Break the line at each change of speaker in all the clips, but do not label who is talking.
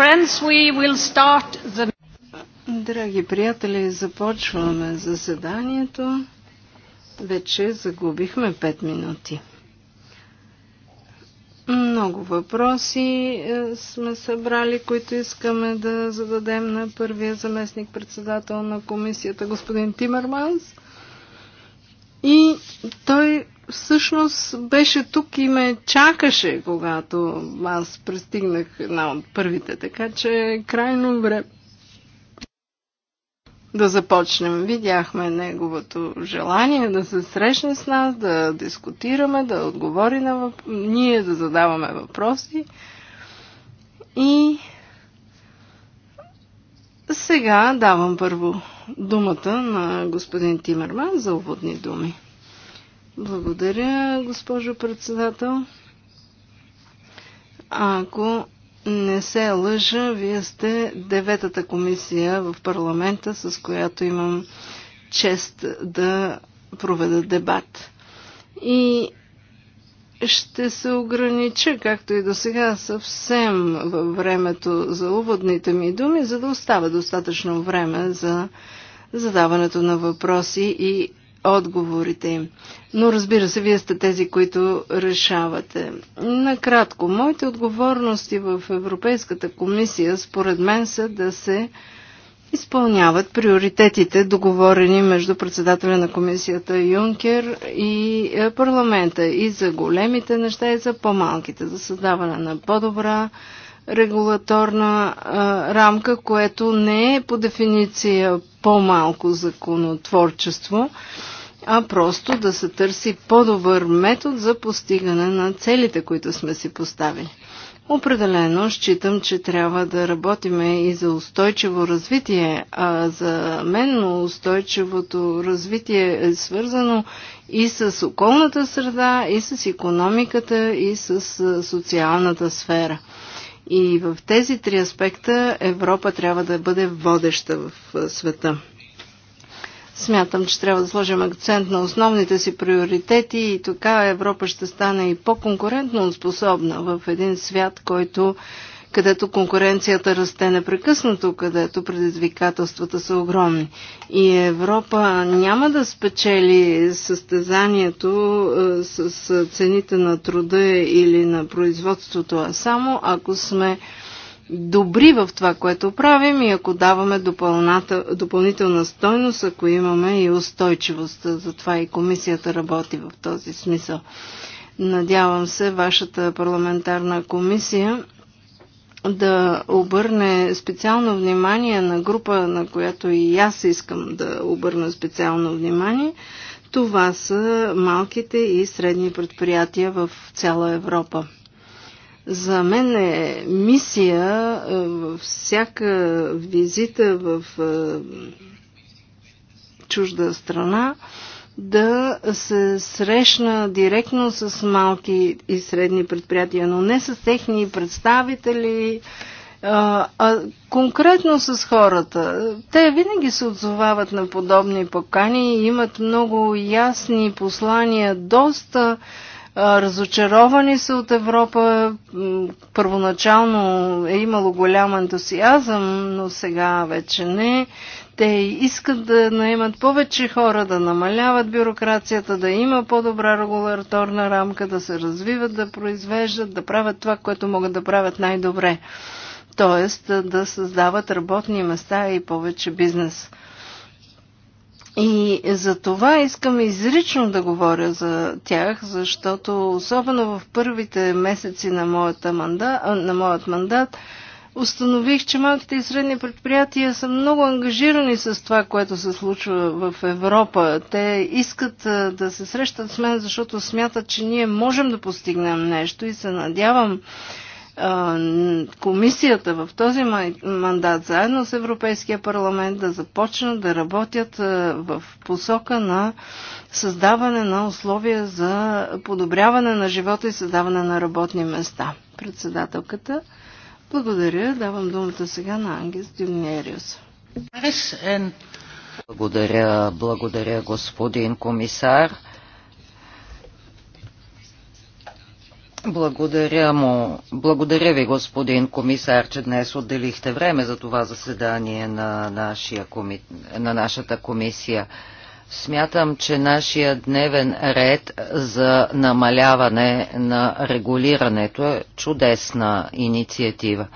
friends, we will start the... Драги приятели, започваме заседанието. Вече загубихме 5 минути. Много въпроси е, сме събрали, които искаме да зададем на първия заместник председател на комисията, господин Тимерманс. И той всъщност беше тук и ме чакаше, когато аз пристигнах една от първите. Така че е крайно време да започнем. Видяхме неговото желание да се срещне с нас, да дискутираме, да отговори на въп... ние да задаваме въпроси. И сега давам първо думата на господин Тимерман за уводни думи. Благодаря, госпожо председател. Ако не се лъжа, вие сте деветата комисия в парламента, с която имам чест да проведа дебат. И ще се огранича, както и до сега, съвсем във времето за уводните ми думи, за да остава достатъчно време за задаването на въпроси и отговорите им. Но разбира се, вие сте тези, които решавате. Накратко, моите отговорности в Европейската комисия, според мен, са да се изпълняват приоритетите, договорени между председателя на комисията Юнкер и е, парламента и за големите неща и за по-малките, за създаване на по-добра регулаторна а, е, рамка, което не е по дефиниция по-малко законотворчество, а просто да се търси по-добър метод за постигане на целите, които сме си поставили. Определено считам, че трябва да работиме и за устойчиво развитие, а за мен устойчивото развитие е свързано и с околната среда, и с економиката, и с социалната сфера. И в тези три аспекта Европа трябва да бъде водеща в света. Смятам, че трябва да сложим акцент на основните си приоритети и така Европа ще стане и по-конкурентно способна в един свят, който където конкуренцията расте непрекъснато, където предизвикателствата са огромни. И Европа няма да спечели състезанието е, с цените на труда или на производството, а само ако сме добри в това, което правим и ако даваме допълнителна стойност, ако имаме и устойчивост. Затова и комисията работи в този смисъл. Надявам се вашата парламентарна комисия да обърне специално внимание на група, на която и аз искам да обърна специално внимание. Това са малките и средни предприятия в цяла Европа. За мен е мисия във е, всяка визита в е, чужда страна да се срещна директно с малки и средни предприятия, но не с техни представители, е, а конкретно с хората. Те винаги се отзовават на подобни покани и имат много ясни послания, доста Разочаровани са от Европа. Първоначално е имало голям ентусиазъм, но сега вече не. Те искат да наемат повече хора, да намаляват бюрокрацията, да има по-добра регуляторна рамка, да се развиват, да произвеждат, да правят това, което могат да правят най-добре. Тоест да създават работни места и повече бизнес. И за това искам изрично да говоря за тях, защото особено в първите месеци на, моята манда, на моят мандат установих, че малките и средни предприятия са много ангажирани с това, което се случва в Европа. Те искат да се срещат с мен, защото смятат, че ние можем да постигнем нещо и се надявам, комисията в този мандат заедно с Европейския парламент да започнат да работят в посока на създаване на условия за подобряване на живота и създаване на работни места. Председателката, благодаря. Давам думата сега на Ангес Дюмнериус.
Благодаря, благодаря господин комисар. Благодаря му. Благодаря ви, господин комисар, че днес отделихте време за това заседание на, нашия коми... на нашата комисия. Смятам, че нашия дневен ред за намаляване на регулирането е чудесна инициатива.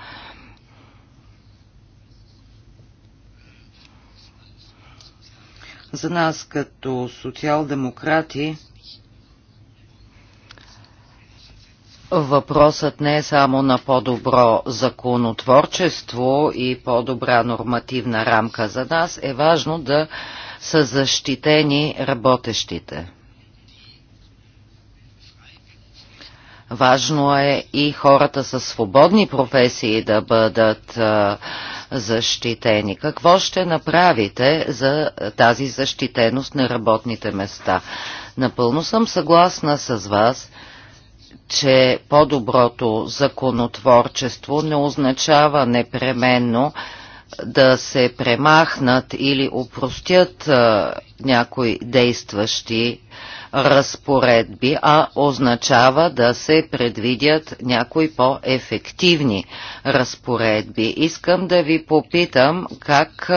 За нас като социал-демократи Въпросът не е само на по-добро законотворчество и по-добра нормативна рамка. За нас е важно да са защитени работещите. Важно е и хората с свободни професии да бъдат защитени. Какво ще направите за тази защитеност на работните места? Напълно съм съгласна с вас – че по-доброто законотворчество не означава непременно да се премахнат или упростят някои действащи разпоредби, а означава да се предвидят някои по-ефективни разпоредби. Искам да ви попитам как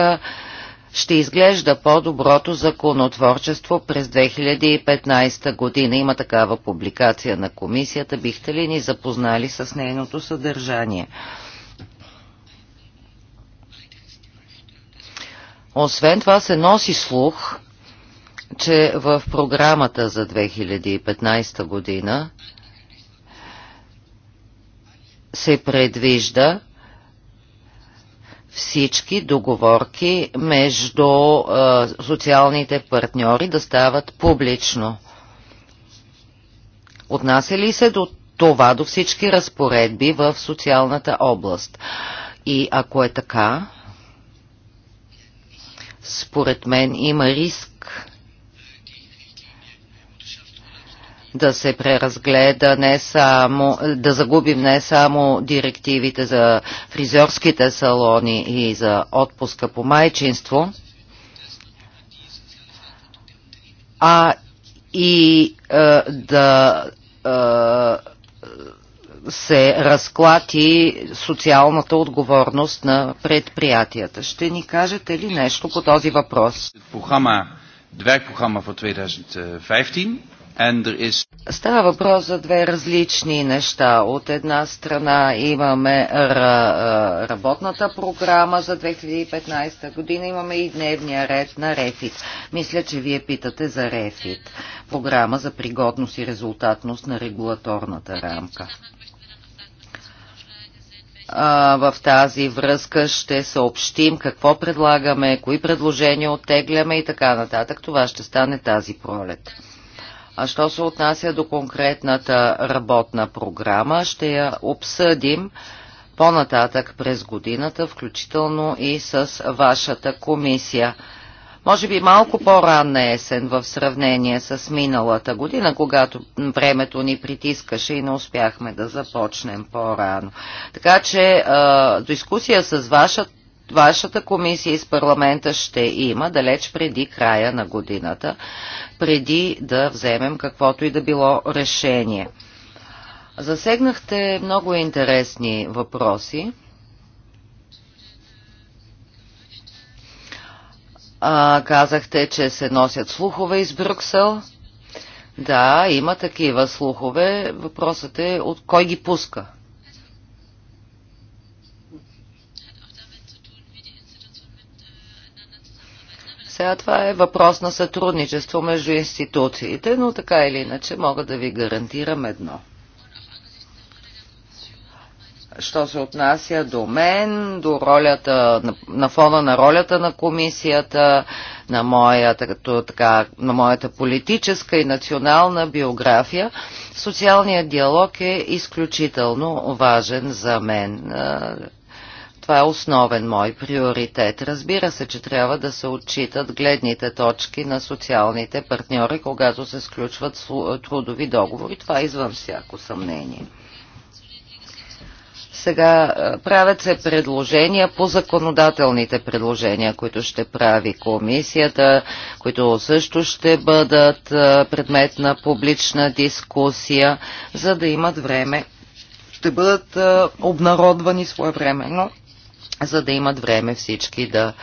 ще изглежда по-доброто законотворчество през 2015 година. Има такава публикация на комисията. Бихте ли ни запознали с нейното съдържание? Освен това се носи слух, че в програмата за 2015 година се предвижда всички договорки между а, социалните партньори да стават публично. Отнася ли се до това до всички разпоредби в социалната област? И ако е така, според мен има риск да се преразгледа не само, да загубим не само директивите за фризьорските салони и за отпуска по майчинство, а и е, да е, се разклати социалната отговорност на предприятията. Ще ни кажете ли нещо по този въпрос? Програма, 2015 Става въпрос за две различни неща. От една страна имаме работната програма за 2015 година, имаме и дневния ред на Рефит. Мисля, че вие питате за Рефит. Програма за пригодност и резултатност на регулаторната рамка в тази връзка ще съобщим какво предлагаме, кои предложения оттегляме и така нататък. Това ще стане тази пролет. А що се отнася до конкретната работна програма, ще я обсъдим по-нататък през годината, включително и с вашата комисия. Може би малко по-ранна есен в сравнение с миналата година, когато времето ни притискаше и не успяхме да започнем по-рано. Така че дискусия с вашата вашата комисия и с парламента ще има далеч преди края на годината, преди да вземем каквото и да било решение. Засегнахте много интересни въпроси. А, казахте, че се носят слухове из Брюксел. Да, има такива слухове. Въпросът е от кой ги пуска. Сега това е въпрос на сътрудничество между институциите, но така или иначе мога да ви гарантирам едно. Що се отнася до мен, до ролята, на фона на ролята на комисията, на моята, като, така, на моята политическа и национална биография, социалният диалог е изключително важен за мен. Това е основен мой приоритет. Разбира се, че трябва да се отчитат гледните точки на социалните партньори, когато се сключват трудови договори. Това е извън всяко съмнение. Сега е, правят се предложения по законодателните предложения, които ще прави комисията, които също ще бъдат е, предмет на публична дискусия, за да имат време. Ще бъдат е, обнародвани своевременно за да имат време всички да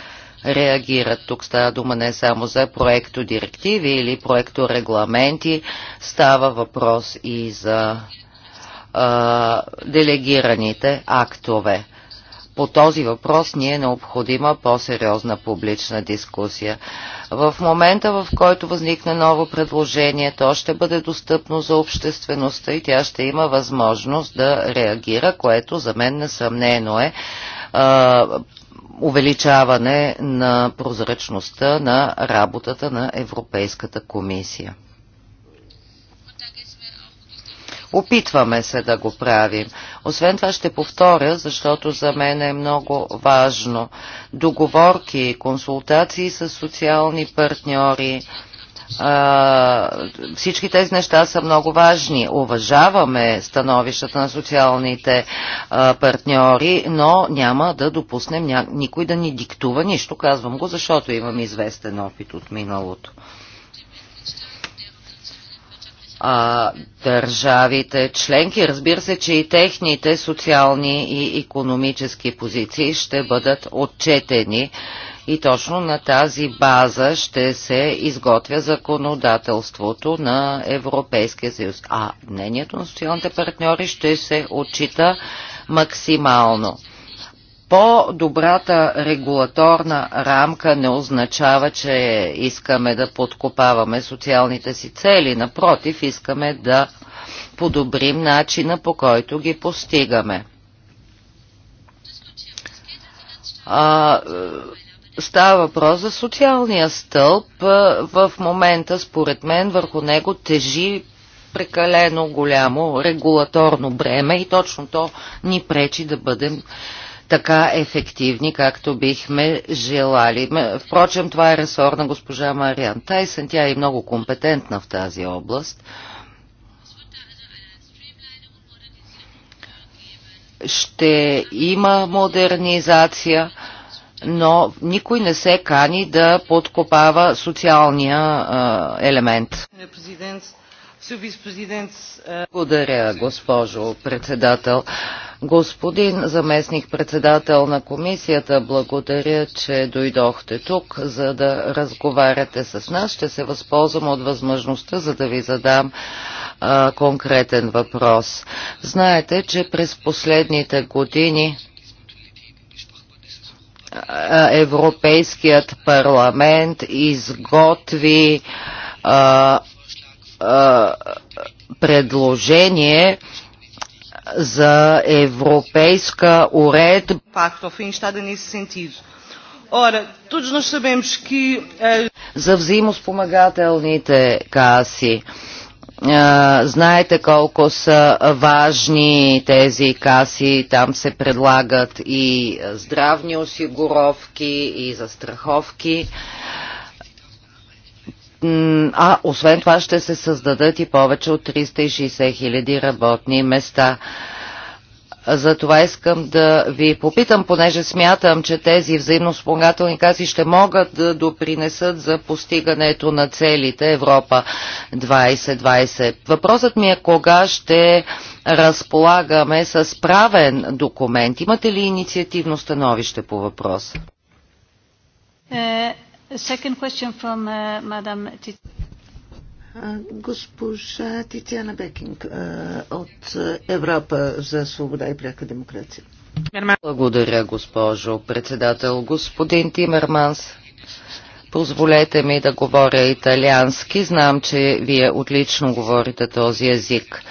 реагират. Тук става дума не само за проекто директиви или проекто регламенти, става въпрос и за а, делегираните актове. По този въпрос ни е необходима по-сериозна публична дискусия. В момента, в който възникне ново предложение, то ще бъде достъпно за обществеността и тя ще има възможност да реагира, което за мен несъмнено е увеличаване на прозрачността на работата на Европейската комисия. Опитваме се да го правим. Освен това ще повторя, защото за мен е много важно. Договорки, консултации с социални партньори, всички тези неща са много важни. Уважаваме становищата на социалните партньори, но няма да допуснем никой да ни диктува нищо. Казвам го, защото имам известен опит от миналото. А, държавите членки, разбира се, че и техните социални и економически позиции ще бъдат отчетени. А, и точно на тази база ще се изготвя законодателството на Европейския съюз. А мнението на социалните партньори ще се отчита максимално. По-добрата регулаторна рамка не означава, че искаме да подкопаваме социалните си цели. Напротив, искаме да подобрим начина по който ги постигаме. А, Става въпрос за социалния стълб. В момента, според мен, върху него тежи прекалено голямо регулаторно бреме и точно то ни пречи да бъдем така ефективни, както бихме желали. Впрочем, това е ресор на госпожа Мариан Тайсън. Тя е много компетентна в тази област. Ще има модернизация но никой не се кани да подкопава социалния елемент. Благодаря, госпожо председател. Господин заместник председател на комисията, благодаря, че дойдохте тук, за да разговаряте с нас. Ще се възползвам от възможността, за да ви задам а, конкретен въпрос. Знаете, че през последните години Европейският парламент изготви а, а, предложение за европейска уредба. Eh, за взаимоспомагателните каси знаете колко са важни тези каси. Там се предлагат и здравни осигуровки, и застраховки. А освен това ще се създадат и повече от 360 хиляди работни места. За това искам да ви попитам, понеже смятам, че тези взаимно спомагателни каси ще могат да допринесат за постигането на целите Европа 2020. Въпросът ми е кога ще разполагаме с правен документ. Имате ли инициативно становище по въпроса?
uh,
Госпожа Тициана Бекинг от Европа
за свобода и пряка демокрация. Благодаря, госпожо председател. Господин Тимерманс, позволете ми да говоря италиански. Знам, че вие отлично говорите този език.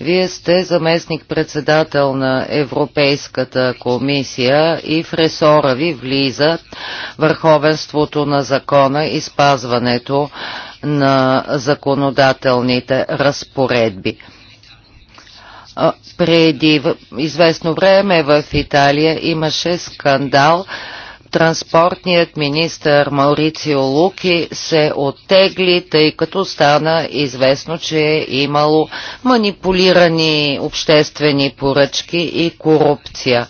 Вие сте заместник-председател на Европейската комисия и в ресора ви влиза върховенството на закона и спазването на законодателните разпоредби. Преди известно време в Италия имаше скандал, транспортният министр Маурицио Луки се оттегли, тъй като стана известно, че е имало манипулирани обществени поръчки и корупция.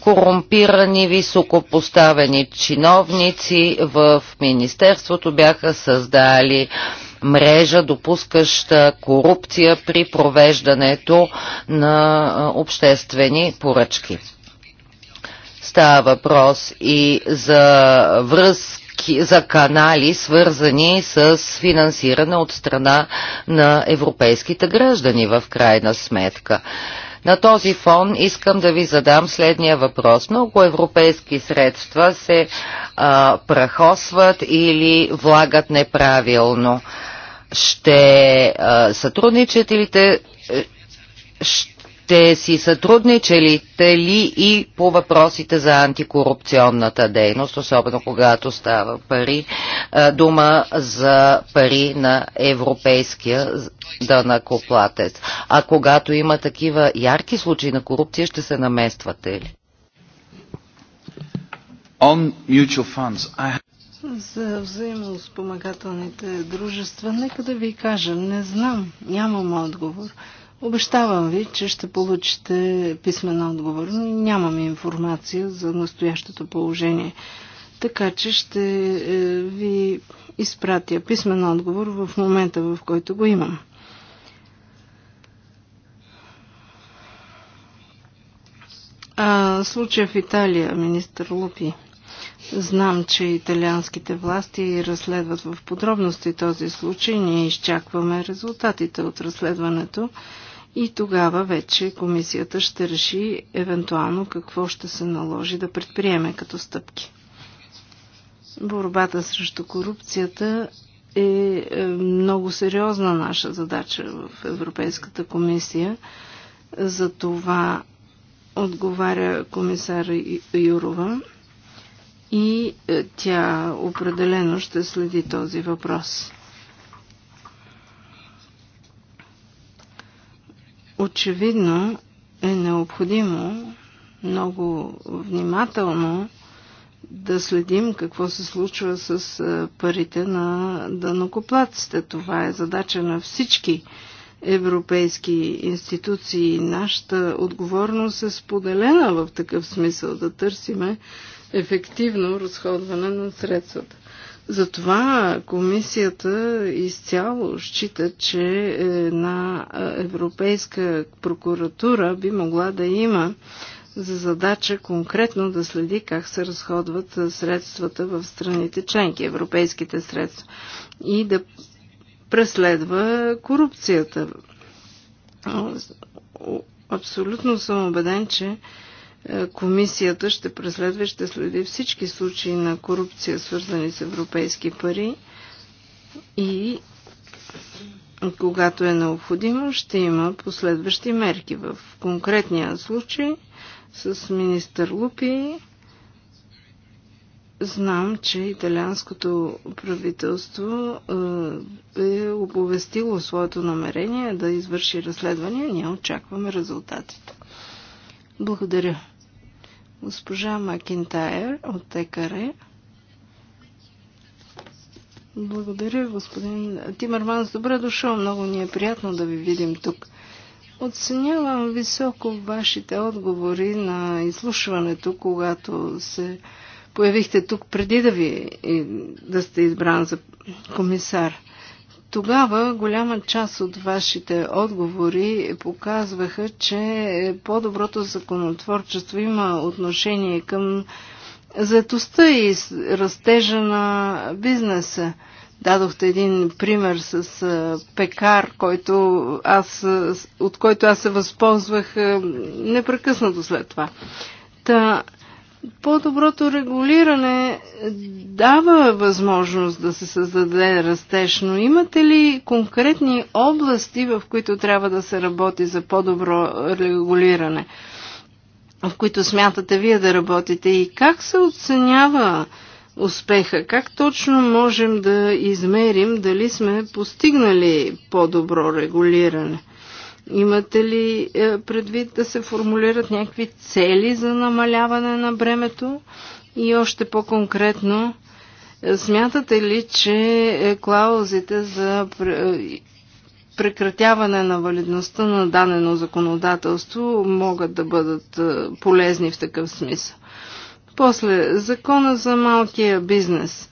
Корумпирани високопоставени чиновници в Министерството бяха създали мрежа, допускаща корупция при провеждането на обществени поръчки. Става въпрос и за връзки, за канали, свързани с финансиране от страна на европейските граждани в крайна сметка. На този фон искам да ви задам следния въпрос. Много европейски средства се а, прахосват или влагат неправилно. Ще а, сътрудничат или те, ще сте си сътрудничали ли и по въпросите за антикорупционната дейност, особено когато става пари, дума за пари на европейския данакоплатец. А когато има такива ярки случаи на корупция, ще се намествате ли? On mutual funds, I...
За взаимоспомагателните дружества, нека да ви кажа, не знам, нямам отговор. Обещавам ви, че ще получите писмен отговор. Нямаме информация за настоящото положение. Така че ще е, ви изпратя писмен отговор в момента, в който го имам. А, случая в Италия, министър Лупи. Знам, че италианските власти разследват в подробности този случай. Ние изчакваме резултатите от разследването и тогава вече комисията ще реши евентуално какво ще се наложи да предприеме като стъпки. Борбата срещу корупцията е, е много сериозна наша задача в Европейската комисия. За това отговаря комисар Юрова и е, тя определено ще следи този въпрос. Очевидно е необходимо много внимателно да следим какво се случва с парите на дънокоплаците. Това е задача на всички европейски институции. Нашата отговорност е споделена в такъв смисъл да търсиме ефективно разходване на средствата. Затова комисията изцяло счита, че една европейска прокуратура би могла да има за задача конкретно да следи как се разходват средствата в страните членки, европейските средства и да преследва корупцията. Абсолютно съм убеден, че е, комисията ще преследва и ще следи всички случаи на корупция, свързани с европейски пари и когато е необходимо, ще има последващи мерки. В конкретния случай с министър Лупи знам, че италианското правителство е, е оповестило своето намерение да извърши разследване. Ние очакваме резултатите. Благодаря. Госпожа Макинтайр от ТКР. Благодаря, господин Тимърманс. Добре дошъл. Много ни е приятно да ви видим тук. Оценявам високо вашите отговори на изслушването, когато се появихте тук преди да ви да сте избран за комисар. Тогава голяма част от вашите отговори показваха, че по-доброто законотворчество има отношение към заетостта и растежа на бизнеса. Дадохте един пример с пекар, който аз, от който аз се възползвах непрекъснато след това. Та, по-доброто регулиране дава възможност да се създаде растеж, но имате ли конкретни области, в които трябва да се работи за по-добро регулиране, в които смятате вие да работите и как се оценява успеха? Как точно можем да измерим дали сме постигнали по-добро регулиране? Имате ли е, предвид да се формулират някакви цели за намаляване на бремето? И още по-конкретно, е, смятате ли, че е, клаузите за прекратяване на валидността на данено законодателство могат да бъдат полезни в такъв смисъл? После, закона за малкия бизнес –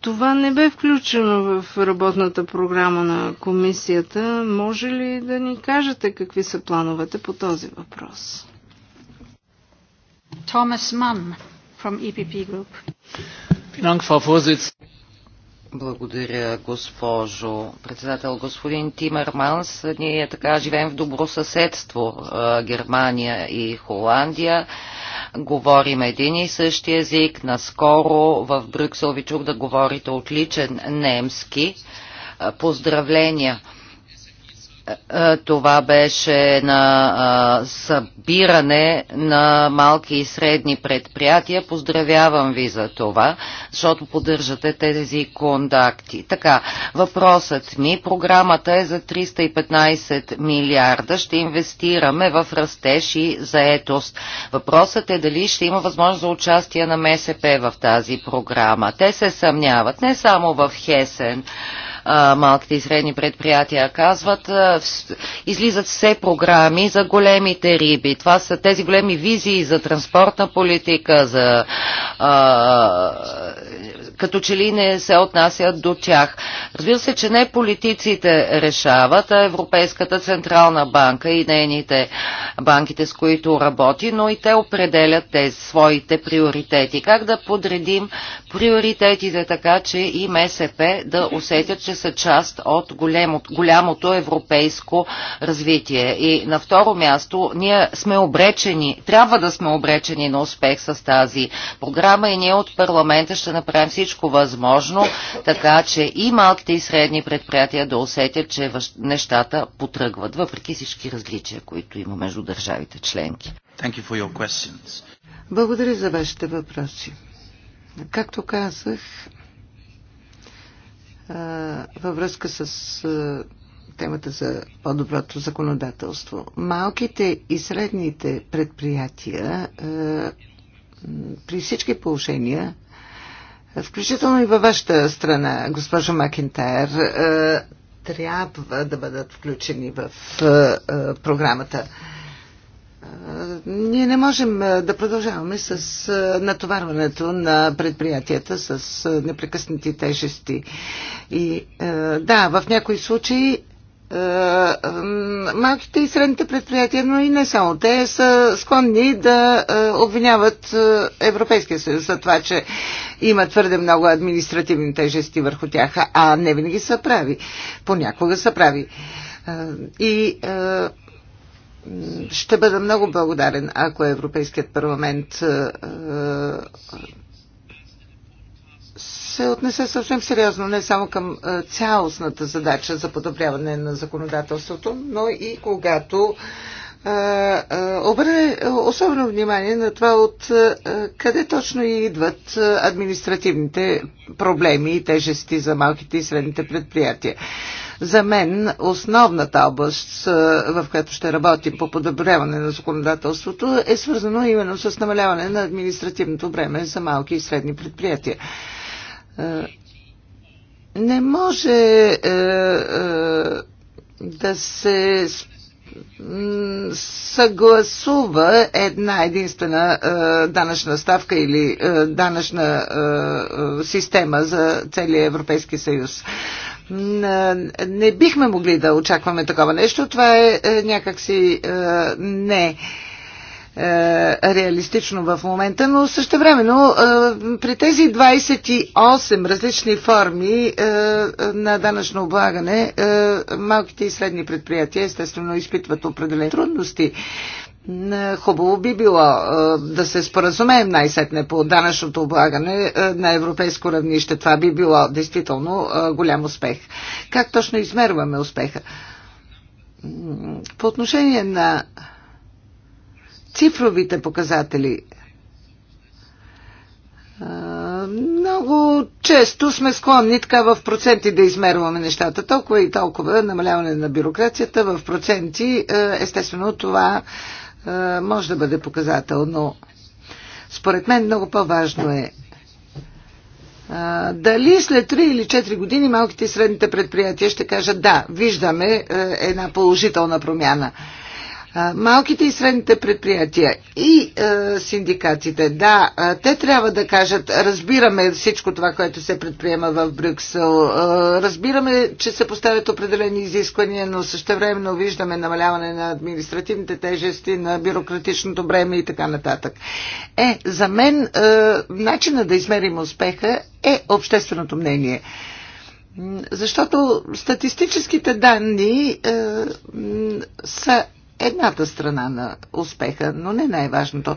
това не бе включено в работната програма на комисията. Може ли да ни кажете какви са плановете по този въпрос?
Томас Ман, from EPP Group.
Благодаря, госпожо председател. Господин Тимерманс, ние така живеем в добро съседство Германия и Холандия говорим един и същи език. Наскоро в Брюксел ви чух да говорите отличен немски. Поздравления! Е, това беше на събиране на малки и средни предприятия. Поздравявам ви за това, защото поддържате тези контакти. Така, въпросът ми, програмата е за 315 милиарда. Ще инвестираме в растеж и заетост. Въпросът е дали ще има възможност за участие на МСП в тази програма. Те се съмняват не само в Хесен, малките и средни предприятия казват, излизат все програми за големите риби. Това са тези големи визии за транспортна политика, за като че ли не се отнасят до тях. Разбира се, че не политиците решават, а Европейската Централна банка и нейните банките, с които работи, но и те определят тези своите приоритети. Как да подредим приоритетите така, че и МСП да усетят, че са част от големото, голямото европейско развитие. И на второ място, ние сме обречени, трябва да сме обречени на успех с тази програма и ние от парламента ще направим всичко, всичко възможно, така че и малките и средни предприятия да усетят, че нещата потръгват, въпреки всички различия, които има между държавите членки. You
Благодаря за вашите въпроси. Както казах, във връзка с темата за по-доброто законодателство. Малките и средните предприятия при всички положения Включително и във вашата страна, госпожо Макентайр, е, трябва да бъдат включени в е, е, програмата. Ние не можем да продължаваме с натоварването на предприятията с непрекъснати тежести. И да, в някои случаи е, малките и средните предприятия, но и не само. Те са склонни да е, обвиняват е, Европейския съюз за това, че има твърде много административни тежести върху тях, а не винаги са прави. Понякога са прави. И ще бъда много благодарен, ако Европейският парламент се отнесе съвсем сериозно не само към е, цялостната задача за подобряване на законодателството, но и когато е, е, обърне особено внимание на това от къде точно идват административните проблеми и тежести за малките и средните предприятия. За мен основната област, в която ще работим по подобряване на законодателството, е свързано именно с намаляване на административното време за малки и средни предприятия. Е, не може е, е, да се съгласува една единствена данъчна ставка или данъчна система за целия Европейски съюз. Не бихме могли да очакваме такова нещо. Това е някакси не е, реалистично в момента, но същевременно е, при тези 28 различни форми е, на данъчно облагане малките и средни предприятия естествено изпитват определени трудности. Хубаво би било да се споразумеем най-сетне по данъчното облагане на европейско равнище. Това би било действително голям успех. Как точно измерваме успеха? По отношение на цифровите показатели. Много често сме склонни така в проценти да измерваме нещата. Толкова и толкова намаляване на бюрокрацията в проценти. Естествено това може да бъде показател, но според мен много по-важно е дали след 3 или 4 години малките и средните предприятия ще кажат да, виждаме една положителна промяна малките и средните предприятия и е, синдикатите, да, те трябва да кажат, разбираме всичко това, което се предприема в Брюксел, е, разбираме, че се поставят определени изисквания, но същевременно виждаме намаляване на административните тежести, на бюрократичното бреме и така нататък. Е, за мен е, начина да измерим успеха е общественото мнение. Защото статистическите данни е, са едната страна на успеха, но не най-важното.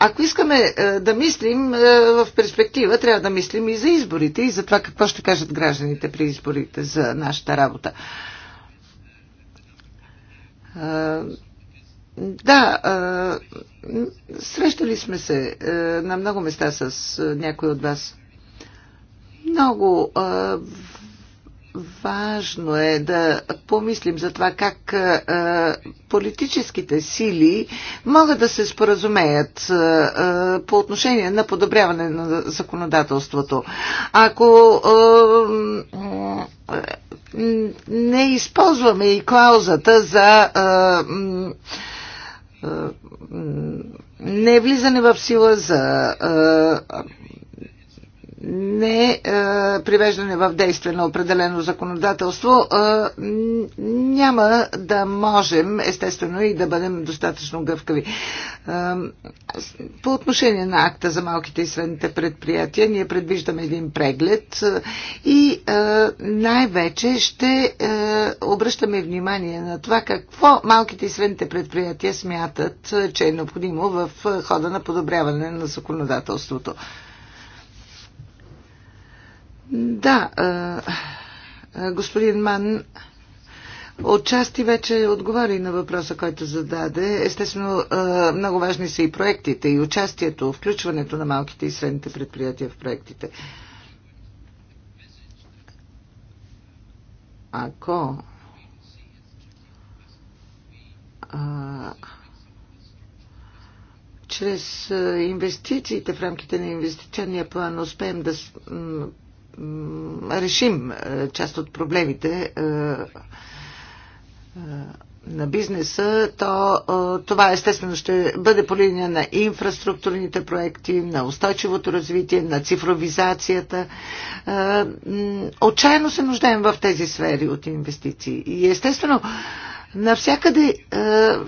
Ако искаме да мислим в перспектива, трябва да мислим и за изборите, и за това какво ще кажат гражданите при изборите за нашата работа. Да, срещали сме се на много места с някои от вас. Много Важно е да помислим за това как е, е, политическите сили могат да се споразумеят е, по отношение на подобряване на законодателството. Ако не използваме и клаузата за не е влизане в сила за не е, привеждане в действие на определено законодателство, е, няма да можем, естествено, и да бъдем достатъчно гъвкави. Е, по отношение на акта за малките и средните предприятия, ние предвиждаме един преглед е, и е, най-вече ще е, обръщаме внимание на това какво малките и средните предприятия смятат, е, че е необходимо в е, хода на подобряване на законодателството. Да, господин Ман отчасти вече отговори на въпроса, който зададе. Естествено, много важни са и проектите, и участието, включването на малките и средните предприятия в проектите. Ако а, чрез инвестициите в рамките на инвестиционния план успеем да решим е, част от проблемите е, е, на бизнеса, то това естествено ще бъде по линия на инфраструктурните проекти, на устойчивото развитие, на цифровизацията. Отчаяно се нуждаем в тези сфери от инвестиции. И естествено, навсякъде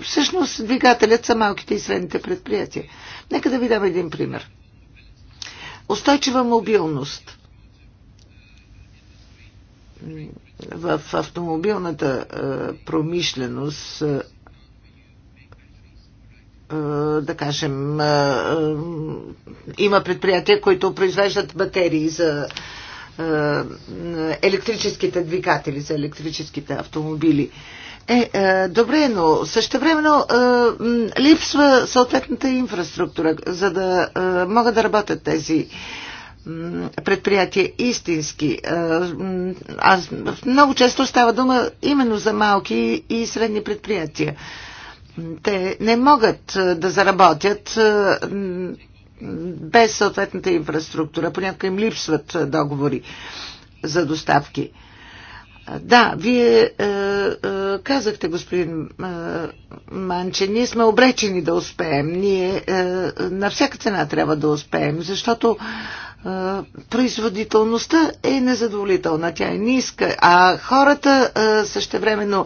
всъщност двигателят са малките и средните предприятия. Нека да ви дам един пример. Устойчива мобилност – в автомобилната е, промишленост, е, е, да кажем, има предприятия, които произвеждат батерии за електрическите двигатели, за електрическите автомобили. Е, е, добре, но времено е, липсва съответната инфраструктура, за да е, могат да работят тези е, предприятия истински. А много често става дума именно за малки и средни предприятия. Те не могат да заработят без съответната инфраструктура. Понякога им липсват договори за доставки. Да, вие е, е, казахте, господин е, Ман, че ние сме обречени да успеем. Ние е, на всяка цена трябва да успеем, защото производителността е незадоволителна, тя е ниска, а хората същевременно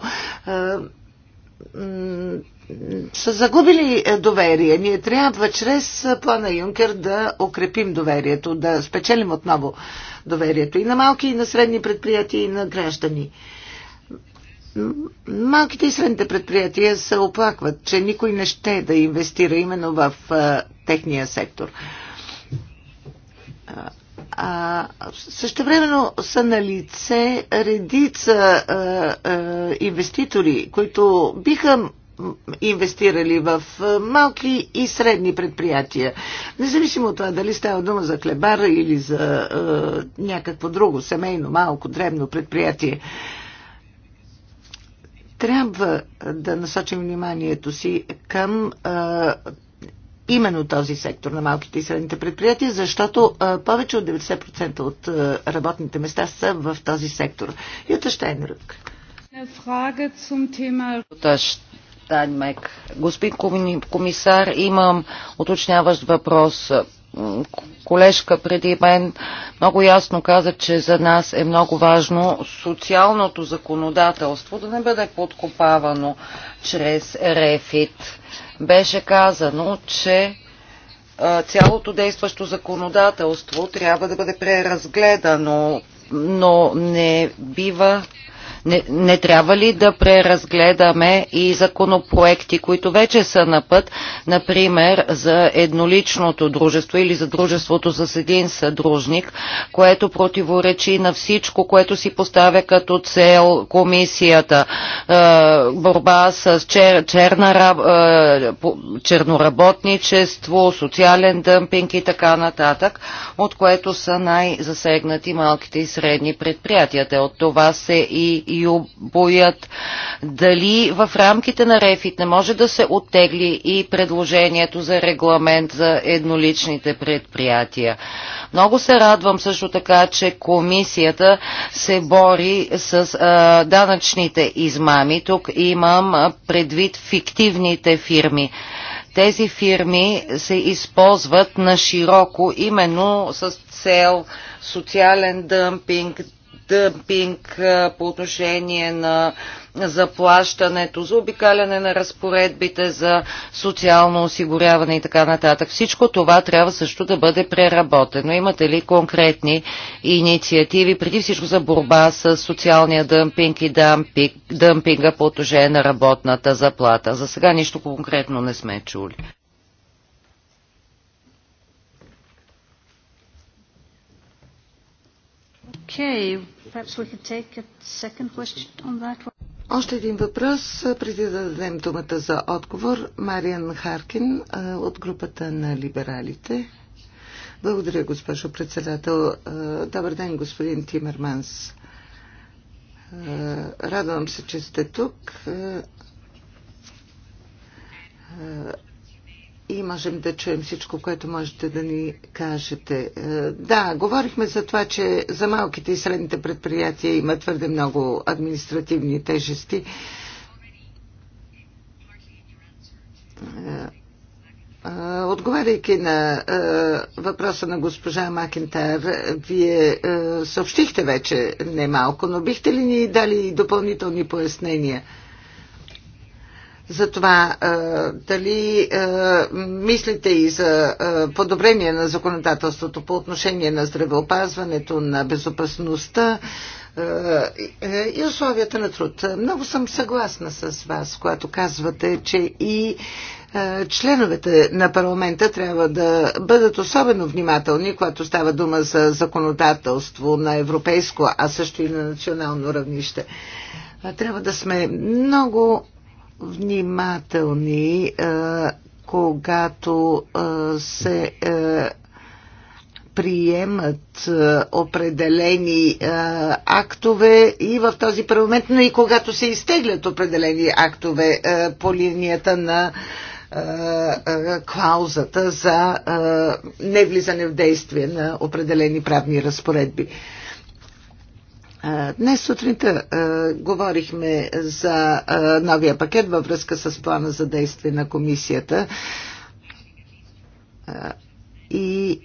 са загубили е, доверие. Ние трябва чрез плана Юнкер да укрепим доверието, да спечелим отново доверието и на малки, и на средни предприятия, и на граждани. Малките и средните предприятия се оплакват, че никой не ще да инвестира именно в е, техния сектор. А, времено са на лице редица а, а, инвеститори, които биха инвестирали в малки и средни предприятия. Независимо от това дали става дума за хлебара или за а, някакво друго семейно, малко, древно предприятие. Трябва да насочим вниманието си към именно този сектор на малките и средните предприятия, защото повече от 90% от работните места са в този сектор.
Юта Штайнрук. Господин комисар, имам уточняващ въпрос колежка преди мен много ясно каза, че за нас е много важно социалното законодателство да не бъде подкопавано чрез рефит. Беше казано, че цялото действащо законодателство трябва да бъде преразгледано, но не бива не, не трябва ли да преразгледаме и законопроекти, които вече са на път, например за едноличното дружество или за дружеството с един съдружник, което противоречи на всичко, което си поставя като цел комисията. Е, борба с чер, черна, е, черноработничество, социален дъмпинг и така нататък, от което са най-засегнати малките и средни предприятия. От това се и и обоят. Дали в рамките на Рефит не може да се оттегли и предложението за регламент за едноличните предприятия. Много се радвам също така, че комисията се бори с а, данъчните измами. Тук имам предвид фиктивните фирми тези фирми се използват на широко именно с цел социален дъмпинг, дъмпинг по отношение на заплащането, за обикаляне на разпоредбите за социално осигуряване и така нататък. Всичко това трябва също да бъде преработено. Имате ли конкретни инициативи, преди всичко за борба с социалния дъмпинг и дъмпинг, дъмпинга по отношение на работната заплата? За сега нищо конкретно не сме чули.
Okay,
още един въпрос, преди да дадем думата за отговор. Мариан Харкин от групата на либералите. Благодаря, госпожо председател. Добър ден, господин Тимерманс. Радвам се, че сте тук и можем да чуем всичко, което можете да ни кажете. Е, да, говорихме за това, че за малките и средните предприятия има твърде много административни тежести. Е, е, отговаряйки на въпроса на госпожа Макентар, вие съобщихте вече немалко, но бихте ли ни дали допълнителни пояснения? за това е, дали е, мислите и за е, подобрение на законодателството по отношение на здравеопазването, на безопасността и условията на труд. Много съм съгласна с вас, когато казвате, че и членовете на парламента трябва да бъдат особено внимателни, когато става дума за законодателство на европейско, а също и на национално равнище. Трябва да сме много внимателни, е, когато е, се е, приемат определени актове и в този парламент, но и когато се изтеглят определени актове по линията на клаузата за невлизане в действие на определени правни разпоредби. Днес сутринта а, говорихме за а, новия пакет във връзка с плана за действие на комисията. и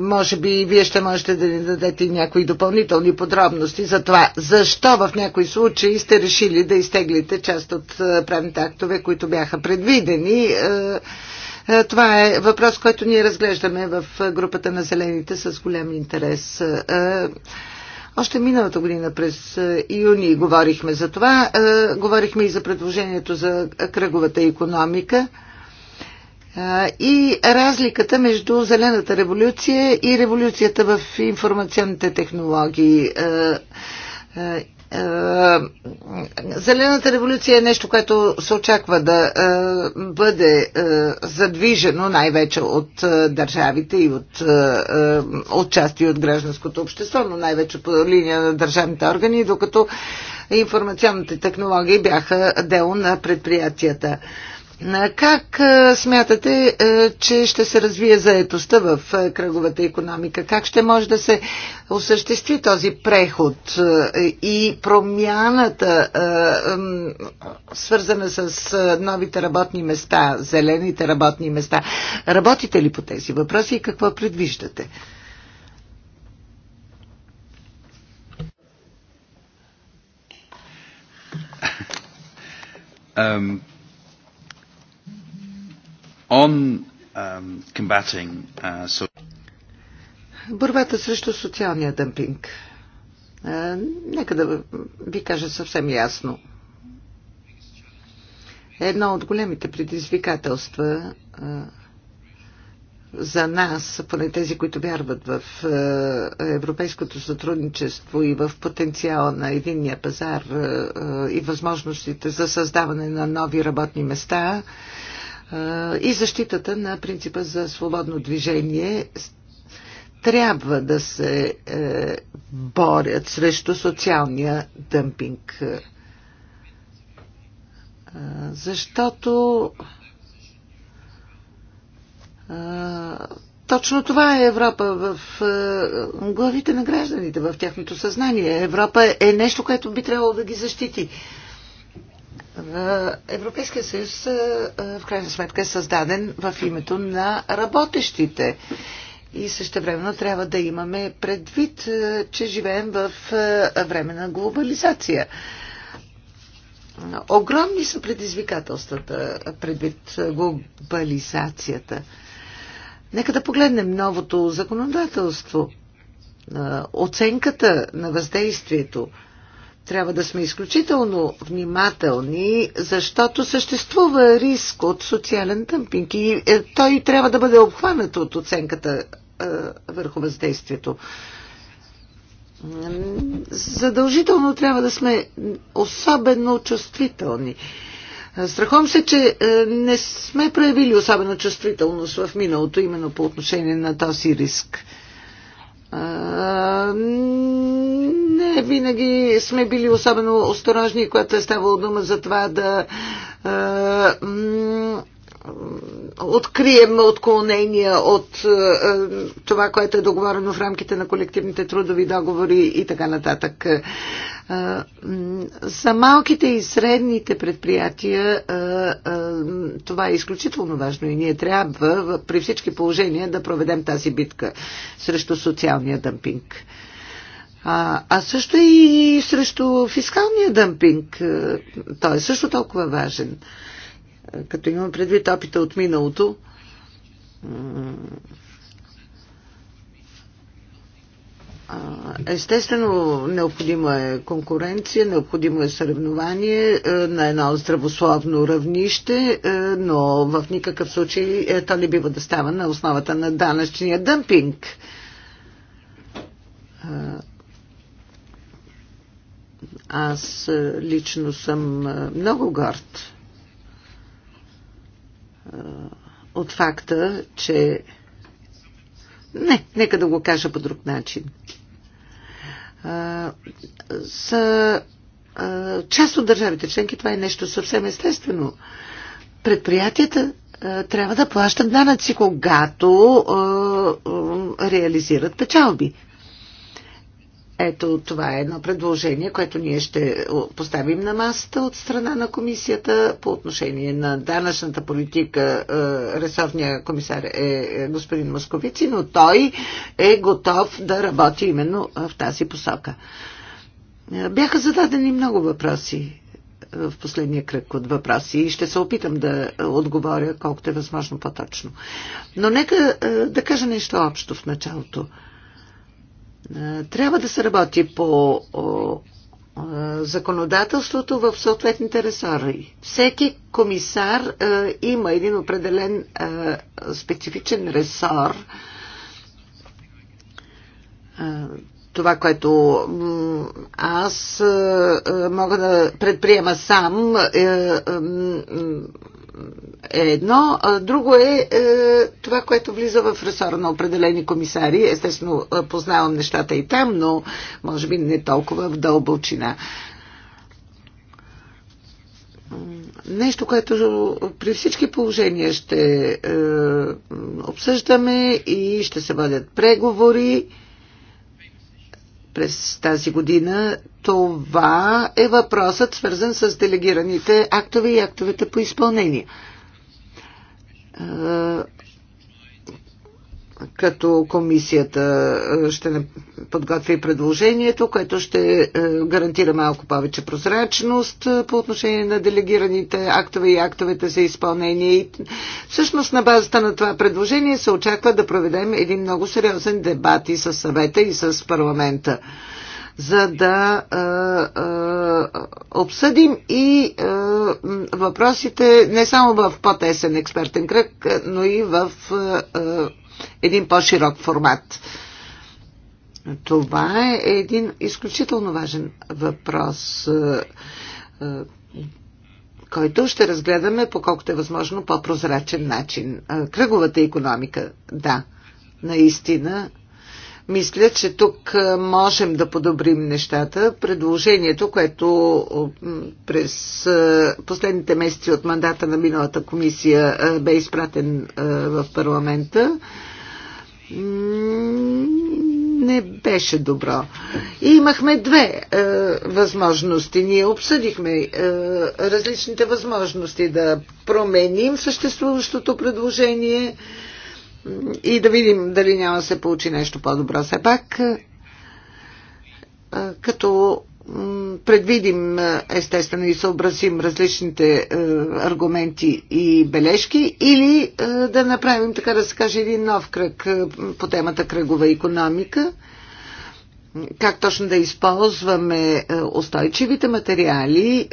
може би вие ще можете да ни дадете някои допълнителни подробности за това. Защо в някои случаи сте решили да изтеглите част от правните актове, които бяха предвидени? А, е, това е въпрос, който ние разглеждаме в е, групата на зелените с голям интерес. Е, още миналата година през юни говорихме за това. Говорихме и за предложението за кръговата економика и разликата между зелената революция и революцията в информационните технологии. Е, зелената революция е нещо, което се очаква да е, бъде е, задвижено най-вече от държавите и от отчасти от гражданското общество, но най-вече по линия на държавните органи, докато информационните технологии бяха дело на предприятията. Как е, смятате, е, че ще се развие заетостта в е, кръговата економика? Как ще може да се осъществи този преход и промяната, свързана с новите работни места, зелените работни места? Работите ли по тези въпроси и какво предвиждате?
Um, on um, combating uh, so...
Борбата срещу социалния дъмпинг. Е, нека да ви кажа съвсем ясно. Едно от големите предизвикателства е, за нас, поне тези, които вярват в е, европейското сътрудничество и в потенциала на единния пазар и възможностите за създаване на нови работни места, и защитата на принципа за свободно движение трябва да се е, борят срещу социалния дъмпинг. Защото точно това е Европа в е, главите на гражданите, в тяхното съзнание. Европа е нещо, което би трябвало да ги защити. Е, Европейския съюз е, е, в крайна сметка е създаден в името на работещите. И също времено трябва да имаме предвид, че живеем в време на глобализация. Огромни са предизвикателствата предвид глобализацията. Нека да погледнем новото законодателство, оценката на въздействието – трябва да сме изключително внимателни, защото съществува риск от социален тъмпинг и е, той трябва да бъде обхванат от оценката е, върху въздействието. Задължително трябва да сме особено чувствителни. Страхом се, че е, не сме проявили особена чувствителност в миналото, именно по отношение на този риск не винаги сме били особено осторожни, когато е ставало дума за това да открием отклонения от е, е, това, което е договорено в рамките на колективните трудови договори и така нататък. Е, за малките и средните предприятия това е изключително важно и ние трябва при всички положения да проведем тази битка срещу социалния дъмпинг. А, а също и срещу фискалния дъмпинг. Той е също толкова важен. А, като имам предвид опита от миналото, Естествено, необходима е конкуренция, необходимо е съревнование е, на едно здравословно равнище, е, но в никакъв случай е, то не бива да става на основата на данъчния дъмпинг. Аз лично съм много горд от факта, че. Не, нека да го кажа по друг начин. А, са а, част от държавите членки, това е нещо съвсем естествено. Предприятията а, трябва да плащат данъци, когато а, а, реализират печалби. Ето това е едно предложение, което ние ще поставим на масата от страна на комисията по отношение на данъчната политика. Е, ресорния комисар е, е господин Московици, но той е готов да работи именно е, в тази посока. Бяха зададени много въпроси в последния кръг от въпроси и ще се опитам да отговоря колкото е възможно по-точно. Но нека да кажа нещо общо в началото. Е, трябва да се работи по законодателството в съответните ресори. Всеки комисар е, има един определен е, специфичен ресор. Това, което аз мога да предприема сам, е едно, а друго е, е това, което влиза в ресора на определени комисари. Естествено, е, познавам нещата и там, но може би не толкова в дълбочина. Нещо, което при всички положения ще е, обсъждаме и ще се водят преговори. Е, през тази година. Това е въпросът, свързан с делегираните актове и актовете по изпълнение. Е, като комисията е, ще подготви предложението, което ще е, гарантира малко повече прозрачност е, по отношение на делегираните актове и актовете за изпълнение. И всъщност на базата на това предложение се очаква да проведем един много сериозен дебат и с съвета и с парламента за да а, а, обсъдим и а, въпросите не само в по-тесен експертен кръг, но и в а, един по-широк формат. Това е един изключително важен въпрос, е, е, който ще разгледаме по колкото е възможно по-прозрачен начин. Е, кръговата економика, да, наистина. Мисля, че тук можем да подобрим нещата. Предложението, което през последните месеци от мандата на миналата комисия бе изпратен в парламента, не беше добро. И имахме две е, възможности. Ние обсъдихме е, различните възможности да променим съществуващото предложение и да видим дали няма да се получи нещо по-добро. Все пак, е, е като предвидим естествено и съобразим различните е, аргументи и бележки или е, да направим, така да се каже, един нов кръг е, по темата кръгова економика. Как точно да използваме устойчивите материали,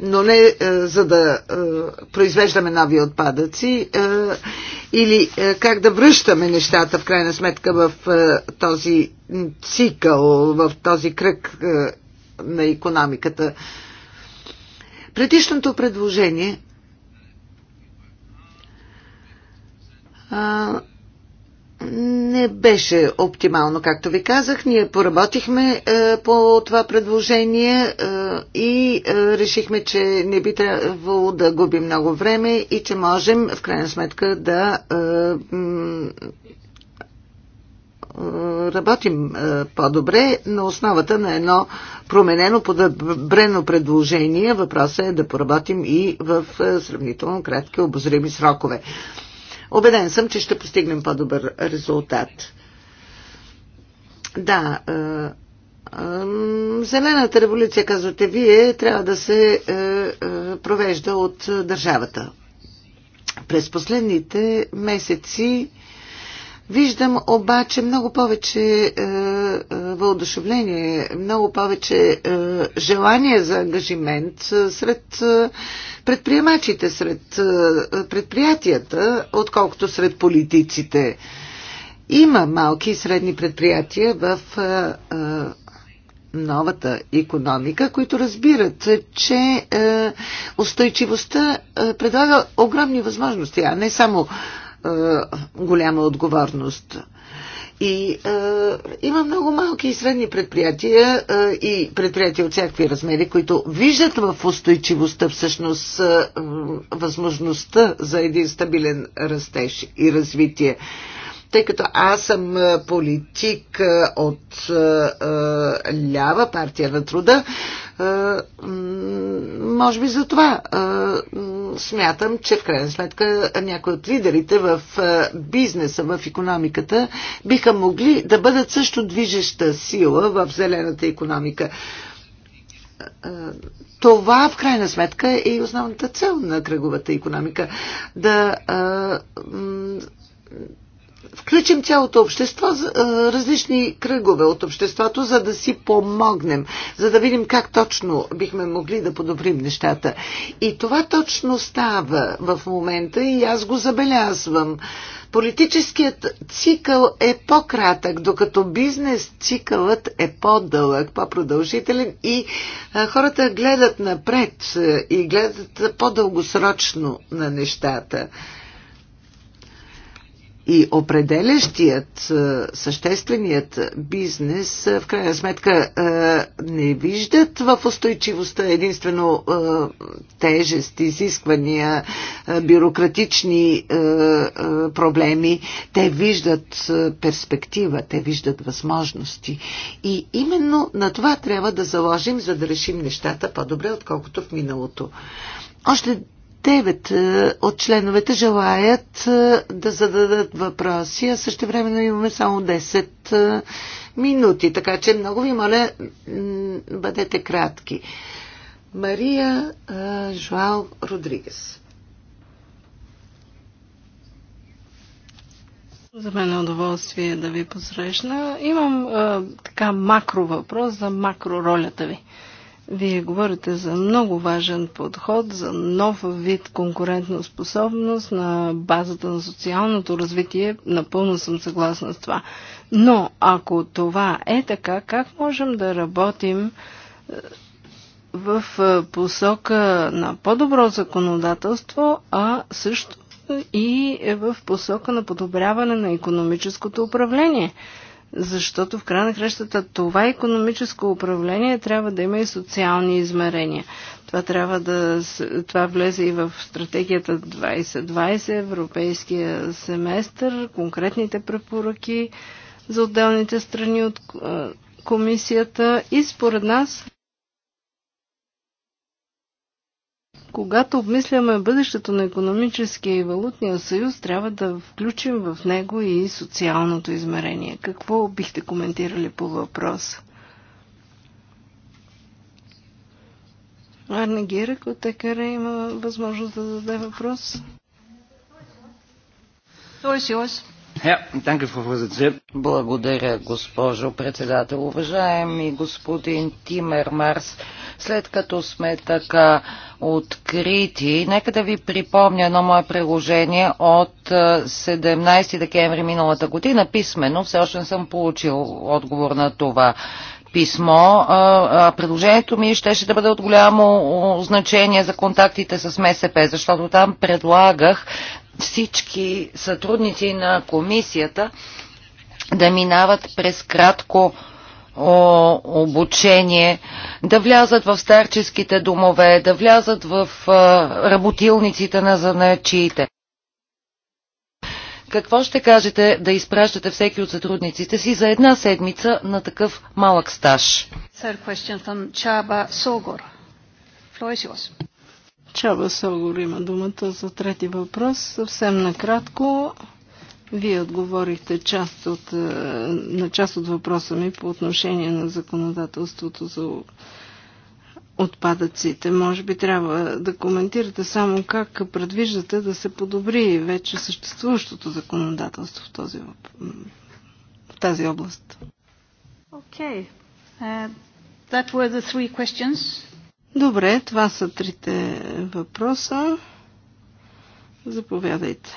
но не е, за да е, произвеждаме нови отпадъци е, или как да връщаме нещата в крайна сметка в този цикъл, в този кръг на економиката. Предишното предложение беше оптимално, както ви казах. Ние поработихме е, по това предложение е, и е, решихме, че не би трябвало да губим много време и че можем в крайна сметка да е, е, работим е, по-добре на основата на едно променено, подобрено предложение. Въпросът е да поработим и в е, сравнително кратки обозрими срокове. Обеден съм, че ще постигнем по-добър резултат. Да, е, Зелената революция, казвате вие, трябва да се е, е, провежда от държавата. През последните месеци виждам обаче много повече въодушевление, много повече желание за ангажимент сред предприемачите, сред е, предприятията, отколкото сред политиците. Има малки и средни предприятия в е, е, новата економика, които разбират, че е, устойчивостта е, предлага огромни възможности, а не само е, голяма отговорност. И а, има много малки и средни предприятия а, и предприятия от всякакви размери, които виждат в устойчивостта всъщност а, възможността за един стабилен растеж и развитие тъй като аз съм политик от лява партия на труда, може би за това смятам, че в крайна сметка някои от лидерите в бизнеса, в економиката биха могли да бъдат също движеща сила в зелената економика. Това в крайна сметка е и основната цел на кръговата економика. Да включим цялото общество, различни кръгове от обществото, за да си помогнем, за да видим как точно бихме могли да подобрим нещата. И това точно става в момента и аз го забелязвам. Политическият цикъл е по-кратък, докато бизнес цикълът е по-дълъг, по-продължителен и а, хората гледат напред и гледат по-дългосрочно на нещата. И определящият, е, същественият бизнес, е, в крайна сметка, е, не виждат в устойчивостта единствено тежест, изисквания, бюрократични проблеми. Те виждат перспектива, те виждат възможности. И именно на това трябва да заложим, за да решим нещата по-добре, отколкото в миналото. Още Девет е, от членовете желаят е, да зададат въпроси, а също времено имаме само 10 е, минути, така че много ви моля, бъдете кратки. Мария Жуал Родригес. За мен е удоволствие да ви посрещна.
Имам а, така макро въпрос за макро ролята ви. А, вие говорите за много важен подход, за нов вид конкурентна способност на базата на социалното развитие. Напълно съм съгласна с това. Но ако това е така, как можем да работим е, в е, посока на по-добро законодателство, а също и е в посока на подобряване на економическото управление? защото в края на кращата това економическо управление трябва да има и социални измерения. Това трябва да това влезе и в стратегията 2020, европейския семестър, конкретните препоръки за отделните страни от комисията и според нас Когато обмисляме бъдещето на економическия и валутния съюз, трябва да включим в него и социалното измерение. Какво бихте коментирали по въпроса? Арне Гирек от ЕКР има възможност да зададе въпрос.
Той си благодаря, госпожо председател. Уважаеми господин Тимер Марс, след като сме така открити, нека да ви припомня едно мое приложение от 17 е, декември миналата година. Писмено, все още не съм получил отговор на това писмо. Е, предложението ми щеше да бъде от голямо значение за контактите с МСП, защото там предлагах всички сътрудници на комисията да минават през кратко о, обучение, да влязат в старческите домове, да влязат в а, работилниците на занаячиите. Какво ще кажете да изпращате всеки от сътрудниците си за една седмица на такъв малък стаж?
Чаба
Согор има думата за трети въпрос. Съвсем накратко. Вие отговорихте част от, е, на част от въпроса ми по отношение на законодателството за отпадъците. Може би трябва да коментирате само как предвиждате да се подобри вече съществуващото законодателство в, този, в тази област.
Okay. Uh, that were the three questions.
Добре, това са трите въпроса. Заповядайте.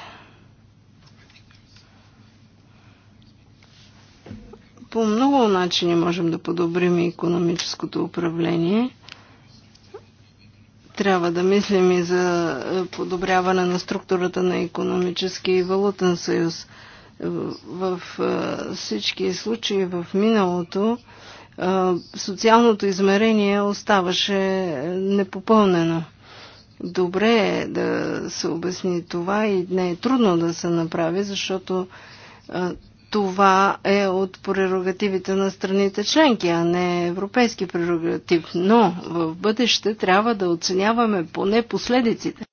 по много начини можем да подобрим економическото управление. Трябва да мислим и за е, подобряване на структурата на економически и валутен съюз. В е, всички случаи в миналото е, социалното измерение оставаше непопълнено. Добре е да се обясни това и не е трудно да се направи, защото това е от прерогативите на страните членки, а не европейски прерогатив. Но в бъдеще трябва да оценяваме поне последиците.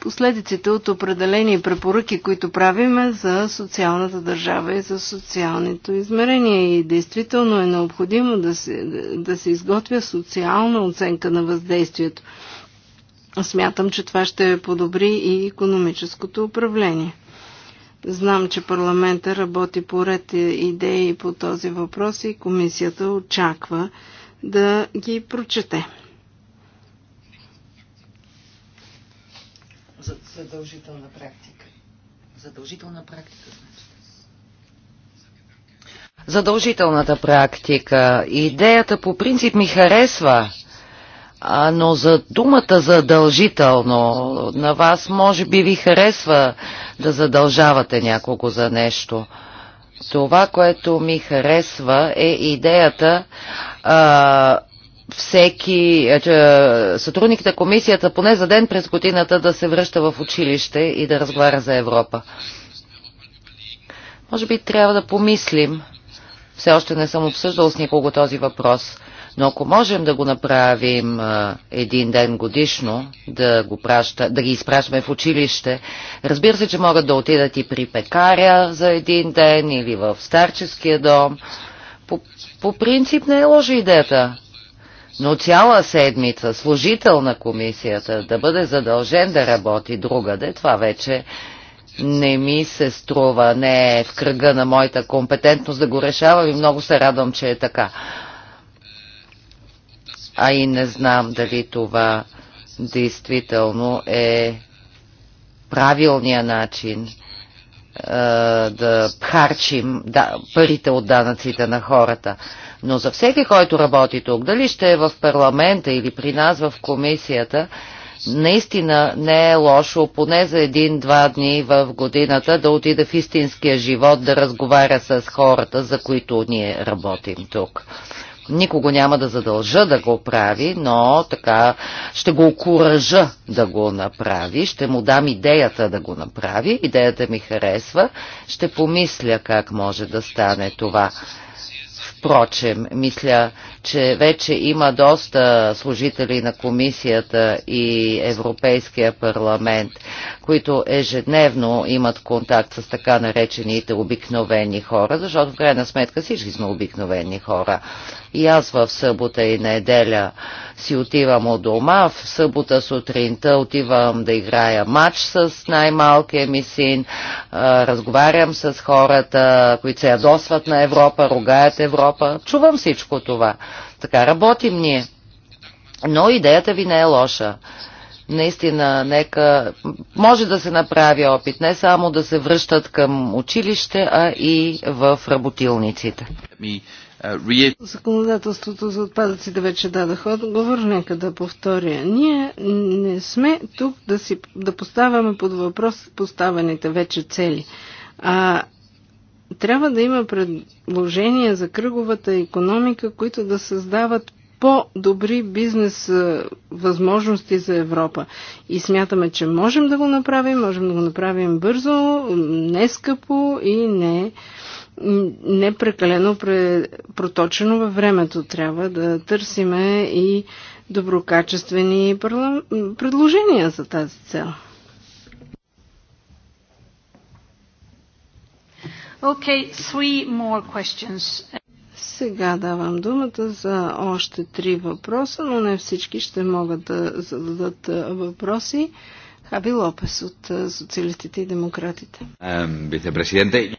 Последиците от определени препоръки, които правиме за социалната държава и за социалното измерение. И действително е необходимо да се, да се изготвя социална оценка на въздействието. Смятам, че това ще подобри и економическото управление. Знам, че парламента работи по ред идеи по този въпрос и комисията очаква да ги прочете.
Задължителна практика.
Задължителна практика, значи. Задължителната практика. Идеята по принцип ми харесва а, но за думата задължително, на вас може би ви харесва да задължавате някого за нещо. Това, което ми харесва е идеята а, всеки а, сътрудник на комисията поне за ден през годината да се връща в училище и да разговаря за Европа. Може би трябва да помислим. Все още не съм обсъждал с никого този въпрос но ако можем да го направим един ден годишно, да, го праща, да ги изпращаме в училище, разбира се, че могат да отидат и при пекаря за един ден или в старческия дом. По, по принцип не е лоша идеята. Но цяла седмица служител на комисията да бъде задължен да работи другаде, това вече не ми се струва, не е в кръга на моята компетентност да го решавам и много се радвам, че е така а и не знам дали това действително е правилния начин е, да харчим да, парите от данъците на хората. Но за всеки, който работи тук, дали ще е в парламента или при нас в комисията, наистина не е лошо поне за един-два дни в годината да отида в истинския живот, да разговаря с хората, за които ние работим тук. Никого няма да задължа да го прави, но така ще го окуража да го направи, ще му дам идеята да го направи, идеята ми харесва, ще помисля как може да стане това. Впрочем, мисля, че вече има доста служители на комисията и Европейския парламент, които ежедневно имат контакт с така наречените обикновени хора, защото в крайна сметка всички сме обикновени хора. И аз в събота и неделя си отивам от дома, в събота сутринта отивам да играя матч с най-малкия ми син, разговарям с хората, които се ядосват на Европа, ругаят Европа, чувам всичко това. Така работим ние. Но идеята ви не е лоша наистина нека може да се направи опит, не само да се връщат към училище, а и в работилниците. Uh, Законодателството за отпадъците вече дадах отговор, нека да повторя.
Ние не сме тук да, си, да поставяме под въпрос поставените вече цели. А трябва да има предложения за кръговата економика, които да създават по-добри бизнес възможности за Европа. И смятаме, че можем да го направим, можем да го направим бързо, не скъпо и не не прекалено проточено във времето. Трябва да търсиме и доброкачествени предложения за тази цел. Okay, three more questions. Сега давам думата за още три въпроса, но не всички ще могат да зададат въпроси. Хаби Лопес от Социалистите и Демократите.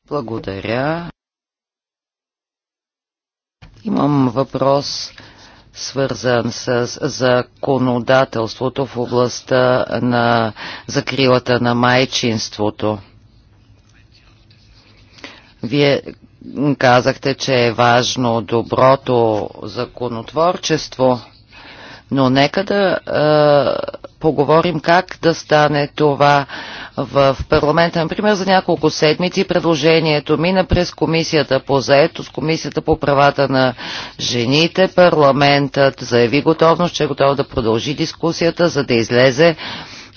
Благодаря. Имам въпрос свързан с законодателството в областта на закрилата на майчинството. Вие казахте, че е важно доброто законотворчество. Но нека да е, поговорим как да стане това в парламента. Например, за няколко седмици предложението мина през комисията по заето, с комисията по правата на жените. Парламентът заяви готовност, че е готов да продължи дискусията, за да излезе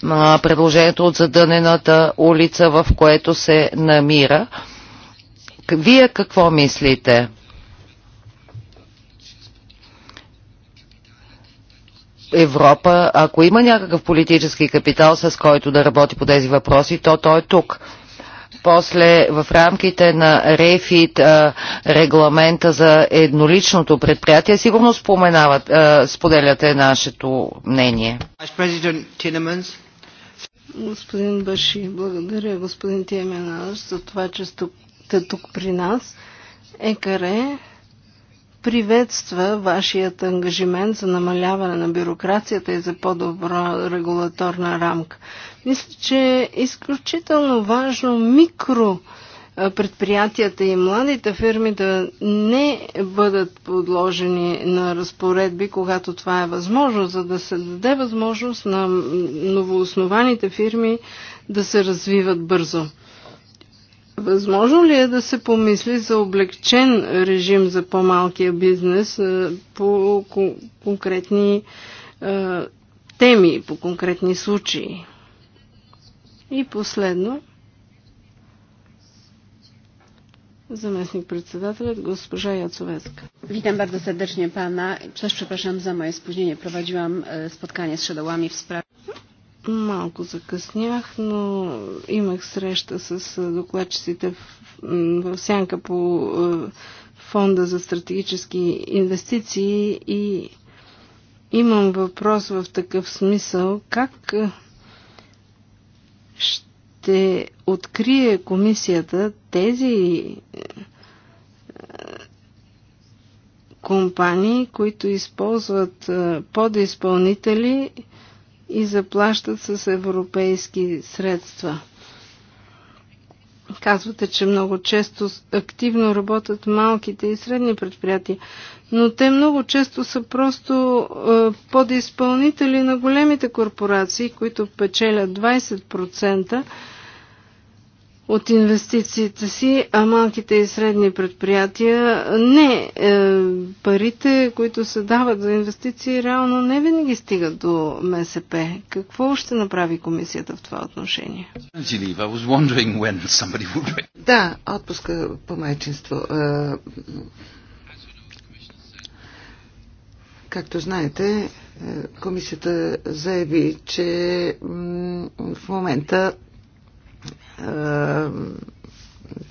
а, предложението от задънената улица, в което се намира. Вие какво мислите? Европа, ако има някакъв политически капитал, с който да работи по тези въпроси, то той е тук. После в рамките на РЕФИТ регламента за едноличното предприятие сигурно споменават, споделяте нашето мнение.
Господин Баши, благодаря господин Тиеменаш за това, че сте тук при нас. Екаре приветства вашият ангажимент за намаляване на бюрокрацията и за по-добра регулаторна рамка. Мисля, че е изключително важно микро предприятията и младите фирми да не бъдат подложени на разпоредби, когато това е възможно, за да се даде възможност на новооснованите фирми да се развиват бързо. Възможно ли е да се помисли за облегчен режим за по-малкия бизнес по конкретни теми, по конкретни случаи? И последно, заместник председателят госпожа Jacowecka. Witam bardzo serdecznie Pana. Też przepraszam za moje spóźnienie. Prowadziłam e, spotkanie z szedołami w sprawie... Малко закъснях, но имах среща с докладчиците в, в сянка по Фонда за стратегически инвестиции и имам въпрос в такъв смисъл. Как ще открие комисията тези компании, които използват подизпълнители, и заплащат с европейски средства. Казвате, че много често активно работят малките и средни предприятия, но те много често са просто е, подизпълнители на големите корпорации, които печелят 20% от инвестициите си, а малките и средни предприятия не. Е, парите, които се дават за инвестиции, реално не винаги стигат до МСП. Какво ще направи комисията в това отношение?
Да, отпуска по майчинство. Е, както знаете, е, комисията заяви, че в момента е,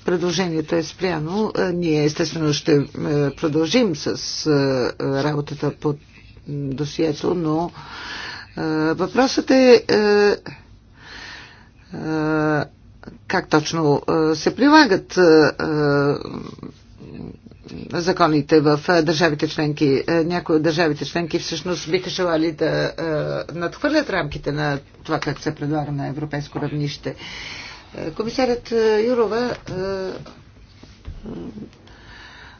предложението е спряно. Е, ние естествено ще е, продължим с работата по досието, но въпросът е как точно се прилагат законите в държавите членки. Някои от държавите членки всъщност биха желали да надхвърлят рамките на това как се предлага на европейско равнище. Комисарят е, Юрова е,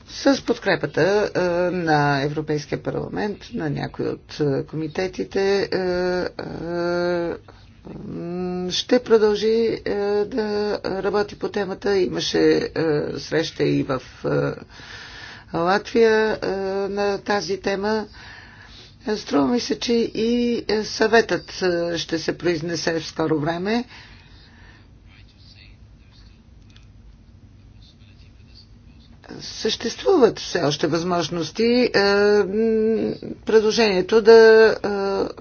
с подкрепата е, на Европейския парламент, на някои от комитетите, ще продължи да работи по темата. Имаше среща и в Латвия на тази тема. Струва ми се, че и съветът ще се произнесе в скоро време. съществуват все още възможности е, предложението да е,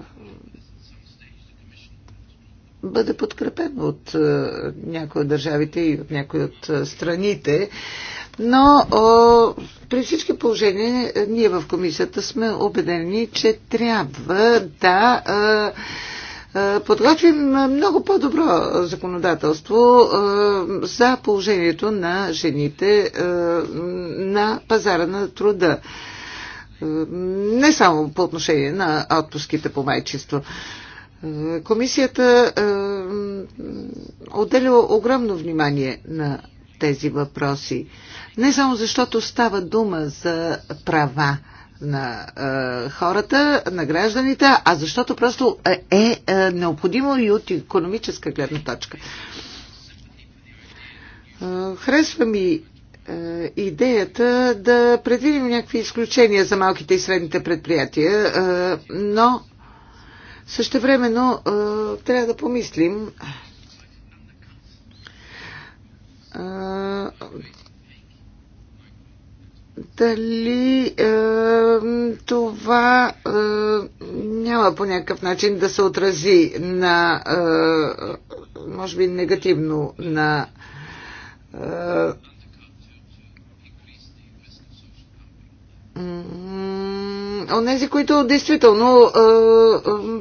бъде подкрепено от е, някои от държавите и от някои от страните. Но е, при всички положения ние в комисията сме убедени, че трябва да Е, е, подготвим много по-добро законодателство е, за положението на жените е, на пазара на труда. Не само по отношение на отпуските по майчество. Комисията отделя огромно внимание на тези въпроси. Не само защото става дума за права, на е, хората, на гражданите, а защото просто е, е, е необходимо и от економическа гледна точка. Е, харесва ми е, идеята да предвидим някакви изключения за малките и средните предприятия, е, но същевременно е, трябва да помислим дали е, това е, няма по някакъв начин да се отрази на, е, може би негативно на е, онези, които действително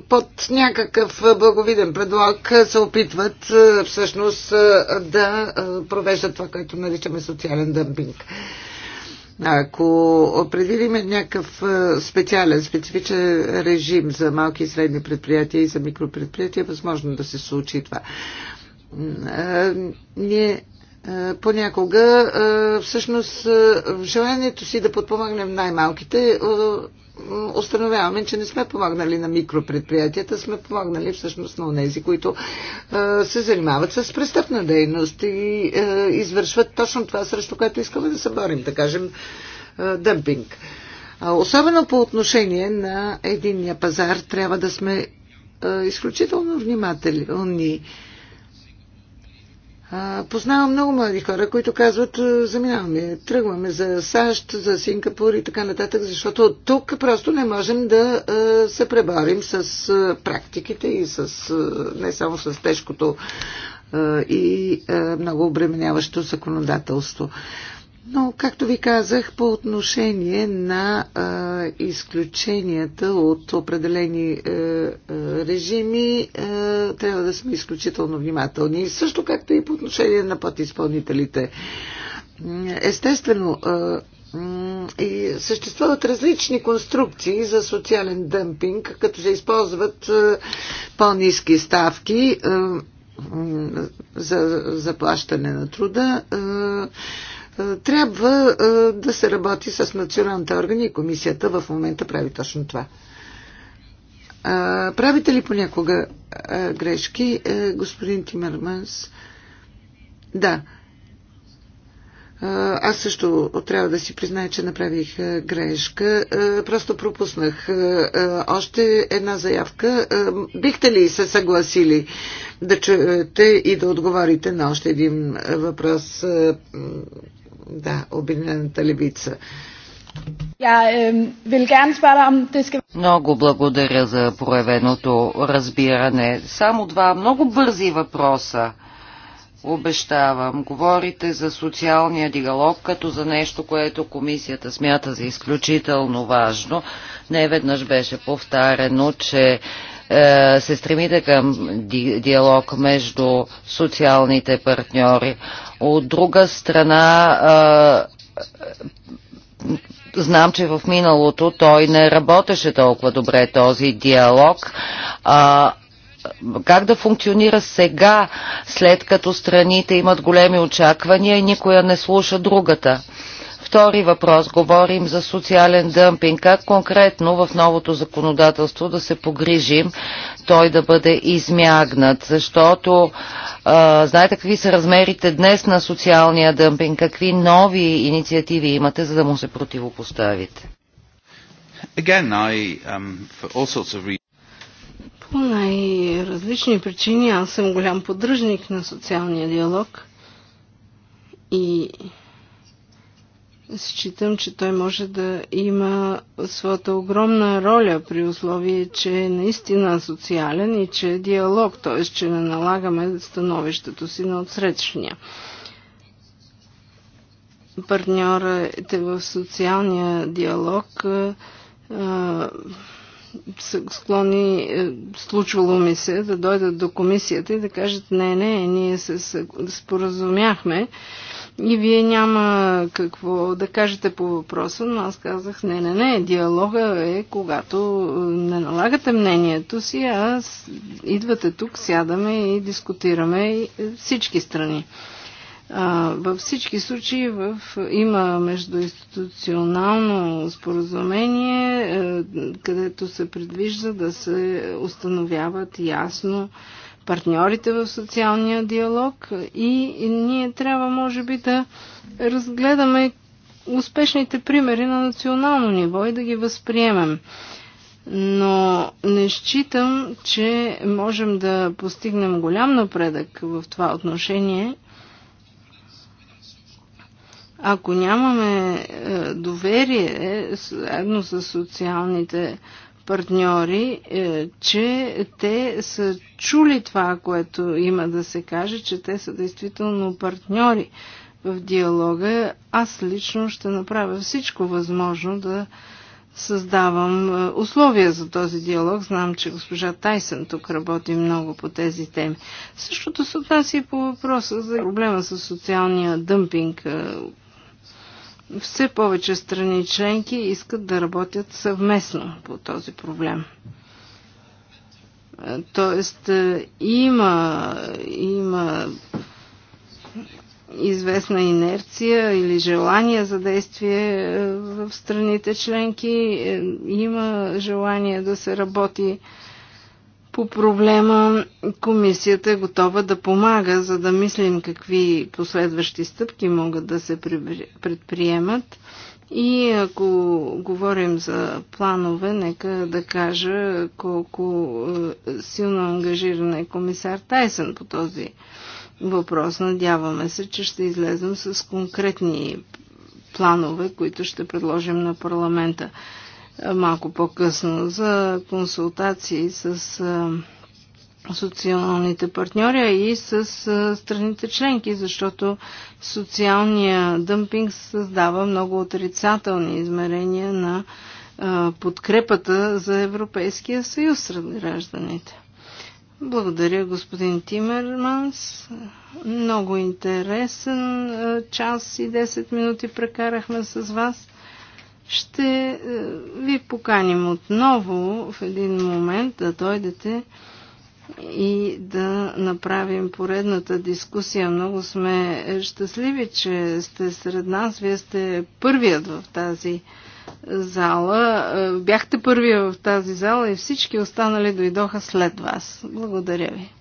под някакъв благовиден предлог се опитват е, всъщност е, да е, провеждат това, което наричаме социален дъмпинг. Ако определим някакъв е, специален, специфичен режим за малки и средни предприятия и за микропредприятия, е възможно да се случи това. Е, ние е, понякога всъщност желанието си да подпомогнем най-малките установяваме, че не сме помогнали на микропредприятията, сме помогнали всъщност на тези, които е, се занимават с престъпна дейност и е, извършват точно това, срещу което искаме да се борим, да кажем е, дъмпинг. Особено по отношение на единния пазар трябва да сме е, изключително внимателни Познавам много млади хора, които казват, «Е, заминаваме, тръгваме за САЩ, за Сингапур и така нататък, защото тук просто не можем да се преборим с практиките и с, не само с тежкото и много обременяващо законодателство. Но, както ви казах, по отношение на а, изключенията от определени а, е, е, режими, а, е, трябва да сме изключително внимателни. Също както и по отношение на подизпълнителите. Естествено, а, и съществуват различни конструкции за социален дъмпинг, като се използват по-низки ставки за заплащане на труда е, трябва е, да се работи с националните органи и комисията в момента прави точно това. Е, правите ли понякога грешки, господин Тимерманс? Да. аз също трябва да си призная, че направих грешка. просто пропуснах още една заявка. бихте ли се съгласили да чуете и да отговорите на още един
въпрос? да, Обединената левица. Много благодаря за проявеното разбиране. Само два много бързи въпроса. Обещавам. Говорите за социалния диалог като за нещо, което комисията смята за изключително важно. Не веднъж беше повтарено, че е, се стремите към диалог между социалните партньори. От друга страна, знам, че в миналото той не работеше толкова добре този диалог. А, как да функционира сега, след като страните имат големи очаквания и никоя не слуша другата? Втори въпрос. Говорим за социален дъмпинг. Как конкретно в новото законодателство да се погрижим той да бъде измягнат? Защото а, знаете какви са размерите днес на социалния дъмпинг? Какви нови инициативи имате, за да му се противопоставите?
Again, I, um, for all sorts of
по най-различни причини аз съм голям поддръжник на социалния диалог и Считам, че той може да има своята огромна роля при условие, че е наистина социален и че е диалог, т.е. че не налагаме становището си на отсрещния. е в социалния диалог склони, е, случвало ми се, да дойдат до комисията и да кажат, не, не, ние се споразумяхме, и вие няма какво да кажете по въпроса, но аз казах, не, не, не, диалога е когато не налагате мнението си, а идвате тук, сядаме и дискутираме е, всички страни. А, във всички случаи в, има междуинституционално споразумение, е, където се предвижда да се установяват ясно партньорите в социалния диалог и ние трябва, може би, да разгледаме успешните примери на национално ниво и да ги възприемем. Но не считам, че можем да постигнем голям напредък в това отношение, ако нямаме е, доверие, е, едно с социалните партньори, е, че те са чули това, което има да се каже, че те са действително партньори в диалога. Аз лично ще направя всичко възможно да създавам е, условия за този диалог. Знам, че госпожа Тайсън тук работи много по тези теми. Същото се отнася и по въпроса за проблема с социалния дъмпинг, е, все повече страни членки искат да работят съвместно по този проблем. Е, тоест е, има, има известна инерция или желание за действие е, в страните членки, има желание да се работи по проблема комисията е готова да помага, за да мислим какви последващи стъпки могат да се предприемат. И ако говорим за планове, нека да кажа колко е, силно ангажиран е комисар Тайсън по този въпрос. Надяваме се, че ще излезем с конкретни планове, които ще предложим на парламента малко по-късно за консултации с социалните партньори и с страните членки, защото социалния дъмпинг създава много отрицателни измерения на подкрепата за Европейския съюз сред гражданите. Благодаря, господин Тимерманс. Много интересен час и 10 минути прекарахме с вас. Ще е, ви поканим отново в един момент да дойдете и да направим поредната дискусия. Много сме щастливи, че сте сред нас. Вие сте първият в тази зала. Е, бяхте първия в тази зала и всички останали дойдоха след вас. Благодаря ви.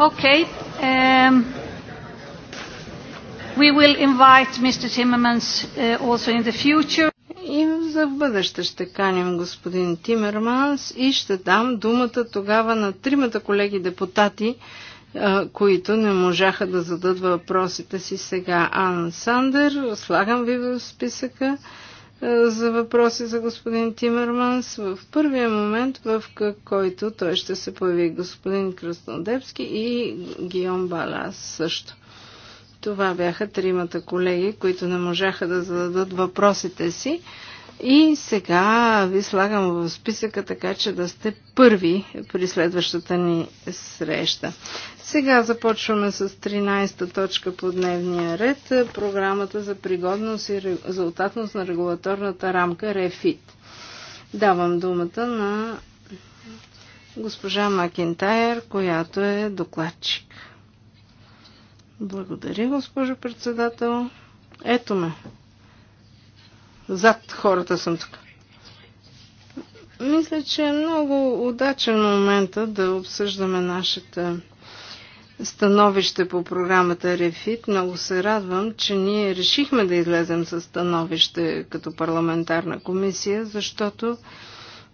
Okay. Um, we will invite Mr. Timmermans uh, also in the future.
И за бъдеще ще каним господин Тимерманс и ще дам думата тогава на тримата колеги депутати, които не можаха да зададат въпросите си сега. Ан Сандер, слагам ви в списъка за въпроси за господин Тимерманс в първия момент, в който той ще се появи господин Краснодепски и Гион Балас също. Това бяха тримата колеги, които не можаха да зададат въпросите си. И сега ви слагам в списъка, така че да сте първи при следващата ни среща. Сега започваме с 13-та точка по дневния ред. Програмата за пригодност и резултатност на регулаторната рамка РЕФИТ. Давам думата на госпожа Макентайер, която е докладчик. Благодаря, госпожо председател. Ето ме зад хората съм тук. Мисля, че е много удачен момента да обсъждаме нашата становище по програмата Рефит. Много се радвам, че ние решихме да излезем с становище като парламентарна комисия, защото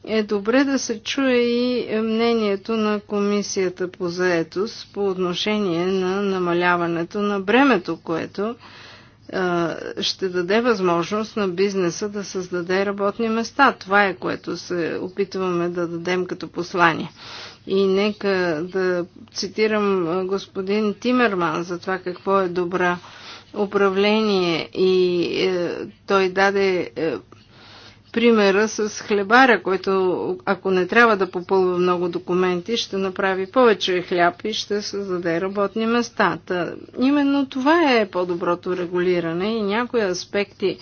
е добре да се чуе и мнението на комисията по заетост по отношение на намаляването на бремето, което ще даде възможност на бизнеса да създаде работни места. Това е което се опитваме да дадем като послание. И нека да цитирам господин Тимерман за това какво е добра управление и е, той даде е, примера с хлебаря, който ако не трябва да попълва много документи, ще направи повече хляб и ще създаде работни места. Та, именно това е по-доброто регулиране и някои аспекти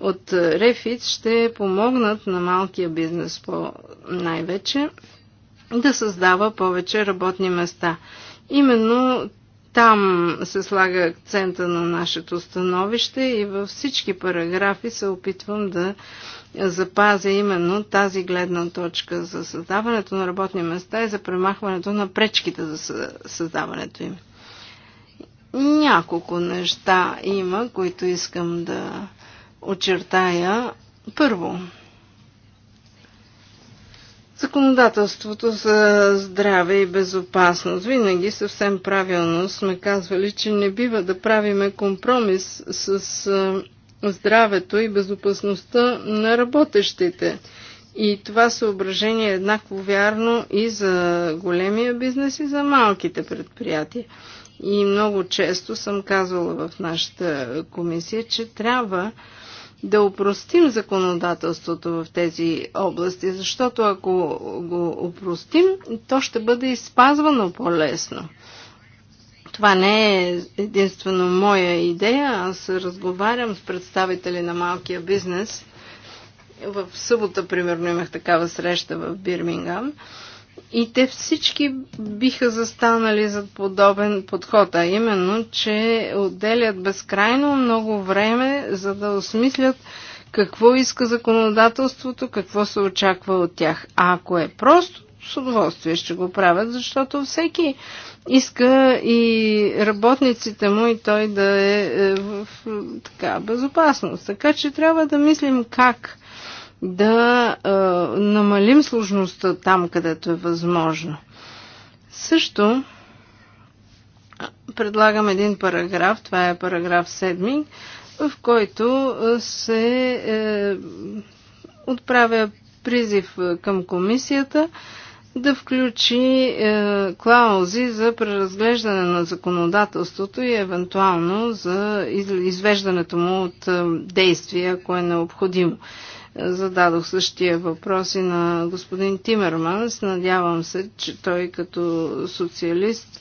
от Рефит ще помогнат на малкия бизнес по най-вече да създава повече работни места. Именно там се слага акцента на нашето становище и във всички параграфи се опитвам да запазя именно тази гледна точка за създаването на работни места и за премахването на пречките за създаването им. Няколко неща има, които искам да очертая. Първо, Законодателството за здраве и безопасност. Винаги съвсем правилно сме казвали, че не бива да правиме компромис с здравето и безопасността на работещите. И това съображение е еднакво вярно и за големия бизнес и за малките предприятия. И много често съм казвала в нашата комисия, че трябва да упростим законодателството в тези области, защото ако го упростим, то ще бъде изпазвано по-лесно. Това не е единствено моя идея. Аз разговарям с представители на малкия бизнес. В събота, примерно, имах такава среща в Бирмингам. И те всички биха застанали за подобен подход, а именно, че отделят безкрайно много време, за да осмислят какво иска законодателството, какво се очаква от тях. А ако е просто с удоволствие ще го правят, защото всеки иска и работниците му и той да е, е в така, безопасност. Така че трябва да мислим как да е, намалим сложността там, където е възможно. Също предлагам един параграф, това е параграф 7, в който е, се е, отправя призив е, към комисията да включи е, клаузи за преразглеждане на законодателството и евентуално за извеждането му от е, действие, ако е необходимо. Е, зададох същия въпрос и на господин Тимерманс. Надявам се, че той като социалист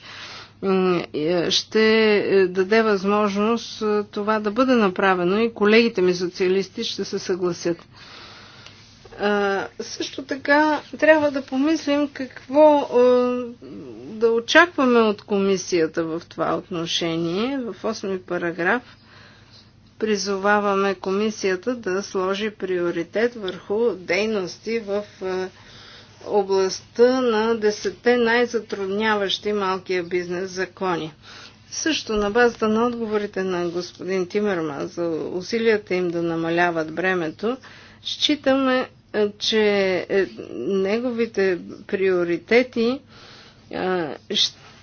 е, ще е, даде възможност това да бъде направено и колегите ми социалисти ще се съгласят. А, също така трябва да помислим какво а, да очакваме от комисията в това отношение. В 8 параграф призоваваме комисията да сложи приоритет върху дейности в а, областта на 10 най-затрудняващи малкия бизнес закони. Също на базата на отговорите на господин Тимерман за усилията им да намаляват бремето, считаме, е, че е, неговите приоритети е,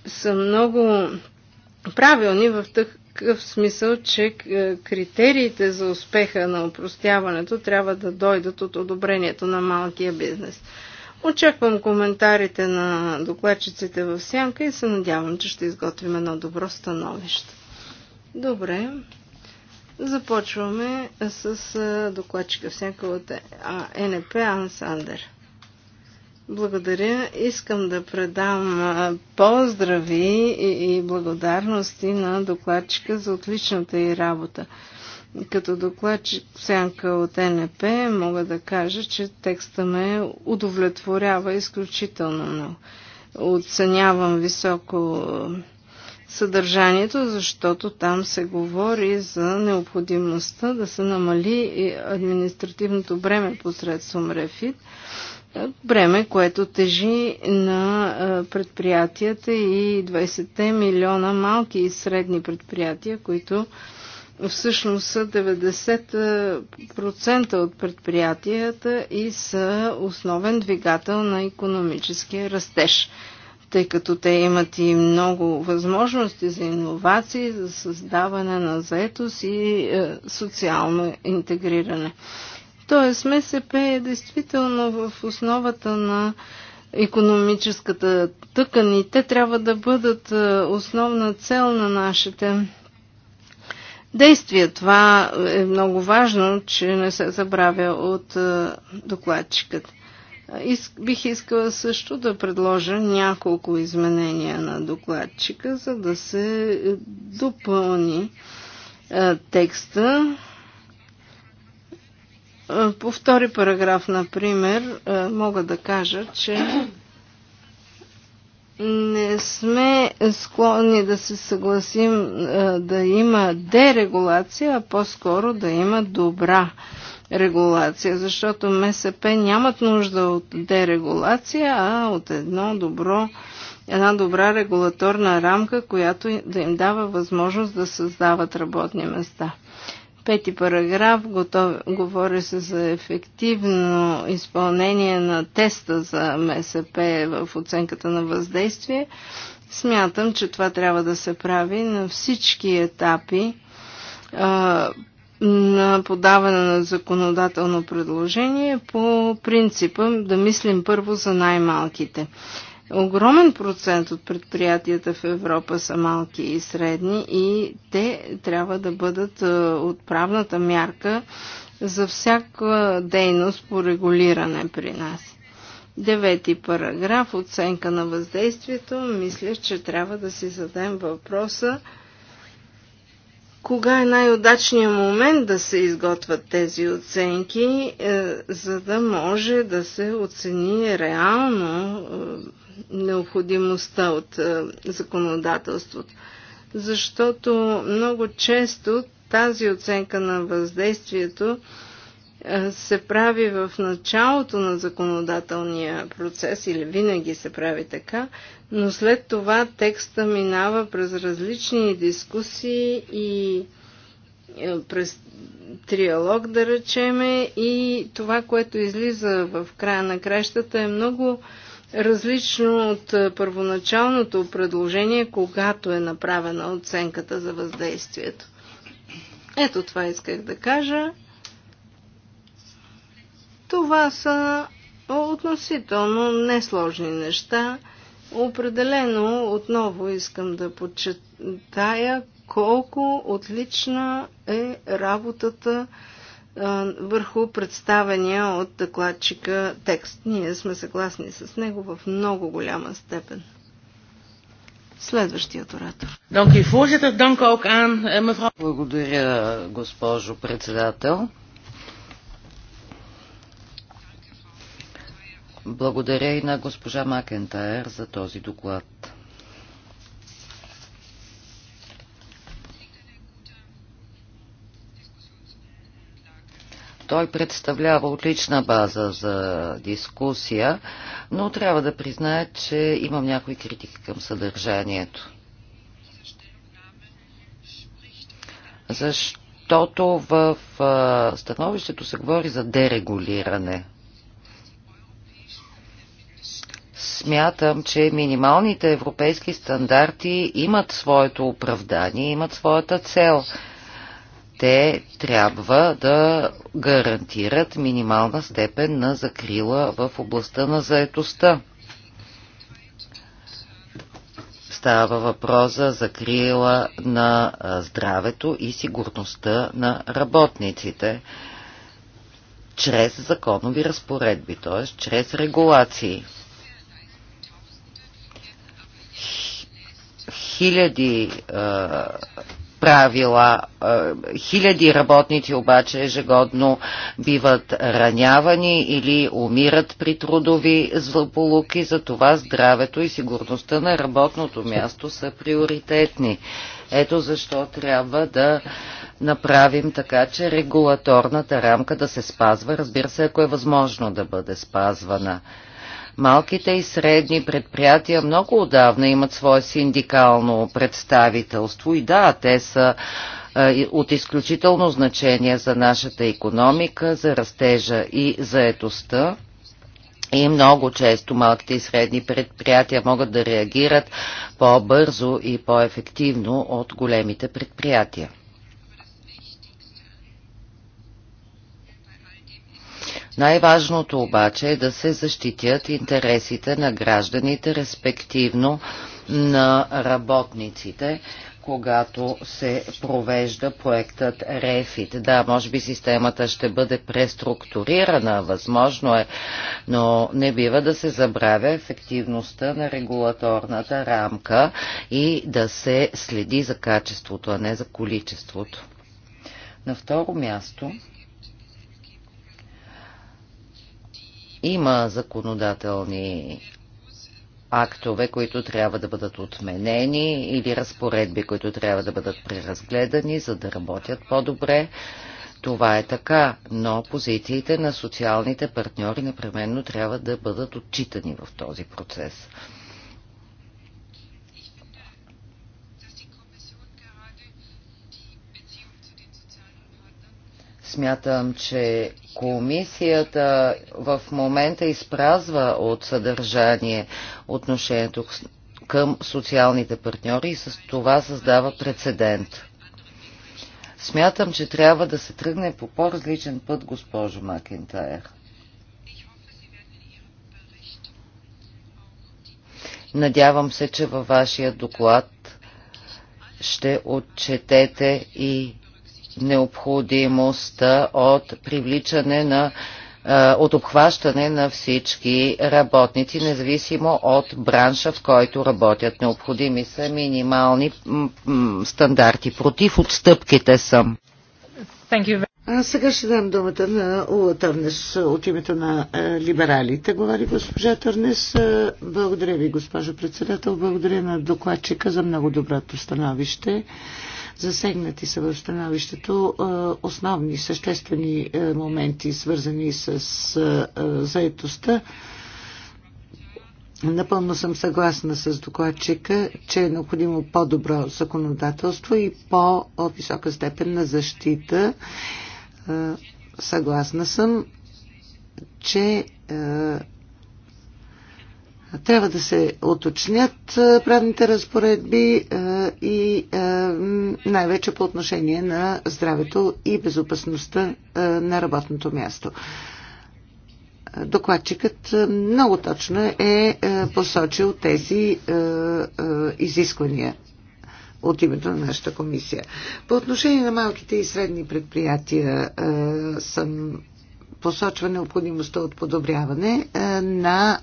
са много правилни в такъв смисъл, че критериите за успеха на опростяването трябва да дойдат от одобрението на малкия бизнес. Очаквам коментарите на докладчиците в Сянка и се надявам, че ще изготвим едно добро становище. Добре. Започваме с докладчика всяка от НП Ансандер. Благодаря. Искам да предам поздрави и благодарности на докладчика за отличната й работа. Като докладчик сянка от НП мога да кажа, че текста ме удовлетворява изключително много. Оценявам високо съдържанието, защото там се говори за необходимостта да се намали административното бреме посредством Рефит, бреме, което тежи на предприятията и 20 милиона малки и средни предприятия, които всъщност са 90% от предприятията и са основен двигател на економическия растеж тъй като те имат и много възможности за иновации, за създаване на заетост и е, социално интегриране. Тоест МСП е действително в основата на економическата тъкан и те трябва да бъдат е, основна цел на нашите действия. Това е много важно, че не се забравя от е, докладчиката. Бих искала също да предложа няколко изменения на докладчика, за да се допълни е, текста. Е, по втори параграф, например, е, мога да кажа, че не сме склонни да се съгласим да има дерегулация, а по-скоро да има добра регулация, защото МСП нямат нужда от дерегулация, а от едно добро, една добра регулаторна рамка, която да им дава възможност да създават работни места. Пети параграф готов, говори се за ефективно изпълнение на теста за МСП в оценката на въздействие. Смятам, че това трябва да се прави на всички етапи на подаване на законодателно предложение по принципа да мислим първо за най-малките. Огромен процент от предприятията в Европа са малки и средни и те трябва да бъдат е, отправната мярка за всяка дейност по регулиране при нас. Девети параграф, оценка на въздействието. Мисля, че трябва да си задем въпроса кога е най-удачният момент да се изготвят тези оценки, е, за да може да се оцени реално е, необходимостта от е, законодателството. Защото много често тази оценка на въздействието се прави в началото на законодателния процес или винаги се прави така, но след това текста минава през различни дискусии и е, през триалог, да речеме, и това, което излиза в края на кращата е много различно от е, първоначалното предложение, когато е направена оценката за въздействието. Ето това исках да кажа. Това са относително несложни неща. Определено отново искам да подчертая колко отлична е работата върху представения от докладчика текст. Ние сме съгласни с него в много голяма степен. Следващият оратор.
Eh, Благодаря, госпожо председател. Благодаря и на госпожа Макентайер за този доклад. Той представлява отлична база за дискусия, но трябва да призная, че имам някои критики към съдържанието. Защото в становището се говори за дерегулиране – смятам, че минималните европейски стандарти имат своето оправдание, имат своята цел. Те трябва да гарантират минимална степен на закрила в областта на заетостта. Става въпрос за закрила на здравето и сигурността на работниците чрез законови разпоредби, т.е. чрез регулации. хиляди правила. Хиляди работници обаче ежегодно биват ранявани или умират при трудови злополуки, затова здравето и сигурността на работното място са приоритетни. Ето защо трябва да направим така, че регулаторната рамка да се спазва, разбира се, ако е възможно да бъде спазвана. Малките и средни предприятия много отдавна имат свое синдикално представителство и да, те са е, от изключително значение за нашата економика, за растежа и заетостта. И много често малките и средни предприятия могат да реагират по-бързо и по-ефективно от големите предприятия. Най-важното обаче е да се защитят интересите на гражданите, респективно на работниците, когато се провежда проектът РЕФИТ. Да, може би системата ще бъде преструктурирана, възможно е, но не бива да се забравя ефективността на регулаторната рамка и да се следи за качеството, а не за количеството. На второ място Има законодателни актове, които трябва да бъдат отменени или разпоредби, които трябва да бъдат преразгледани, за да работят по-добре. Това е така, но позициите на социалните партньори непременно трябва да бъдат отчитани в този процес. Смятам, че комисията в момента изпразва от съдържание отношението към социалните партньори и с това създава прецедент. Смятам, че трябва да се тръгне по по-различен път, госпожо Макентайр. Надявам се, че във вашия доклад ще отчетете и необходимостта от привличане на от обхващане на всички работници, независимо от бранша, в който работят. Необходими са минимални стандарти. Против отстъпките съм. А сега ще дам думата на Ула Търнес от името на
либералите. Говори госпожа Търнес. Благодаря ви, госпожо председател. Благодаря на докладчика за много доброто становище. Засегнати са в становището основни съществени моменти, свързани с заетостта. Напълно съм съгласна с докладчика, че е необходимо по-добро законодателство и по-висока степен на защита. Съгласна съм, че трябва да се оточнят правните разпоредби и най-вече по отношение на здравето и безопасността на работното място. Докладчикът много точно е посочил тези изисквания от името на нашата комисия. По отношение на малките и средни предприятия съм посочва необходимостта от подобряване на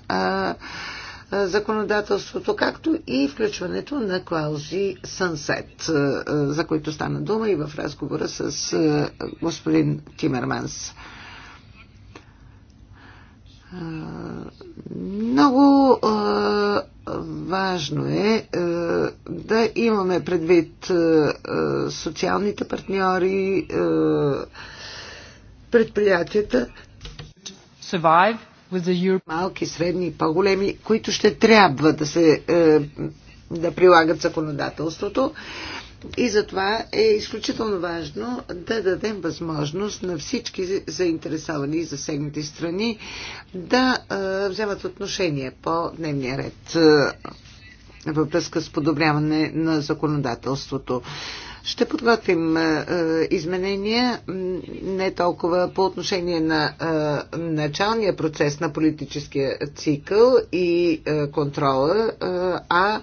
законодателството, както и включването на клаузи Сънсет, за които стана дума и в разговора с господин Тимерманс. Много важно е да имаме предвид социалните партньори, предприятията. Survive малки, средни и по-големи, които ще трябва да се е, да прилагат законодателството. И затова е изключително важно да дадем възможност на всички заинтересовани и засегнати страни да е, вземат отношение по дневния ред е, във връзка с подобряване на законодателството. Ще подготвим е, е, изменения не толкова по отношение на е, началния процес на политическия цикъл и контрола, а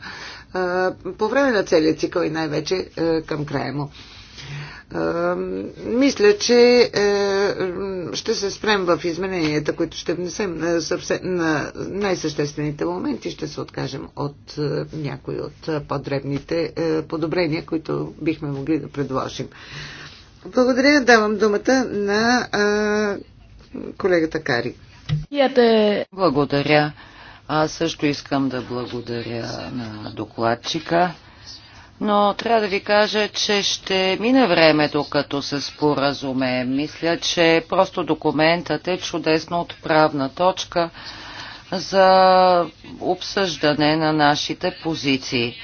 по време на целия цикъл и най-вече към края му мисля, че е, ще се спрем в измененията, които ще внесем на най-съществените моменти. Ще се откажем от е, някои от е, по-дребните подобрения, които бихме могли да предложим. Благодаря. Давам думата на
колегата Кари. Благодаря. Аз също искам да благодаря на докладчика но трябва да ви кажа, че ще мине времето, като се споразуме. Мисля, че просто документът е чудесно отправна точка за обсъждане на нашите позиции.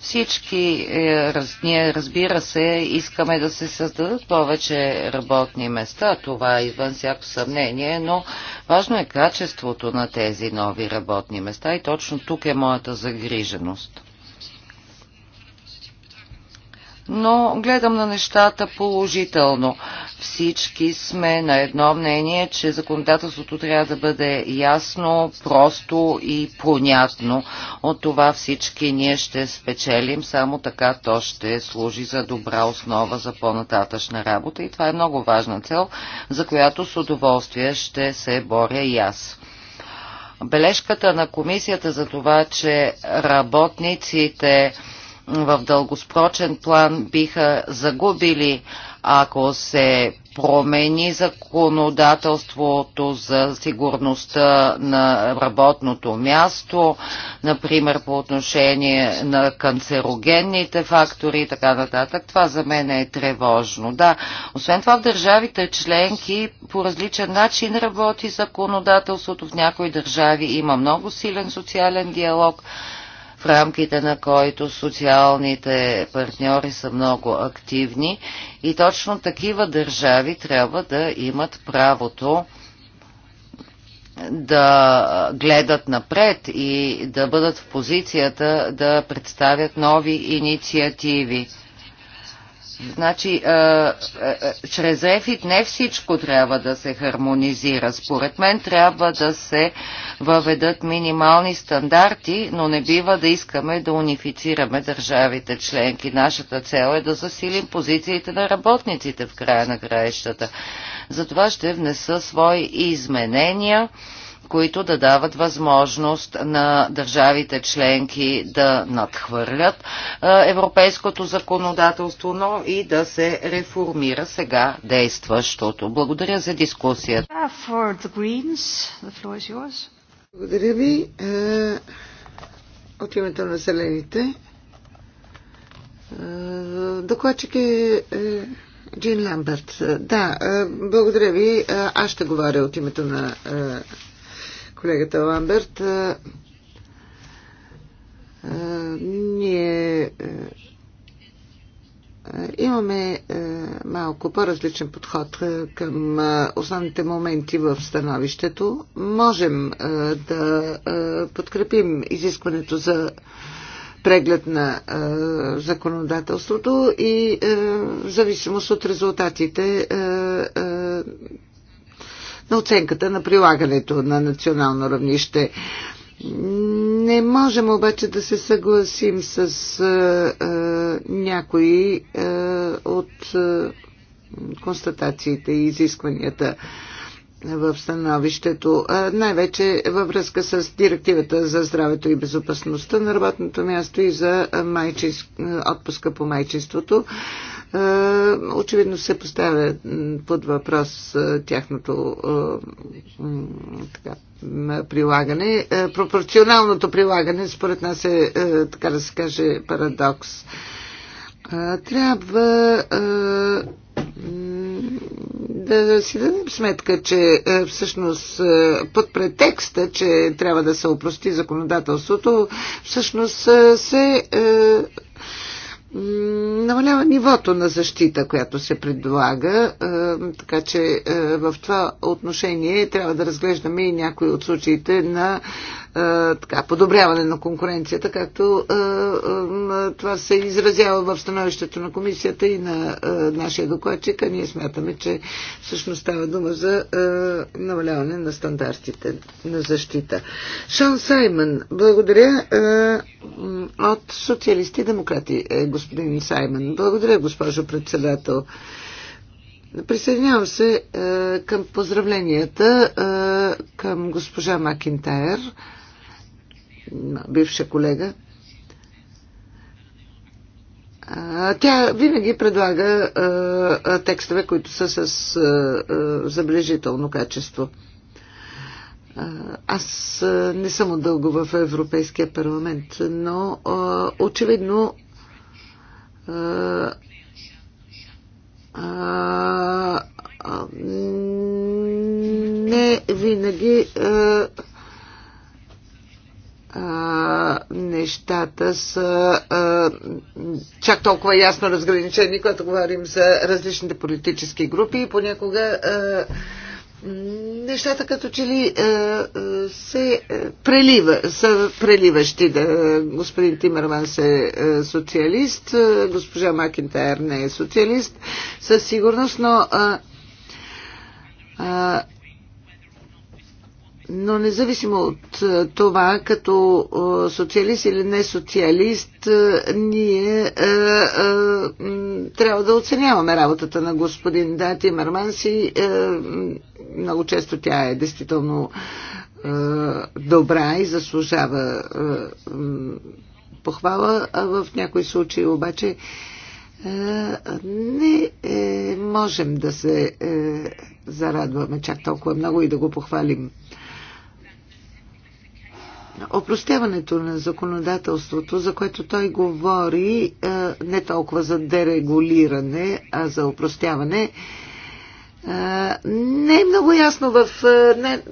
Всички е, ние, разбира се, искаме да се създадат повече работни места, това е извън всяко съмнение, но важно е качеството на тези нови работни места и точно тук е моята загриженост но гледам на нещата положително. Всички сме на едно мнение, че законодателството трябва да бъде ясно, просто и понятно. От това всички ние ще спечелим, само така то ще служи за добра основа за по-нататъчна работа и това е много важна цел, за която с удоволствие ще се боря и аз. Бележката на комисията за това, че работниците в дългоспрочен план биха загубили, ако се промени законодателството за сигурността на работното място, например по отношение на канцерогенните фактори и така нататък. Това за мен е тревожно. Да, освен това в държавите членки по различен начин работи законодателството. В някои държави има много силен социален диалог в рамките на който социалните партньори са много активни и точно такива държави трябва да имат правото да гледат напред и да бъдат в позицията да представят нови инициативи. Значи, е, е, е, чрез ЕФИТ не всичко трябва да се хармонизира. Според мен трябва да се въведат минимални стандарти, но не бива да искаме да унифицираме държавите членки. Нашата цел е да засилим позициите на работниците в края на краищата. Затова ще внеса свои изменения които да дават възможност на държавите членки да надхвърлят европейското законодателство, но и да се реформира сега действащото. Благодаря за дискусията.
Uh, благодаря ви. Uh, от името на зелените. Uh, докладчик е, е Джин Ламберт. Да, благодаря ви. Аз ще говоря от името на колегата Ламберт. Ние имаме малко по-различен подход към основните моменти в становището. Можем да подкрепим изискването за преглед на а, законодателството и а, в зависимост от резултатите а, а, на оценката на прилагането на национално равнище. Не можем обаче да се съгласим с а, а, някои а, от а, констатациите и изискванията в становището, най-вече във връзка с директивата за здравето и безопасността на работното място и за майчинс... отпуска по майчинството. Е, очевидно се поставя под въпрос е, тяхното е, така, прилагане. Пропорционалното прилагане според нас е, така да се каже, парадокс. Трябва да си дадем сметка, че всъщност под претекста, че трябва да се опрости законодателството, всъщност се намалява нивото на защита, която се предлага, така че в това отношение трябва да разглеждаме и някои от случаите на е, така, подобряване на конкуренцията, както е, е, това се изразява в становището на комисията и на нашия докладчик, а ние смятаме, че всъщност става дума за намаляване на стандартите на защита. Шон Саймън, благодаря от социалисти и демократи, господин Саймън. Благодаря, госпожо председател. Присъединявам се е, към поздравленията е, към госпожа Макинтайр бивша колега. Тя винаги предлага текстове, които са с забележително качество. Аз не съм отдълго в Европейския парламент, но очевидно не винаги а, нещата са а, чак толкова ясно разграничени, когато говорим за различните политически групи и понякога а, нещата като че ли а, се прелива, са преливащи. Да, господин Тимерман е социалист, госпожа Макинтайр не е социалист, със сигурност, но а, а, но независимо от е, това, като е, социалист или не социалист, е, ние е, е, трябва да оценяваме работата на господин Дати Марманси. Е, много често тя е действително е, добра и заслужава е, похвала, а в някои случаи обаче е, не е, можем да се е, зарадваме чак толкова много и да го похвалим. Опростяването на законодателството, за което той говори, е, не толкова за дерегулиране, а за опростяване, е, не е много ясно в е, не,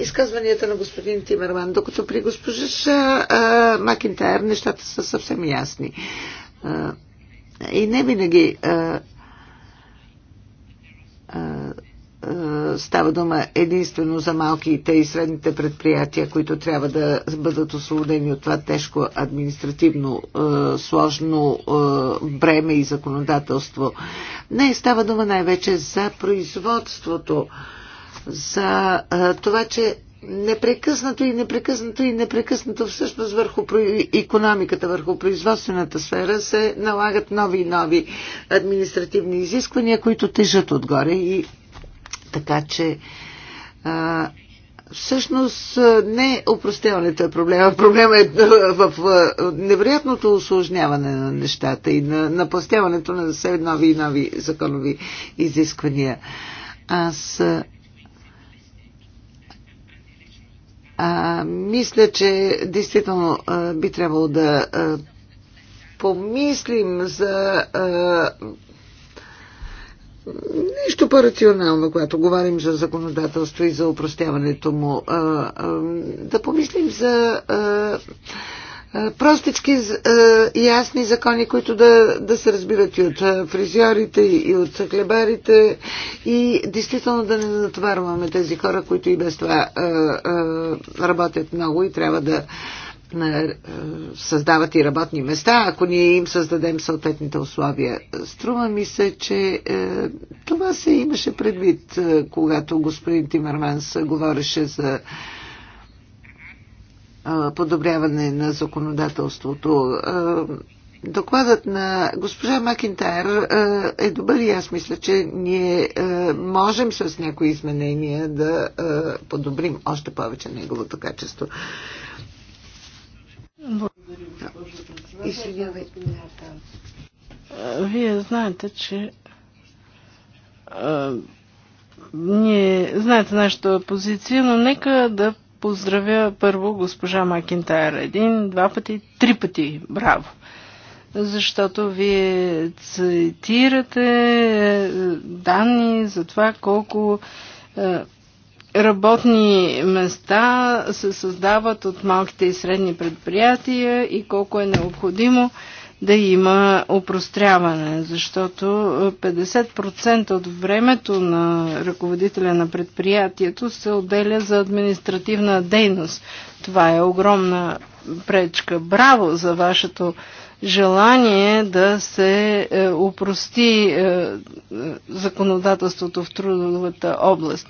изказванията на господин Тимерман, докато при госпожа Макинтайр нещата са съвсем ясни. И не винаги е, става дума единствено за малките и средните предприятия, които трябва да бъдат освободени от това тежко административно е, сложно е, бреме и законодателство. Не, става дума най-вече за производството, за това, че непрекъснато и непрекъснато и непрекъснато всъщност върху економиката, върху производствената сфера се налагат нови и нови административни изисквания, които тежат отгоре и така че а, всъщност не упростяването е проблема. Проблема е в невероятното осложняване на нещата и на напластяването на себе нови и нови законови изисквания. Аз а, мисля, че действително а, би трябвало да а, помислим за а, нищо по-рационално, когато говорим за законодателство и за упростяването му. Да помислим за простички, ясни закони, които да, да се разбират и от фризьорите, и от хлебарите и действително да не натоварваме тези хора, които и без това работят много и трябва да е, създават и работни места, ако ние им създадем съответните условия. Струва ми се, че е, това се имаше предвид, е, когато господин Тимерманс говореше за е, подобряване на законодателството. Е, докладът на госпожа Макинтайр е, е добър и аз мисля, че ние можем с някои изменения да подобрим още повече неговото качество.
Благодаря,
Вие знаете,
че а, ние знаете нашата позиция, но нека да поздравя първо госпожа Макинтайр един, два пъти, три пъти. Браво! Защото вие цитирате е, данни за това колко е, работни места се създават от малките и средни предприятия и колко е необходимо да има опростряване, защото 50% от времето на ръководителя на предприятието се отделя за административна дейност. Това е огромна пречка. Браво за вашето желание да се е, опрости е, е, законодателството в трудовата област.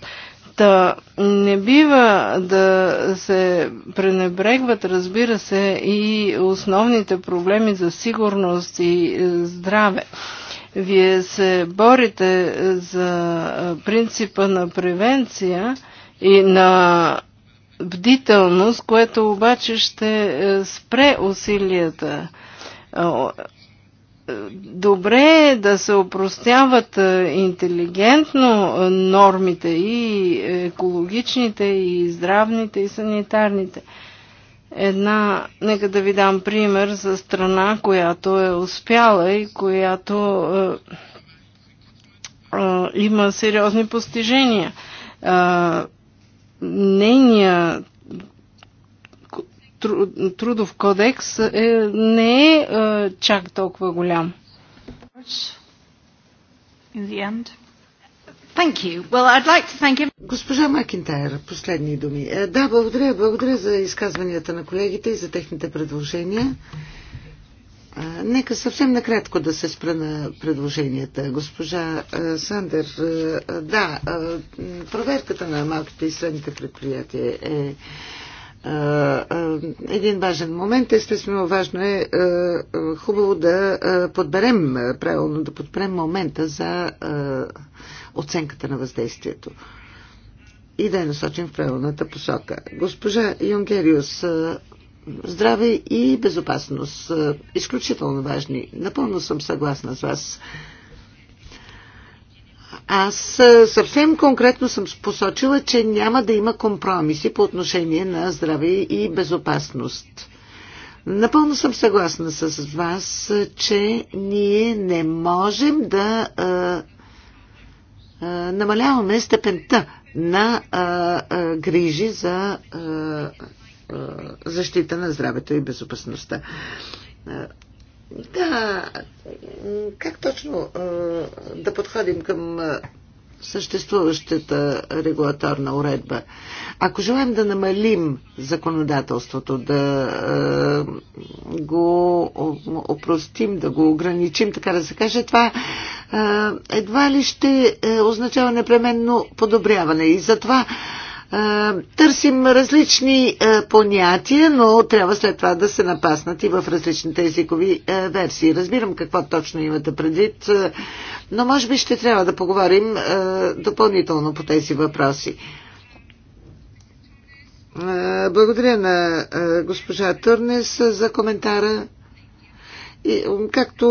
Та не бива да се пренебрегват, разбира се, и основните проблеми за сигурност и е, здраве. Вие се борите за е, принципа на превенция и на бдителност, което обаче ще е, спре усилията добре е да се опростяват е, интелигентно е, нормите и екологичните, и здравните, и санитарните. Една, нека да ви дам пример за страна, която е успяла и която е, е, има сериозни постижения. Е, нейният трудов кодекс е, не е,
е чак толкова голям. Well, like Госпожа Макинтайр, последни думи. Е, да, благодаря. Благодаря за изказванията на колегите и за техните предложения. Е, нека съвсем накратко да се спра на предложенията. Госпожа е, Сандер, да, проверката на малките и средните предприятия е един важен момент. Естествено, важно е хубаво да подберем, правилно да подберем момента за оценката на въздействието и да я насочим в правилната посока. Госпожа Юнгериус, здраве и безопасност. Изключително важни. Напълно съм съгласна с вас. Аз съвсем конкретно съм посочила, че няма да има компромиси по отношение на здраве и безопасност. Напълно съм съгласна с вас, че ние не можем да а, а, намаляваме степента на а, а, грижи за а, а, защита на здравето и безопасността. Да, как точно да подходим към съществуващата регулаторна уредба. Ако желаем да намалим законодателството, да а, го опростим, да го ограничим, така да се каже, това а, едва ли ще а, е, означава непременно подобряване. И затова а, търсим различни понятия, но трябва след това да се напаснат и в различните езикови версии. Разбирам какво точно имате предвид, но може би ще трябва да поговорим допълнително по тези въпроси. Благодаря на госпожа Търнес за коментара. И, както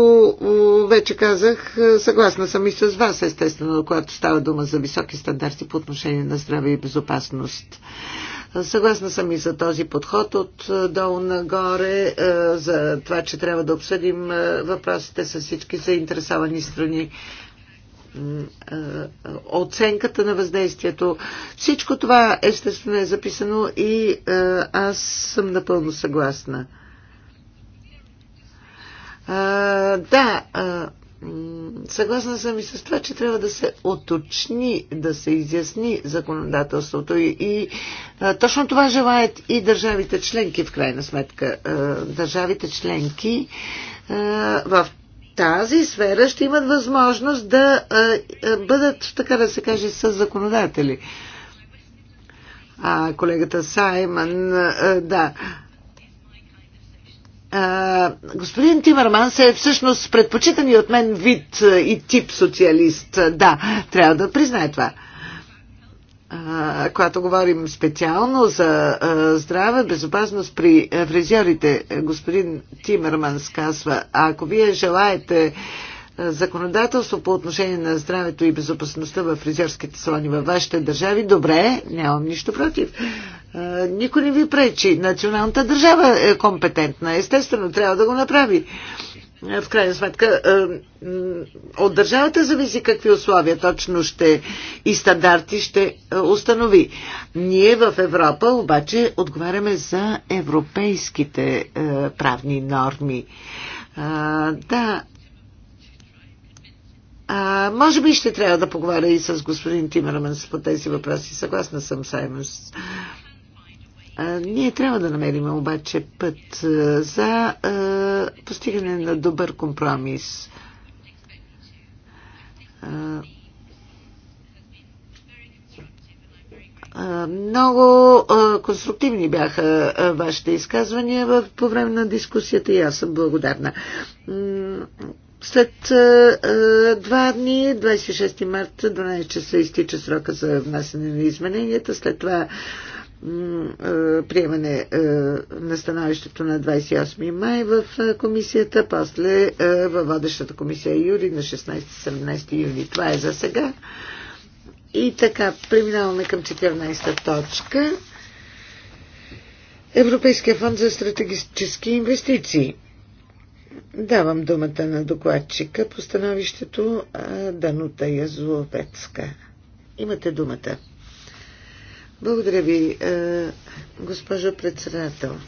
вече казах, е, съгласна съм и с вас, естествено, когато става дума за високи стандарти по отношение на здраве и безопасност. Съгласна съм и за този подход от е, долу нагоре, е, за това, че трябва да обсъдим въпросите с всички заинтересовани страни оценката на въздействието. Всичко това естествено е записано и аз съм напълно съгласна да, съгласна съм и с това, че трябва да се оточни, да се изясни законодателството и, и а, точно това желаят и държавите членки, в крайна сметка. А, държавите членки а, в тази сфера ще имат възможност да а, бъдат, така да се каже, с законодатели. А колегата Саймън, а, да, а, господин Тимърманс е всъщност предпочитан и от мен вид и тип социалист. Да, трябва да признае това. А, когато говорим специално за а, здраве, безопасност при фризьорите, господин Тимърманс казва, ако вие желаете законодателство по отношение на здравето и безопасността в фризерските салони във вашите държави, добре, нямам нищо против. Никой не ви пречи. Националната държава е компетентна. Естествено, трябва да го направи. В крайна сметка, от държавата зависи какви условия точно ще и стандарти ще установи. Ние в Европа обаче отговаряме за европейските правни норми. да, а, може би ще трябва да поговоря и с господин Тимерманс по тези въпроси. Съгласна съм, Саймонс. ние трябва да намерим обаче път а, за а, постигане на добър компромис. Много конструктивни бяха вашите изказвания по време на дискусията и аз съм благодарна. След два дни, 26 марта, 12 часа изтича срока за внасяне на измененията. След това приемане на становището на 28 май в комисията, после във водещата комисия Юри на 16-17 юни. Това е за сега. И така, преминаваме към 14 точка. Европейския фонд за стратегически инвестиции. Давам думата на докладчика по становището Данута Язовецка. Имате думата. Благодаря ви, госпожо председател.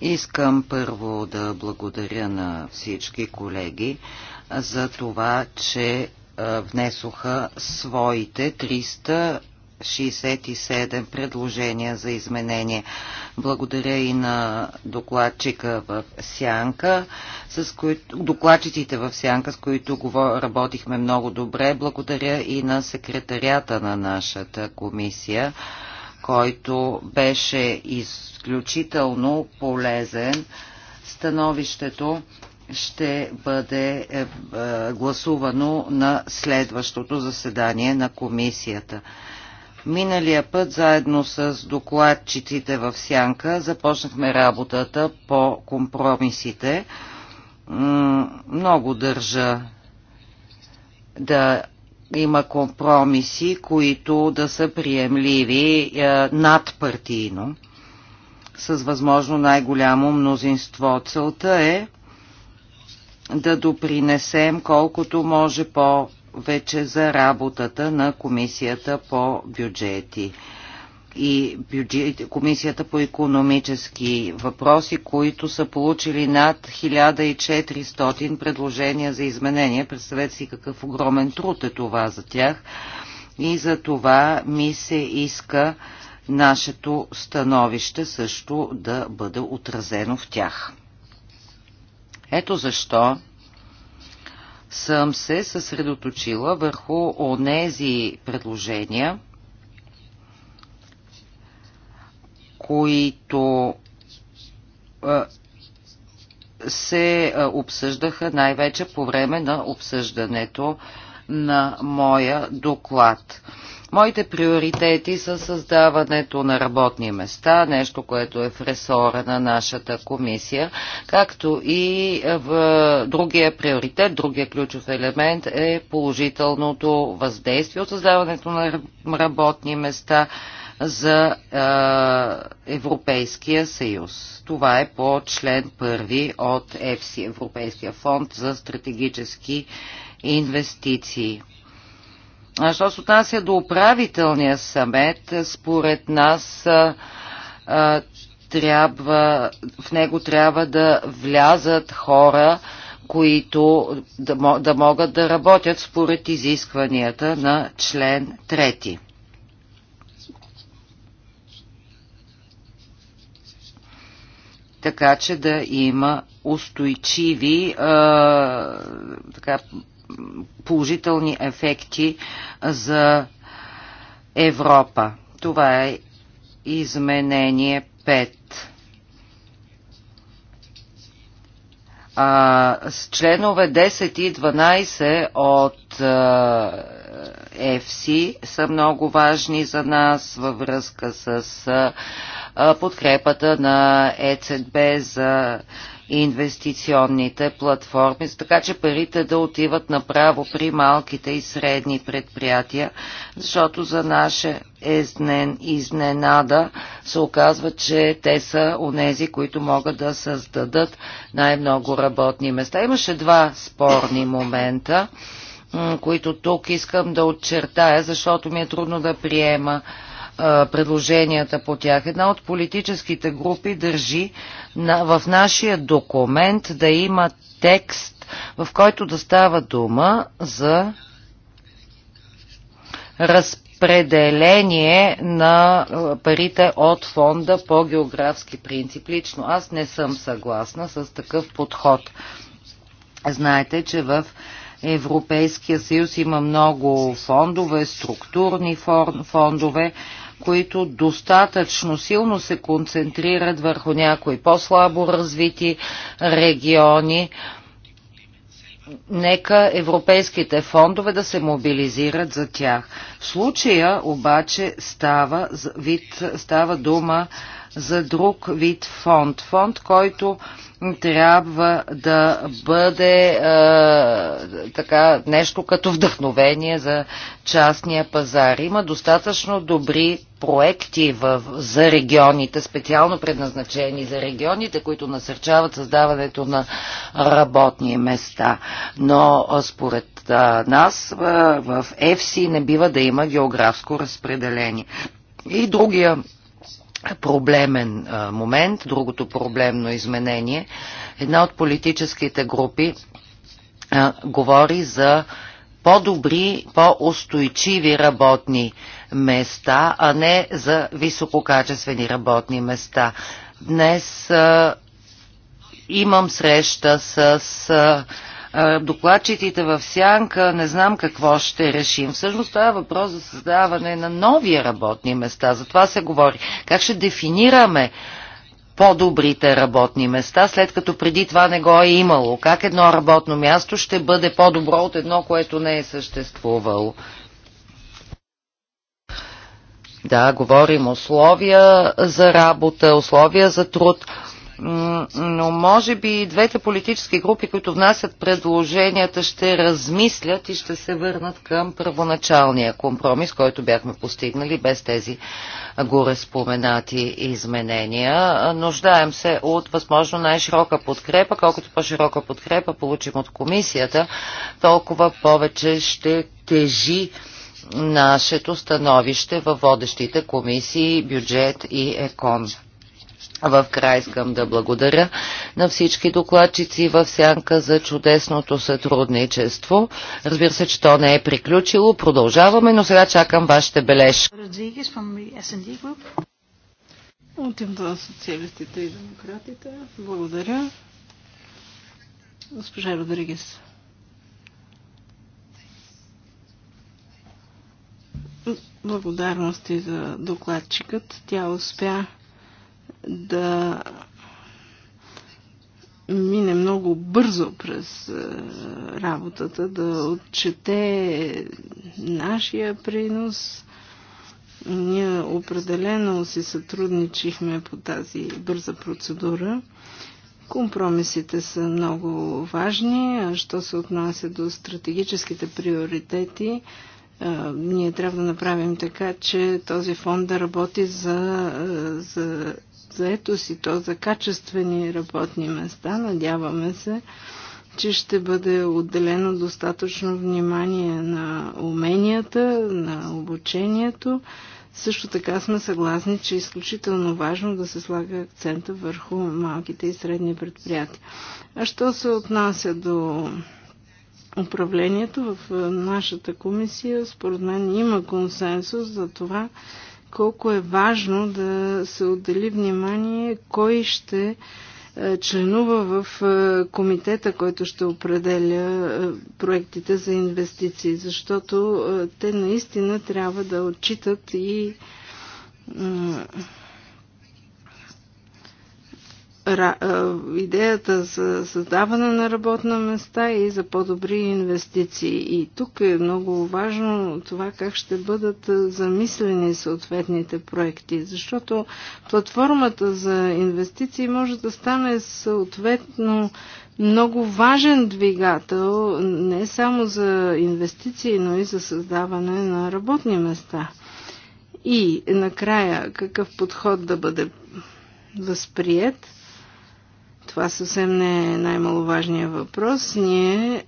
Искам първо да благодаря на всички колеги за това, че внесоха своите 300 67 предложения за изменение. Благодаря и на докладчика в Сянка, с които, докладчиците в Сянка, с които работихме много добре. Благодаря и на секретарята на нашата комисия, който беше изключително полезен. Становището ще бъде е, е, гласувано на следващото заседание на комисията. Миналия път, заедно с докладчиците в Сянка, започнахме работата по компромисите. Много държа да има компромиси, които да са приемливи е, надпартийно, с възможно най-голямо мнозинство. Целта е да допринесем колкото може по вече за работата на Комисията по бюджети и бюджет, Комисията по економически въпроси, които са получили над 1400 предложения за изменения. Представете си какъв огромен труд е това за тях. И за това ми се иска нашето становище също да бъде отразено в тях. Ето защо съм се съсредоточила върху онези предложения, които се обсъждаха най-вече по време на обсъждането на моя доклад. Моите приоритети са създаването на работни места, нещо, което е в ресора на нашата комисия, както и в другия приоритет, другия ключов елемент е положителното въздействие от създаването на работни места за е, Европейския съюз. Това е по член първи от ЕФСИ, Европейския фонд за стратегически инвестиции. Що се отнася до управителния съвет, според нас а, трябва, в него трябва да влязат хора, които да, да могат да работят според изискванията на член 3. Така че да има устойчиви а, така, положителни ефекти за Европа. Това е изменение 5. А, с членове 10 и 12 от а, FC са много важни за нас във връзка с а, подкрепата на ЕЦБ за а, инвестиционните платформи, така че парите да отиват направо при малките и средни предприятия, защото за наше изненада се оказва, че те са онези, които могат да създадат най-много работни места. Имаше два спорни момента, които тук искам да отчертая, защото ми е трудно да приема предложенията по тях. Една от политическите групи държи в нашия документ да има текст, в който да става дума за разпределение на парите от фонда по географски принцип. Лично аз не съм съгласна с такъв подход. Знаете, че в Европейския съюз има много фондове, структурни фондове, които достатъчно силно се концентрират върху някои по-слабо развити региони. Нека европейските фондове да се мобилизират за тях. В случая обаче става, вид, става дума за друг вид фонд. Фонд, който трябва да бъде а, така нещо като вдъхновение за частния пазар. Има достатъчно добри проекти в, за регионите, специално предназначени за регионите, които насърчават създаването на работни места. Но според а, нас а, в ЕФСИ не бива да има географско разпределение. И другия проблемен момент, другото проблемно изменение. Една от политическите групи а, говори за по-добри, по-устойчиви работни места, а не за висококачествени работни места. Днес а, имам среща с а, докладчиците в сянка, не знам какво ще решим. Всъщност това е въпрос за създаване на нови работни места. За това се говори. Как ще дефинираме по-добрите работни места, след като преди това не го е имало? Как едно работно място ще бъде по-добро от едно, което не е съществувало? Да, говорим условия за работа, условия за труд но може би двете политически групи, които внасят предложенията, ще размислят и ще се върнат към първоначалния компромис, който бяхме постигнали без тези горе споменати изменения. Нуждаем се от възможно най-широка подкрепа. Колкото по-широка подкрепа получим от комисията, толкова повече ще тежи нашето становище във водещите комисии бюджет и екон. В край искам да благодаря на всички докладчици в сянка за чудесното сътрудничество. Разбира се, че то не е приключило. Продължаваме, но сега чакам вашите бележки.
От името на социалистите и демократите, благодаря. Госпожа Родригес. Благодарности за докладчикът. Тя успя да мине много бързо през е, работата, да отчете нашия принос. Ние определено си сътрудничихме по тази бърза процедура. Компромисите са много важни, а що се отнася до стратегическите приоритети, е, ние трябва да направим така, че този фонд да работи за, е, за заетост и то за качествени работни места. Надяваме се, че ще бъде отделено достатъчно внимание на уменията, на обучението. Също така сме съгласни, че е изключително важно да се слага акцента върху малките и средни предприятия. А що се отнася до управлението в нашата комисия, според мен има консенсус за това, колко е важно да се отдели внимание кой ще е, членува в е, комитета, който ще определя е, проектите за инвестиции, защото те наистина трябва да отчитат и идеята за създаване на работна места и за по-добри инвестиции. И тук е много важно това как ще бъдат замислени съответните проекти, защото платформата за инвестиции може да стане съответно много важен двигател не само за инвестиции, но и за създаване на работни места. И накрая какъв подход да бъде възприят – това съвсем не е най-маловажният въпрос. Ние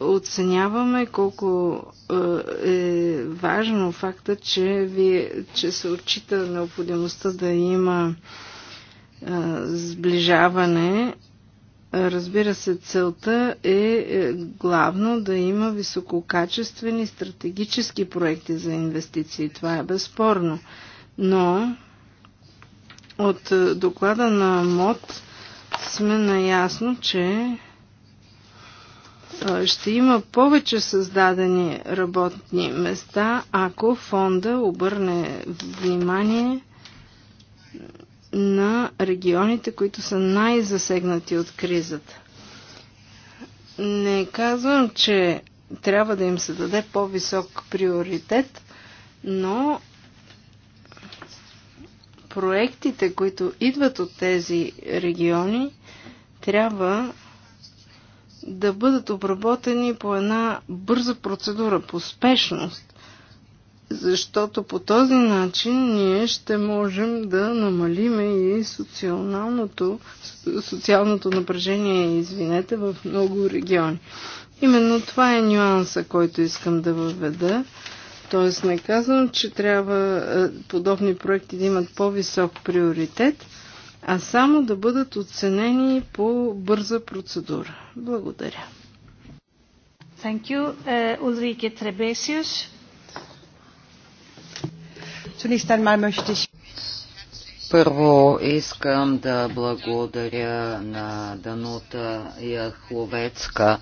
оценяваме колко е, е важно факта, че, ви, че се отчита необходимостта да има е, сближаване. Разбира се, целта е, е главно да има висококачествени стратегически проекти за инвестиции. Това е безспорно. Но от доклада на МОД сме наясно, че ще има повече създадени работни места, ако фонда обърне внимание на регионите, които са най-засегнати от кризата. Не казвам, че трябва да им се даде по-висок приоритет, но проектите, които идват от тези региони, трябва да бъдат обработени по една бърза процедура, по спешност, защото по този начин ние ще можем да намалиме и социалното, социалното напрежение, извинете, в много региони. Именно това е нюанса, който искам да въведа Тоест не казвам, че трябва е, подобни проекти да имат по-висок приоритет, а само да бъдат оценени по бърза процедура. Благодаря.
Thank you. Uh, Ulrike Trebesius.
Zunächst einmal möchte ich първо искам да благодаря на Данута Яхловецка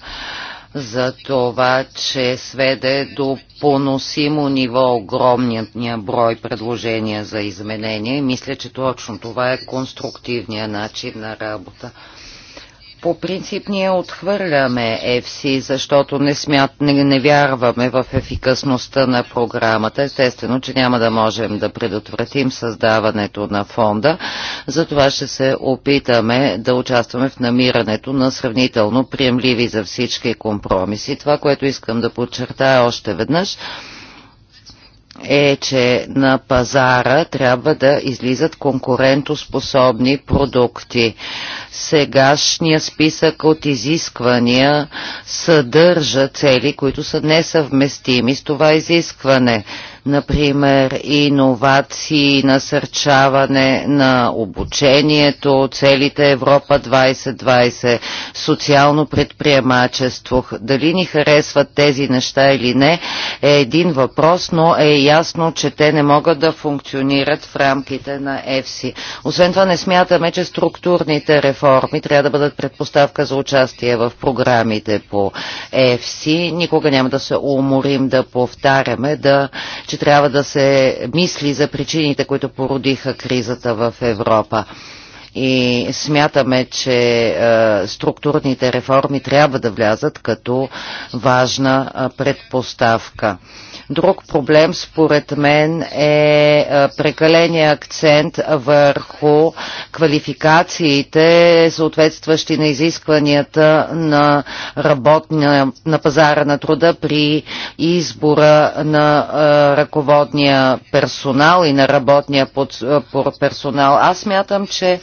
за това, че сведе до поносимо ниво огромният брой предложения за изменения. Мисля, че точно това е конструктивният начин на работа. По принцип ние отхвърляме ЕФСИ, защото не, смят, не, не вярваме в ефикасността на програмата. Естествено, че няма да можем да предотвратим създаването на фонда. Затова ще се опитаме да участваме в намирането на сравнително приемливи за всички компромиси. Това, което искам да подчертая още веднъж, е, че на пазара трябва да излизат конкурентоспособни продукти. Сегашния списък от изисквания съдържа цели, които са несъвместими с това изискване например, иновации, насърчаване на обучението, целите Европа 2020, социално предприемачество. Дали ни харесват тези неща или не е един въпрос, но е ясно, че те не могат да функционират в рамките на ЕФСИ. Освен това не смятаме, че структурните реформи трябва да бъдат предпоставка за участие в програмите по ЕФСИ. Никога няма да се уморим да повтаряме, да, че че трябва да се мисли за причините, които породиха кризата в Европа. И смятаме, че е, структурните реформи трябва да влязат като важна е, предпоставка. Друг проблем, според мен, е, е прекаления акцент върху квалификациите, съответстващи на изискванията на, работна, на пазара на труда при избора на е, ръководния персонал и на работния е, персонал. Аз мятам, че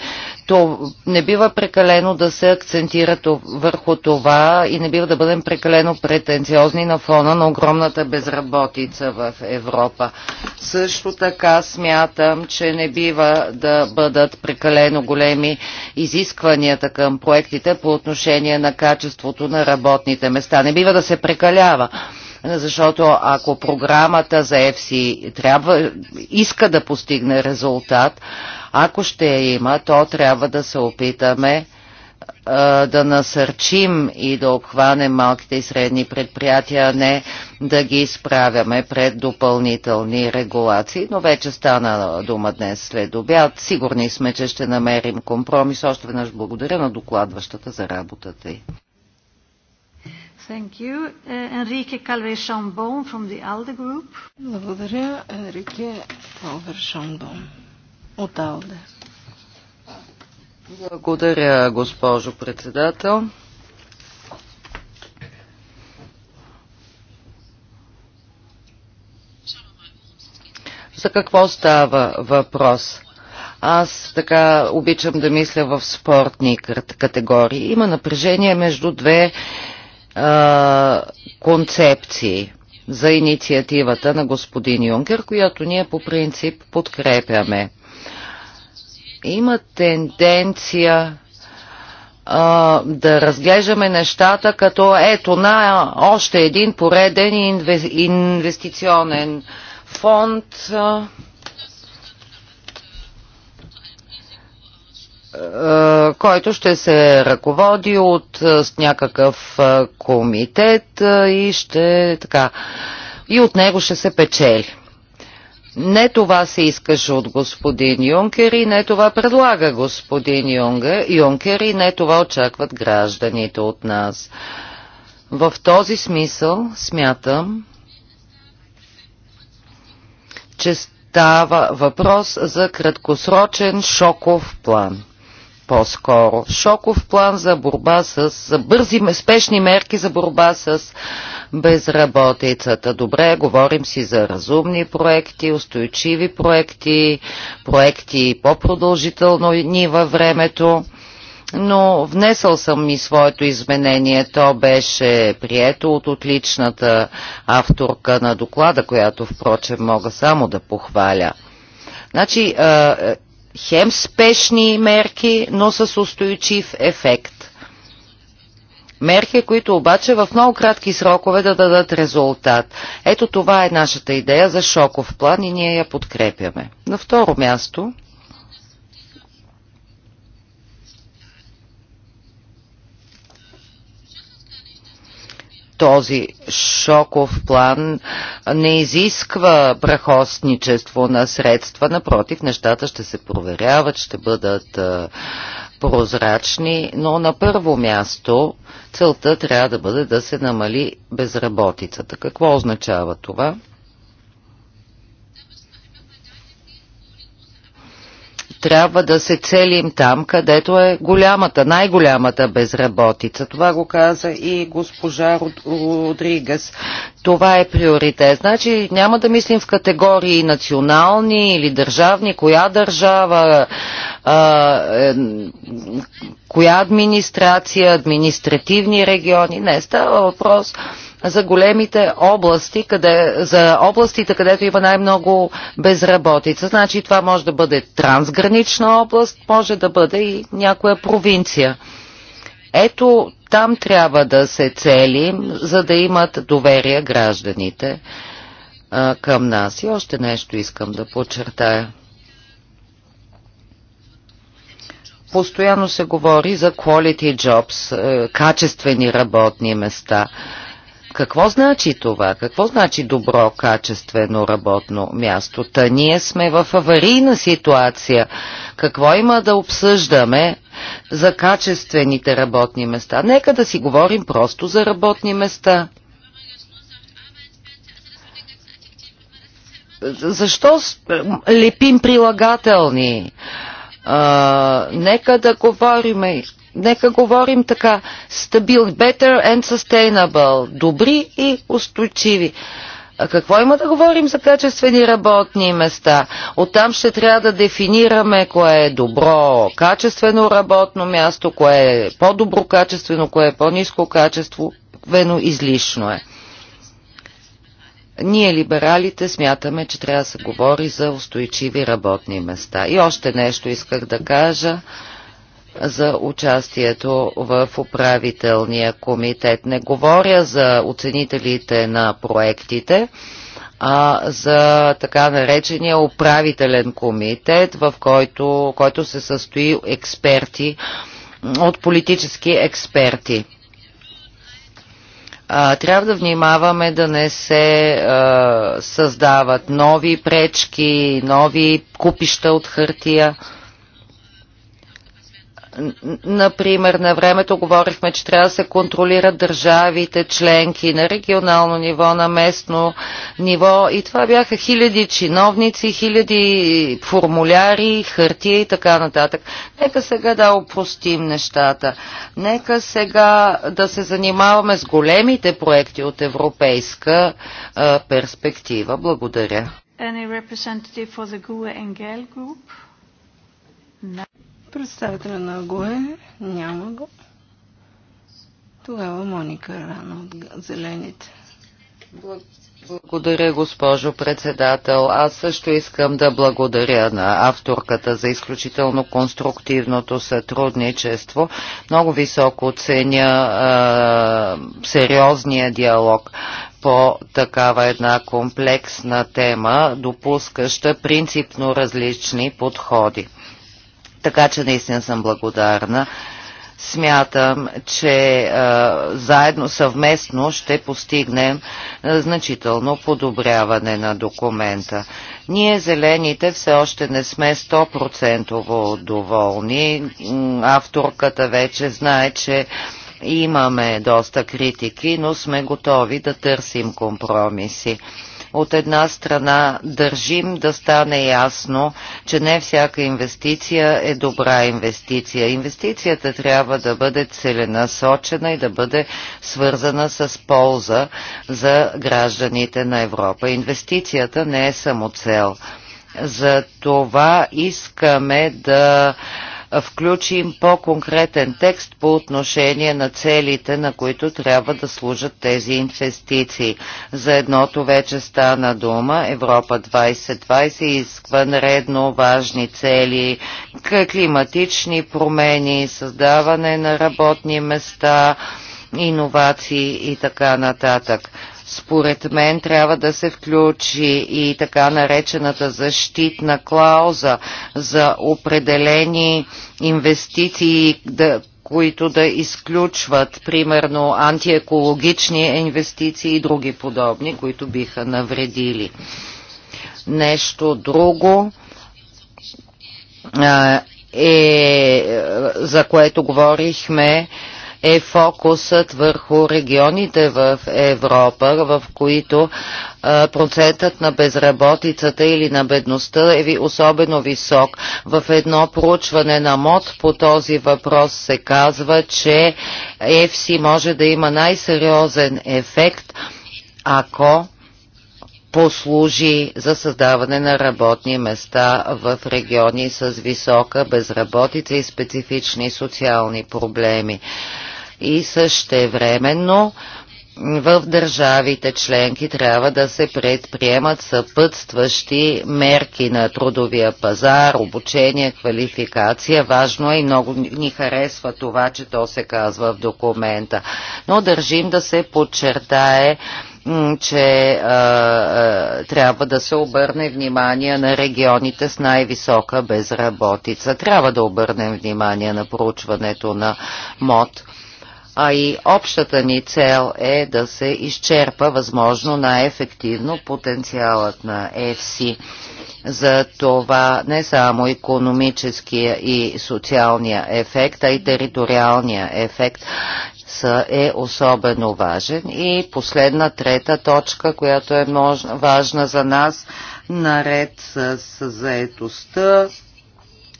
то не бива прекалено да се акцентира върху това и не бива да бъдем прекалено претенциозни на фона на огромната безработица в Европа. Също така смятам, че не бива да бъдат прекалено големи изискванията към проектите по отношение на качеството на работните места. Не бива да се прекалява защото ако програмата за ЕФСИ трябва, иска да постигне резултат, ако ще я има, то трябва да се опитаме да насърчим и да обхванем малките и средни предприятия, а не да ги изправяме пред допълнителни регулации. Но вече стана дума днес след обяд. Сигурни сме, че ще намерим компромис. Още веднъж благодаря на докладващата за работата й.
Thank you. Е, from the ALDE group.
Благодаря, Енрике Calvé-Chambon от АЛДЕ.
Благодаря, госпожо председател. За какво става въпрос? Аз така обичам да мисля в спортни категории. Има напрежение между две а, концепции за инициативата на господин Юнкер, която ние по принцип подкрепяме има тенденция а, да разглеждаме нещата като ето на още един пореден инвестиционен фонд. А, който ще се ръководи от някакъв комитет и ще така и от него ще се печели. Не това се искаше от господин Юнкер и не това предлага господин Юнкер и не това очакват гражданите от нас. В този смисъл смятам, че става въпрос за краткосрочен шоков план. По-скоро шоков план за борба с, за бързи, спешни мерки за борба с безработицата. Добре, говорим си за разумни проекти, устойчиви проекти, проекти по-продължително ни във времето но внесъл съм и своето изменение. То беше прието от отличната авторка на доклада, която впрочем мога само да похваля. Значи, е, хем спешни мерки, но с устойчив ефект мерки, които обаче в много кратки срокове да дадат резултат. Ето това е нашата идея за шоков план и ние я подкрепяме. На второ място този шоков план не изисква брахостничество на средства. Напротив, нещата ще се проверяват, ще бъдат прозрачни, но на първо място целта трябва да бъде да се намали безработицата. Какво означава това? трябва да се целим там, където е голямата, най-голямата безработица. Това го каза и госпожа Родригес. Това е приоритет. Значи няма да мислим в категории национални или държавни, коя държава, а, е, коя администрация, административни региони. Не, става въпрос за големите области, къде, за областите, където има най-много безработица. Значи това може да бъде трансгранична област, може да бъде и някоя провинция. Ето там трябва да се целим, за да имат доверие гражданите а, към нас. И още нещо искам да подчертая. Постоянно се говори за quality jobs, е, качествени работни места. Какво значи това? Какво значи добро качествено работно място? Та ние сме в аварийна ситуация. Какво има да обсъждаме за качествените работни места? Нека да си говорим просто за работни места. Защо лепим прилагателни? А, нека да говорим Нека говорим така. Stabil, better and sustainable. Добри и устойчиви. А какво има да говорим за качествени работни места? Оттам ще трябва да дефинираме кое е добро качествено работно място, кое е по-добро качествено, кое е по-низко качество, вено излишно е. Ние, либералите, смятаме, че трябва да се говори за устойчиви работни места. И още нещо исках да кажа за участието в управителния комитет. Не говоря за оценителите на проектите, а за така наречения управителен комитет, в който, който се състои експерти от политически експерти. трябва да внимаваме да не се а, създават нови пречки, нови купища от хартия. Например, на времето говорихме, че трябва да се контролират държавите, членки на регионално ниво, на местно ниво и това бяха хиляди чиновници, хиляди формуляри, хартия и така нататък. Нека сега да опростим нещата. Нека сега да се занимаваме с големите проекти от европейска а, перспектива. Благодаря.
Any representative for the GUE Engel group?
No. Представителя на ГОЕ няма го. Тогава Моника Рано от Зелените.
Благодаря, госпожо председател. Аз също искам да благодаря на авторката за изключително конструктивното сътрудничество. Много високо ценя е, сериозния диалог по такава една комплексна тема, допускаща принципно различни подходи така че наистина съм благодарна. Смятам, че а, заедно съвместно ще постигнем а, значително подобряване на документа. Ние зелените все още не сме 100% доволни. Авторката вече знае, че имаме доста критики, но сме готови да търсим компромиси. От една страна държим да стане ясно, че не всяка инвестиция е добра инвестиция. Инвестицията трябва да бъде целенасочена и да бъде свързана с полза за гражданите на Европа. Инвестицията не е само цел. За това искаме да включим по-конкретен текст по отношение на целите, на които трябва да служат тези инвестиции. За едното вече стана дума Европа 2020 изисква наредно важни цели, климатични промени, създаване на работни места, иновации и така нататък. Според мен трябва да се включи и така наречената защитна клауза за определени инвестиции, да, които да изключват, примерно, антиекологични инвестиции и други подобни, които биха навредили. Нещо друго е, за което говорихме, е фокусът върху регионите в Европа, в които процентът на безработицата или на бедността е ви особено висок. В едно проучване на МОД по този въпрос се казва, че ЕФСИ може да има най-сериозен ефект, ако послужи за създаване на работни места в региони с висока безработица и специфични социални проблеми и същевременно в държавите членки трябва да се предприемат съпътстващи мерки на трудовия пазар, обучение, квалификация. Важно е и много ни харесва това, че то се казва в документа. Но държим да се подчертае че а, а, трябва да се обърне внимание на регионите с най-висока безработица. Трябва да обърнем внимание на проучването на МОД а и общата ни цел е да се изчерпа възможно най-ефективно потенциалът на ЕФСИ. За това не само економическия и социалния ефект, а и териториалния ефект са, е особено важен. И последна трета точка, която е важна за нас, наред с заетостта,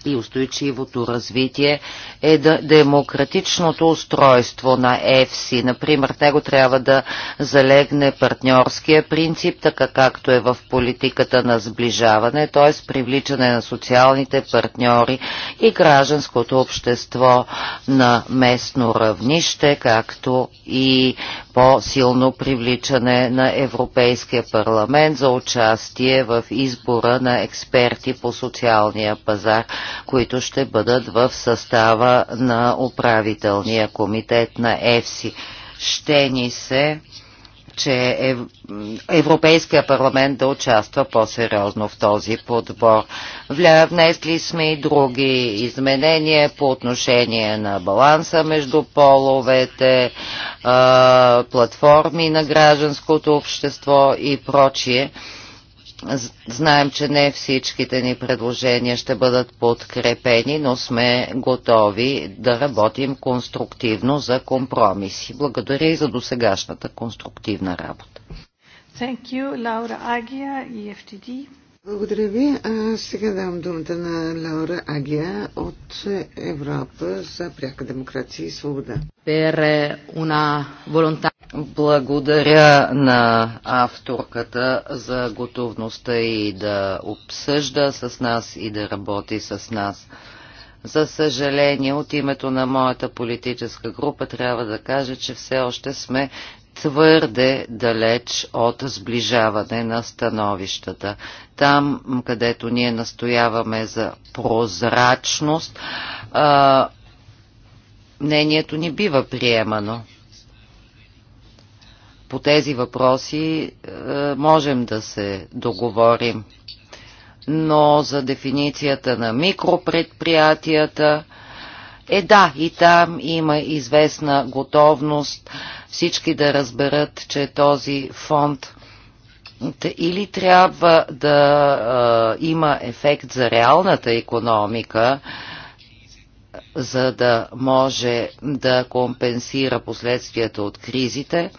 и устойчивото развитие е да демократичното устройство на ЕФСИ. Например, него трябва да залегне партньорския принцип, така както е в политиката на сближаване, т.е. привличане на социалните партньори и гражданското общество на местно равнище, както и по-силно привличане на Европейския парламент за участие в избора на експерти по социалния пазар които ще бъдат в състава на управителния комитет на ЕФСИ. Ще ни се че Европейския парламент да участва по-сериозно в този подбор. Внесли сме и други изменения по отношение на баланса между половете, платформи на гражданското общество и прочие Знаем, че не всичките ни предложения ще бъдат подкрепени, но сме готови да работим конструктивно за компромиси. Благодаря и за досегашната конструктивна работа.
Thank you, Laura Agia, EFTD.
Благодаря ви. А, сега давам думата на Лаура Агия от Европа за пряка демокрация и свобода.
Благодаря на авторката за готовността и да обсъжда с нас и да работи с нас. За съжаление, от името на моята политическа група трябва да кажа, че все още сме твърде далеч от сближаване на становищата. Там, където ние настояваме за прозрачност, а, мнението ни бива приемано. По тези въпроси а, е, можем да се договорим. Но за дефиницията на микропредприятията, е да, и там има известна готовност всички да разберат, че този фонд или трябва да а, има ефект за реалната економика, за да може да компенсира последствията от кризите,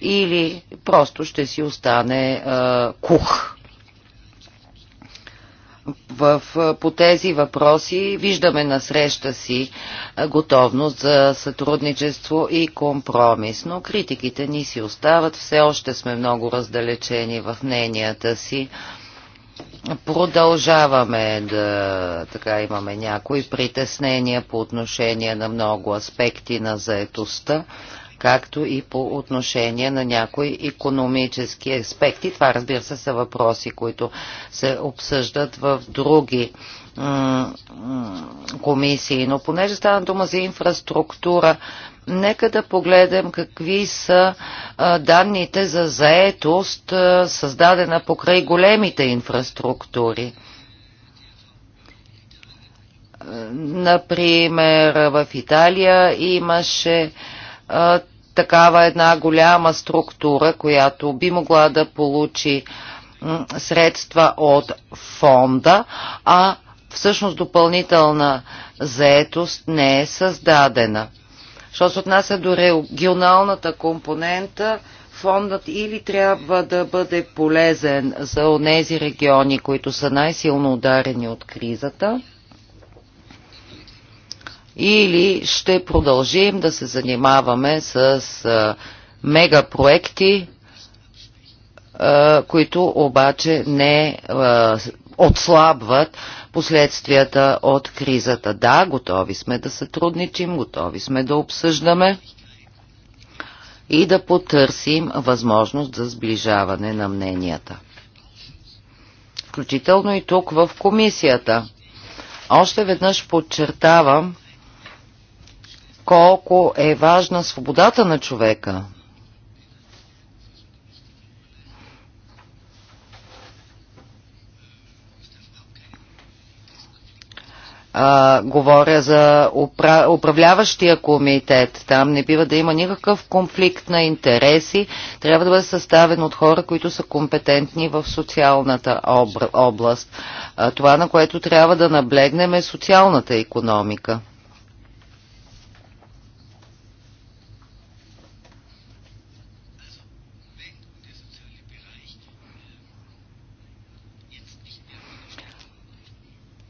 или просто ще си остане а, кух в, по тези въпроси виждаме на среща си готовност за сътрудничество и компромис, но критиките ни си остават, все още сме много раздалечени в мненията си. Продължаваме да така имаме някои притеснения по отношение на много аспекти на заетостта, както и по отношение на някои економически аспекти. Това, разбира се, са въпроси, които се обсъждат в други комисии. Но понеже стана дума за инфраструктура, нека да погледнем какви са данните за заетост, създадена покрай големите инфраструктури. Например, в Италия имаше а, такава една голяма структура, която би могла да получи средства от фонда, а всъщност допълнителна заетост не е създадена. Що се отнася до регионалната компонента, фондът или трябва да бъде полезен за онези региони, които са най-силно ударени от кризата – или ще продължим да се занимаваме с мегапроекти, които обаче не отслабват последствията от кризата. Да, готови сме да сътрудничим, готови сме да обсъждаме и да потърсим възможност за сближаване на мненията. Включително и тук в комисията. Още веднъж подчертавам, колко е важна свободата на човека. Uh, говоря за упра... управляващия комитет. Там не бива да има никакъв конфликт на интереси. Трябва да бъде съставен от хора, които са компетентни в социалната об... област. Uh, това, на което трябва да наблегнем е социалната економика.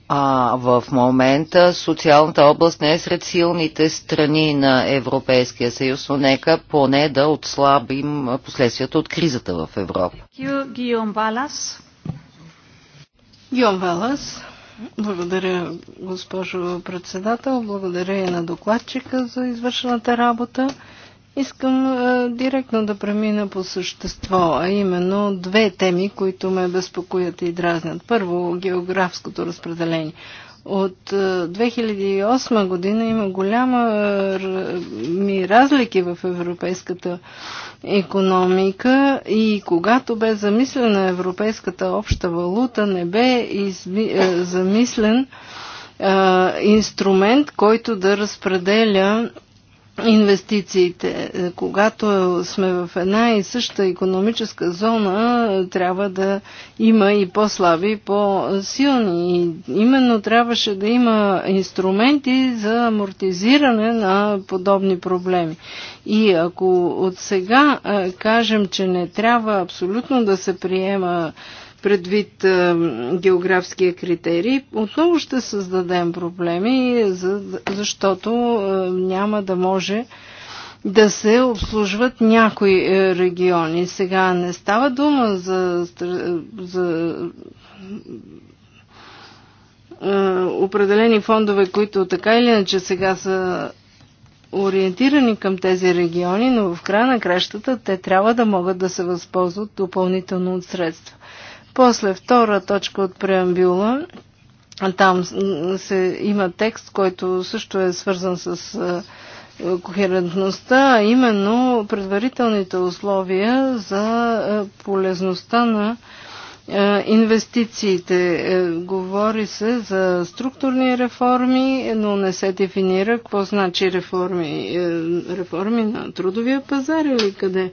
А в момента социалната област не е сред силните страни на Европейския съюз, но нека поне да отслабим последствията от кризата в Европа.
Гион Балас. Гион Балас. Благодаря, госпожо председател. Благодаря и на докладчика за извършената работа. Искам а, директно да премина по същество, а именно две теми, които ме безпокоят и дразнят. Първо, географското разпределение. От 2008 година има голяма ми разлики в европейската економика и когато бе замислена европейската обща валута, не бе изми... замислен а, инструмент, който да разпределя инвестициите. Когато сме в една и съща економическа зона, трябва да има и по-слаби, и по-силни. И именно трябваше да има инструменти за амортизиране на подобни проблеми. И ако от сега кажем, че не трябва абсолютно да се приема предвид географския критерий, отново ще създадем проблеми, защото няма да може да се обслужват някои е, региони. Сега не става дума за, за е, определени фондове, които така или иначе сега са ориентирани към тези региони, но в края на кращата те трябва да могат да се възползват допълнително от средства. После втора точка от преамбюла, там се, има текст, който също е свързан с е, кохерентността, а именно предварителните условия за е, полезността на е, инвестициите. Говори се за структурни реформи, но не се дефинира какво значи реформи, реформи на трудовия пазар или къде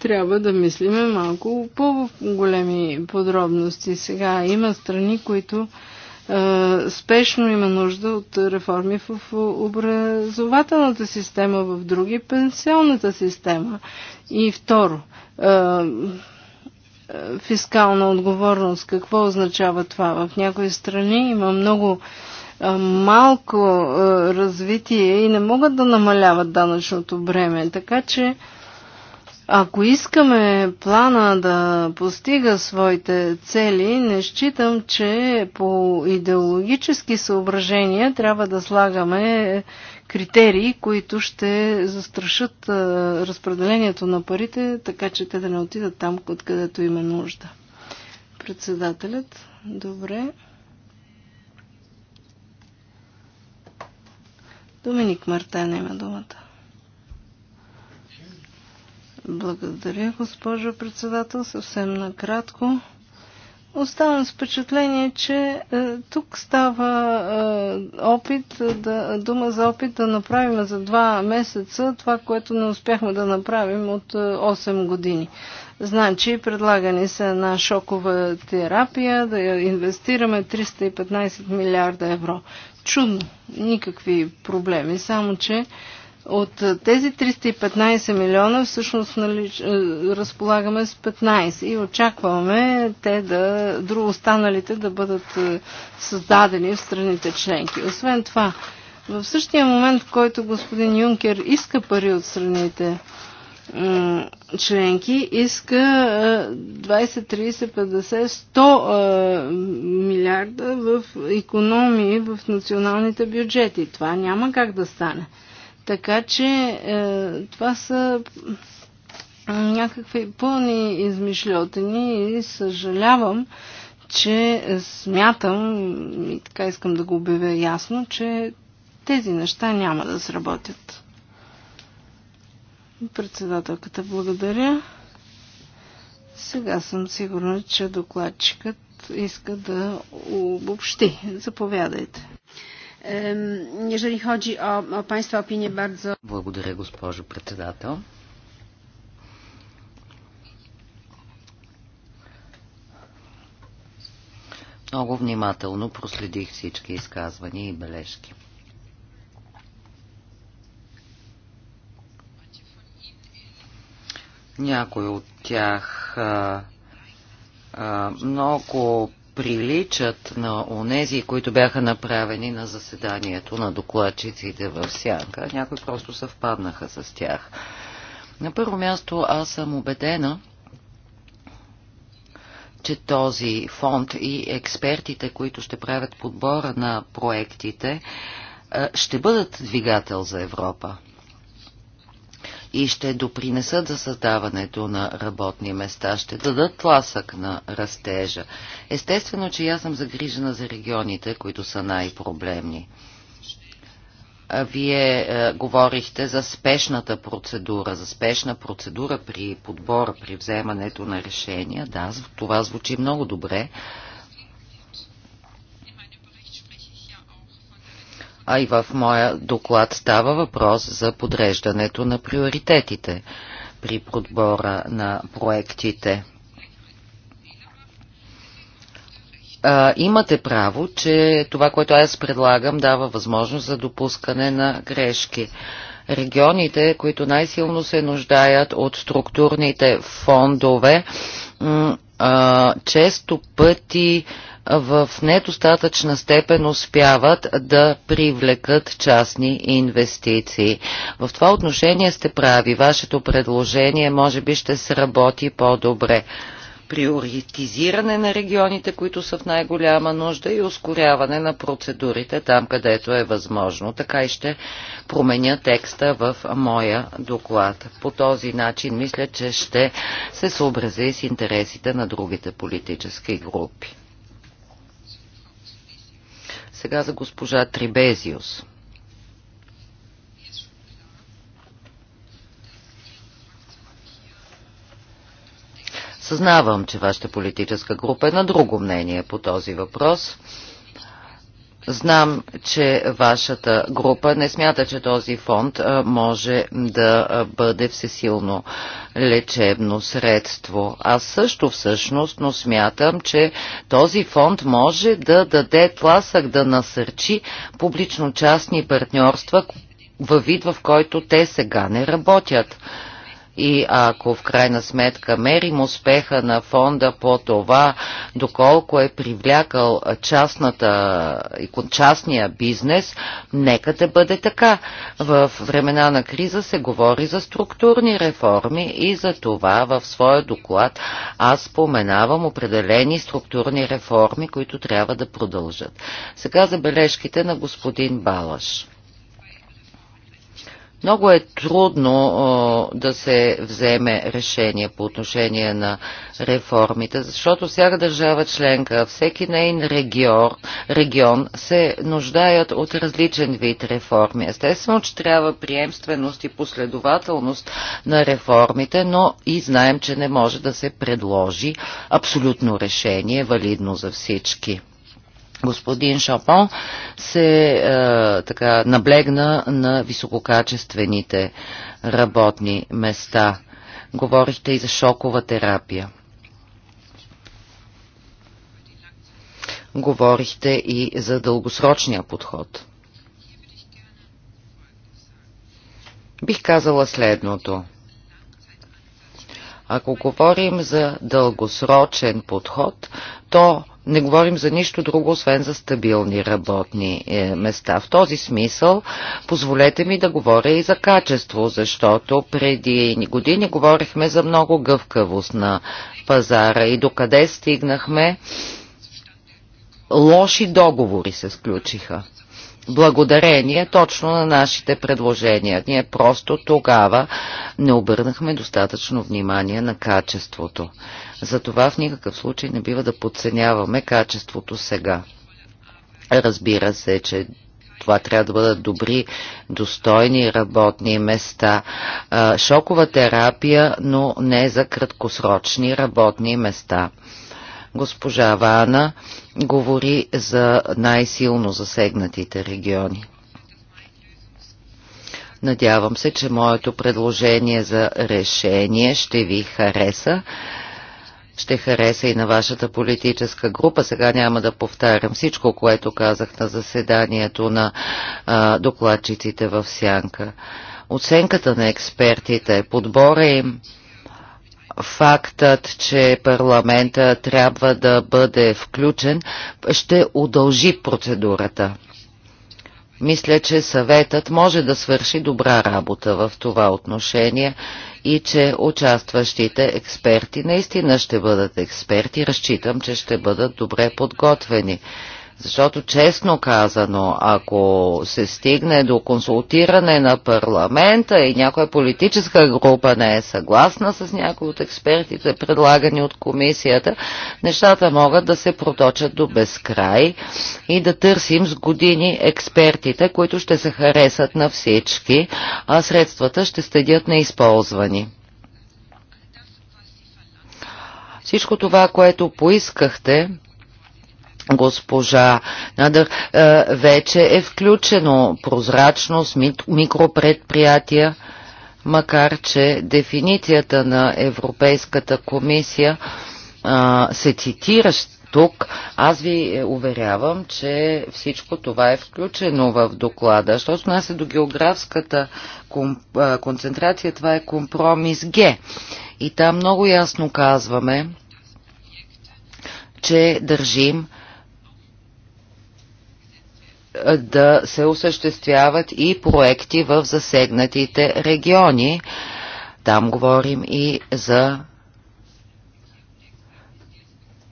трябва да мислиме малко по-големи подробности. Сега има страни, които е, спешно има нужда от реформи в образователната система, в други пенсионната система. И второ, е, е, фискална отговорност. Какво означава това? В някои страни има много малко развитие и не могат да намаляват данъчното бреме. Така че ако искаме плана да постига своите цели, не считам, че по идеологически съображения трябва да слагаме критерии, които ще застрашат разпределението на парите, така че те да не отидат там, откъдето има нужда. Председателят, добре. Доминик Мартен има думата. Благодаря, госпожо председател. Съвсем накратко. Оставам с впечатление, че е, тук става е, опит, е, да, дума за опит да направим за два месеца това, което не успяхме да направим от е, 8 години. Значи, предлага ни се една шокова терапия, да инвестираме 315 милиарда евро. Чудно, никакви проблеми, само че от е, тези 315 милиона всъщност налич... Е, разполагаме с 15 и очакваме те да, друго останалите да бъдат е, създадени в страните членки. Освен това, в същия момент, в който господин Юнкер иска пари от страните членки, иска 20, 30, 50, 100 милиарда в економии в националните бюджети. Това няма как да стане. Така че е, това са някакви пълни измишлетени и съжалявам, че смятам и така искам да го обявя ясно, че тези неща няма да сработят. Председателката благодаря. Сега съм сигурна, че докладчикът иска да обобщи. Заповядайте. Jeżeli chodzi o, o Państwa opinię bardzo...
Благодаря, госпожо председател. Много внимателно проследих всички изказвания и бележки. Някои от тях а, а, много приличат на онези, които бяха направени на заседанието на докладчиците в Сянка. Някои просто съвпаднаха с тях. На първо място аз съм убедена, че този фонд и експертите, които ще правят подбора на проектите, ще бъдат двигател за Европа и ще допринесат за създаването на работни места, ще дадат тласък на растежа. Естествено, че аз съм загрижена за регионите, които са най-проблемни. Вие е, говорихте за спешната процедура, за спешна процедура при подбора, при вземането на решения. Да, това звучи много добре. а и в моя доклад става въпрос за подреждането на приоритетите при подбора на проектите. а, имате право, че това, което аз предлагам, дава възможност за допускане на грешки. Регионите, които най-силно се нуждаят от структурните фондове, често пъти а, в недостатъчна степен успяват да привлекат частни инвестиции. В това отношение сте прави. Вашето предложение може би ще сработи по-добре приоритизиране на регионите, които са в най-голяма нужда и ускоряване на процедурите там, където е възможно. Така и ще променя текста в моя доклад. По този начин мисля, че ще се съобрази с интересите на другите политически групи. Сега за госпожа Трибезиус. Съзнавам, че вашата политическа група е на друго мнение по този въпрос. Знам, че вашата група не смята, че този фонд може да бъде всесилно лечебно средство. Аз също всъщност, но смятам, че този фонд може да даде тласък да насърчи публично-частни партньорства във вид, в който те сега не работят и ако в крайна сметка мерим успеха на фонда по това, доколко е привлякал частната, и частния бизнес, нека да бъде така. В времена на криза се говори за структурни реформи и за това в своя доклад аз споменавам определени структурни реформи, които трябва да продължат. Сега забележките на господин Балаш. Много е трудно да се вземе решение по отношение на реформите, защото всяка държава членка, всеки нейн регион, регион се нуждаят от различен вид реформи. Естествено, че трябва приемственост и последователност на реформите, но и знаем, че не може да се предложи абсолютно решение, валидно за всички господин Шапон се е, така, наблегна на висококачествените работни места. Говорихте и за шокова терапия. Говорихте и за дългосрочния подход. Бих казала следното. Ако говорим за дългосрочен подход, то не говорим за нищо друго, освен за стабилни работни е, места. В този смисъл, позволете ми да говоря и за качество, защото преди години говорихме за много гъвкавост на пазара и докъде стигнахме. Лоши договори се сключиха благодарение точно на нашите предложения. Ние просто тогава не обърнахме достатъчно внимание на качеството. Затова в никакъв случай не бива да подценяваме качеството сега. Разбира се, че това трябва да бъдат добри, достойни работни места. Шокова терапия, но не за краткосрочни работни места. Госпожа Вана говори за най-силно засегнатите региони. Надявам се, че моето предложение за решение ще ви хареса ще хареса и на вашата политическа група. Сега няма да повтарям всичко, което казах на заседанието на а, докладчиците в Сянка. Оценката на експертите, подбора им, фактът, че парламента трябва да бъде включен, ще удължи процедурата. Мисля, че съветът може да свърши добра работа в това отношение и че участващите експерти наистина ще бъдат експерти. Разчитам, че ще бъдат добре подготвени. Защото честно казано, ако се стигне до консултиране на парламента и някоя политическа група не е съгласна с някои от експертите, предлагани от комисията, нещата могат да се проточат до безкрай и да търсим с години експертите, които ще се харесат на всички, а средствата ще стъдят неизползвани. Всичко това, което поискахте, госпожа Надър, е, вече е включено прозрачност, микропредприятия, макар че дефиницията на Европейската комисия се цитира тук. Аз ви уверявам, че всичко това е включено в доклада. Що се е до географската концентрация, това е компромис Г. И там много ясно казваме, че държим да се осъществяват и проекти в засегнатите региони. Там говорим и за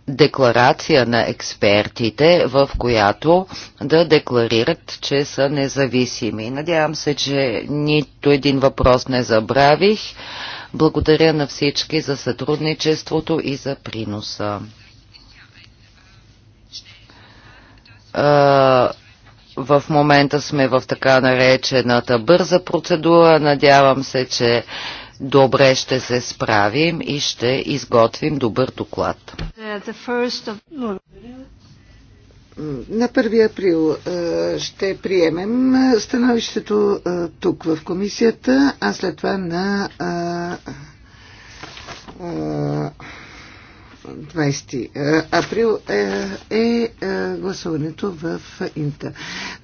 декларация на експертите, в която да декларират, че са независими. Надявам се, че нито един въпрос не забравих. Благодаря на всички за сътрудничеството и за приноса в момента сме в така наречената бърза процедура. Надявам се, че добре ще се справим и ще изготвим добър доклад.
На 1 април е, ще приемем становището е, тук в комисията, а след това на е, 20 е, април е, е, е, гласуването в Инта.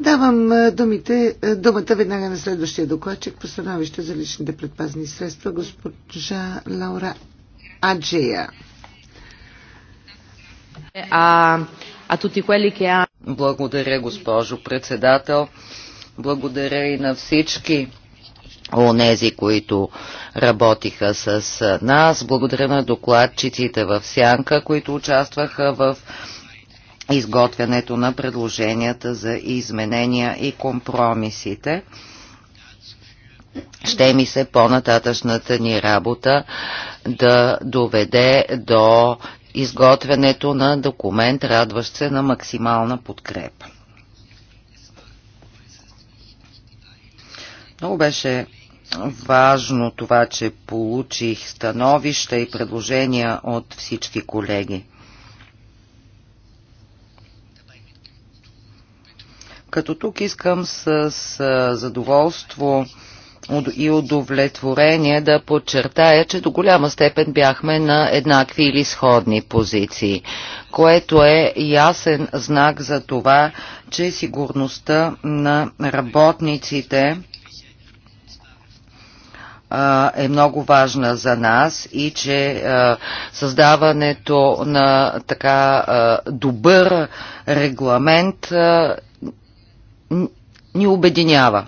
Давам думите, думата веднага на следващия докладчик по становище за личните предпазни средства,
госпожа Лаура Аджея. А, а тути quelli che ha... Благодаря, госпожо председател. Благодаря и на всички онези, които работиха с нас. Благодаря на докладчиците в Сянка, които участваха в изготвянето на предложенията за изменения и компромисите. Ще ми се по-нататъчната ни работа да доведе до изготвянето на документ, радващ се на максимална подкрепа. Много беше важно това, че получих становища и предложения от всички колеги. Като тук искам с, с задоволство и удовлетворение да подчертая, че до голяма степен бяхме на еднакви или сходни позиции, което е ясен знак за това, че сигурността на работниците е много важна за нас и че създаването на така добър регламент ни обединява.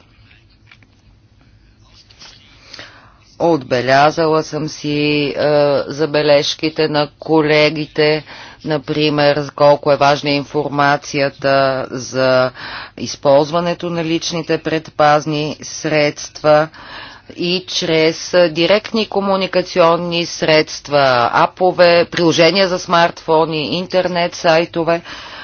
Отбелязала съм си е, забележките на колегите, например, колко е важна информацията за използването на личните предпазни средства. Е, и чрез директни комуникационни средства, апове, приложения за смартфони, интернет сайтове,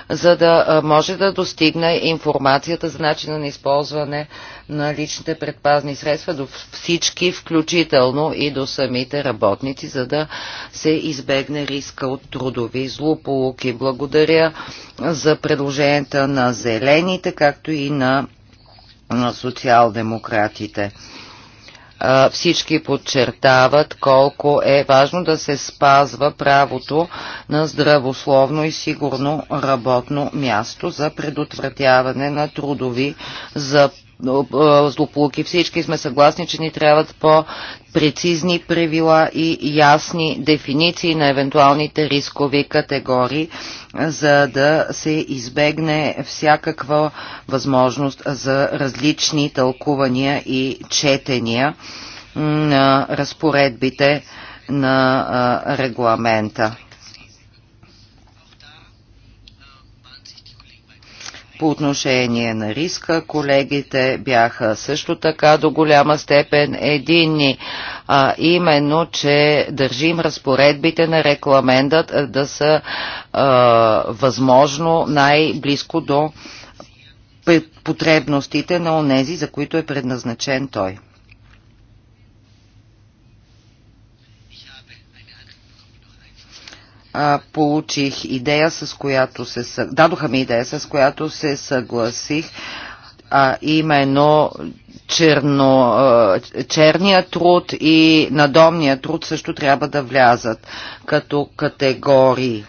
за да може да достигне информацията за начина на използване на личните предпазни средства до всички, включително и до самите работници, за да се избегне риска от трудови злополуки. Благодаря за предложенията на зелените, както и на, на социал-демократите всички подчертават колко е важно да се спазва правото на здравословно и сигурно работно място за предотвратяване на трудови заплахи злополуки. Всички сме съгласни, че ни трябват по-прецизни правила и ясни дефиниции на евентуалните рискови категории, за да се избегне всякаква възможност за различни тълкувания и четения на разпоредбите на регламента. По отношение на риска, колегите бяха също така до голяма степен единни, а именно, че държим разпоредбите на рекламендът да са а, възможно най-близко до потребностите на онези, за които е предназначен той. а, получих идея, с която се... Дадоха ми идея, с която се съгласих, а именно черно, черния труд и надомния труд също трябва да влязат като категории.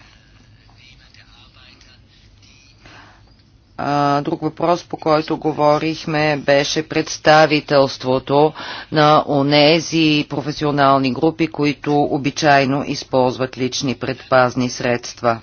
друг въпрос, по който говорихме, беше представителството на онези професионални групи, които обичайно използват лични предпазни средства.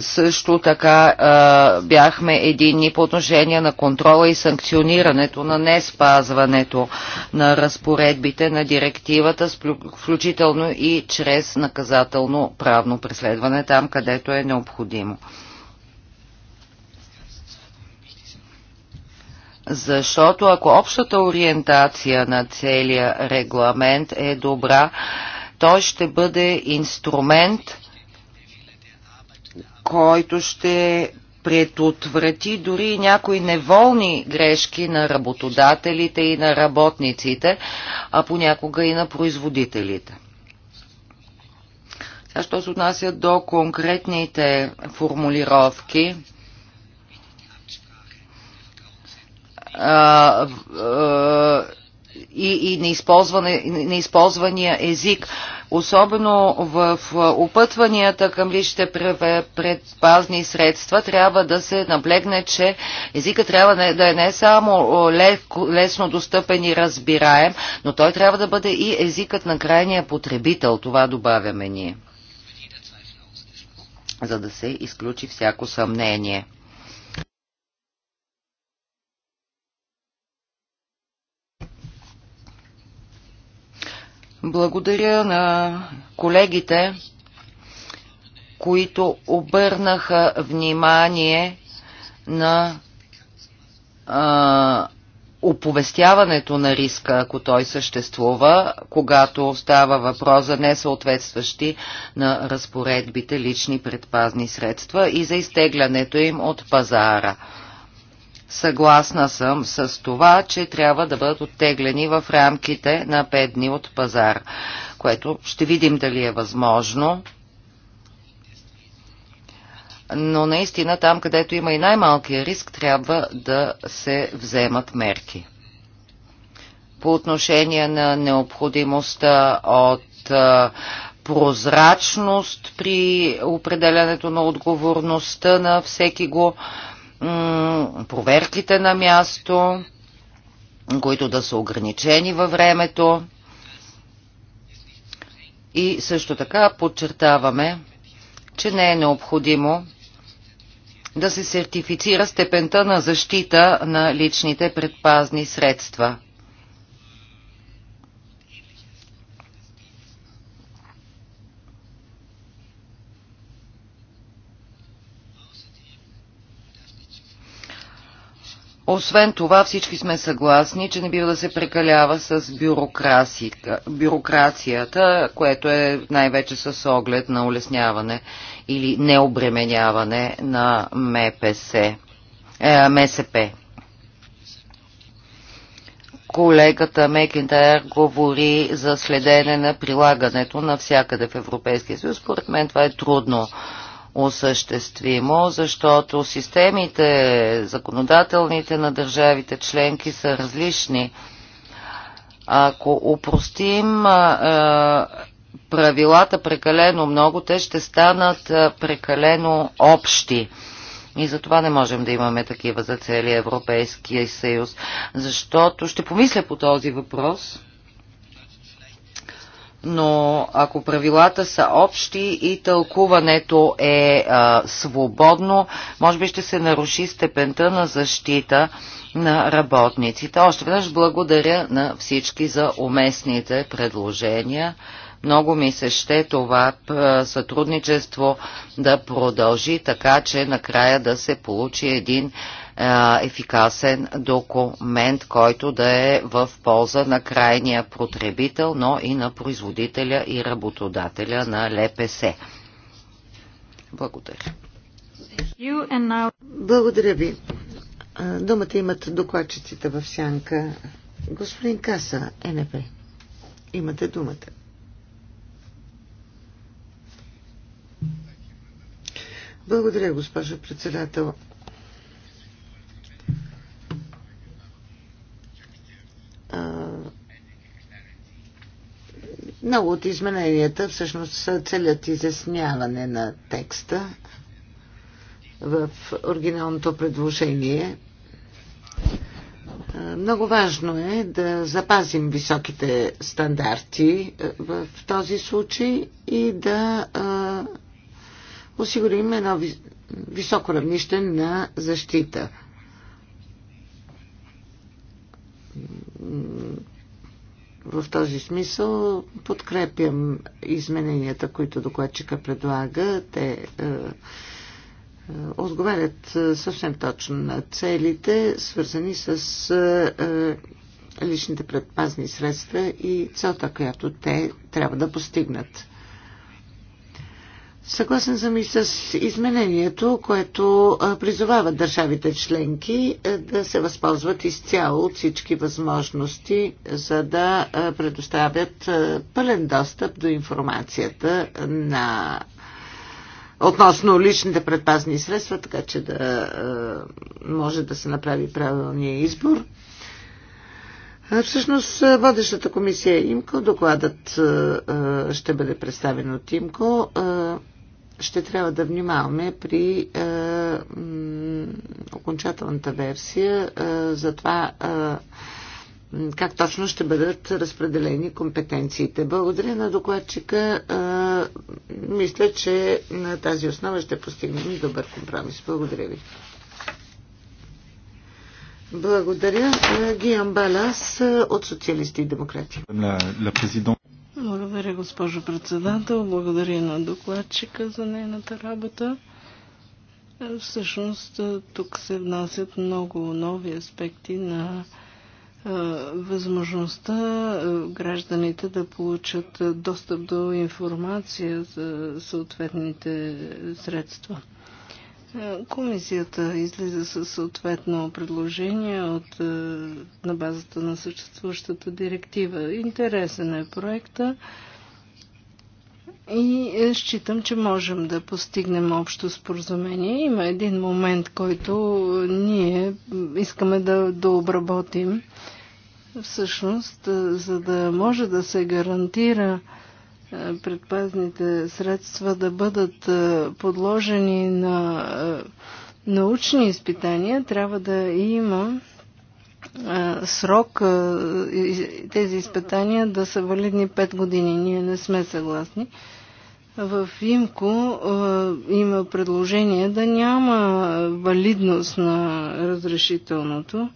Също така а, бяхме единни по отношение на контрола и санкционирането на неспазването на разпоредбите на директивата, включително и чрез наказателно правно преследване там, където е необходимо. Защото ако общата ориентация на целия регламент е добра, той ще бъде инструмент – който ще предотврати дори някои неволни грешки на работодателите и на работниците, а понякога и на производителите. Сега, що се отнася до конкретните формулировки, а, а, и, и неизползвания език, особено в опътванията към личните предпазни средства, трябва да се наблегне, че езика трябва да е не само лесно достъпен и разбираем, но той трябва да бъде и езикът на крайния потребител, това добавяме ние, за да се изключи всяко съмнение. Благодаря на колегите, които обърнаха внимание на а, оповестяването на риска, ако той съществува, когато става въпрос за несъответстващи на разпоредбите лични предпазни средства и за изтеглянето им от пазара. Съгласна съм с това, че трябва да бъдат оттеглени в рамките на 5 дни от пазар, което ще видим дали е възможно. Но наистина там, където има и най-малкия риск, трябва да се вземат мерки. По отношение на необходимостта от прозрачност при определянето на отговорността на всеки го проверките на място, които да са ограничени във времето. И също така подчертаваме, че не е необходимо да се сертифицира степента на защита на личните предпазни средства – Освен това, всички сме съгласни, че не бива да се прекалява с бюрокрацията, което е най-вече с оглед на улесняване или необременяване на МПС, е, МСП. Колегата Мекентайер говори за следене на прилагането навсякъде в Европейския съюз. Според мен това е трудно осъществимо, защото системите, законодателните на държавите членки са различни. Ако упростим правилата прекалено много, те ще станат прекалено общи. И затова не можем да имаме такива за целия Европейския съюз. Защото ще помисля по този въпрос но ако правилата са общи и тълкуването е а, свободно, може би ще се наруши степента на защита на работниците. Още веднъж благодаря на всички за уместните предложения. Много ми се ще това сътрудничество да продължи така, че накрая да се получи един е, ефикасен документ, който да е в полза на крайния потребител, но и на производителя и работодателя на ЛПС. Благодаря.
Благодаря ви. Думата имат докладчиците в сянка. Господин Каса, НП, имате думата. Благодаря, госпожо председател. Много от измененията всъщност са целят изясняване на текста в оригиналното предложение. Много важно е да запазим високите стандарти е, в този случай и да е, осигурим едно високо равнище на защита в този смисъл подкрепям измененията, които докладчика предлага. Те е, е, отговарят е, съвсем точно на целите, свързани с е, е, личните предпазни средства и целта, която те трябва да постигнат. Съгласен съм и с изменението, което призовава държавите членки да се възползват изцяло от всички възможности, за да предоставят пълен достъп до информацията на относно личните предпазни средства, така че да може да се направи правилния избор. Всъщност, водещата комисия е ИМКО, докладът ще бъде представен от ИМКО ще трябва да внимаваме при е, м, окончателната версия е, за това е, как точно ще бъдат разпределени компетенциите. Благодаря на докладчика. Е, мисля, че на тази основа ще постигнем добър компромис. Благодаря ви. Благодаря. Е, Гиан Балас е, от Социалисти и Демократи.
Благодаря, госпожо председател. Благодаря на докладчика за нейната работа. Всъщност тук се внасят много нови аспекти на възможността гражданите да получат достъп до информация за съответните средства. Комисията излиза със съответно предложение от, е, на базата на съществуващата директива. Интересен е проекта и е, считам, че можем да постигнем общо споразумение. Има един момент, който е, ние искаме да, да обработим. Всъщност, за да може да се гарантира е, предпазните средства да бъдат е, подложени на е, научни изпитания, трябва да има срок тези изпитания да са валидни 5 години. Ние не сме съгласни. В ИМКО има предложение да няма валидност на разрешителното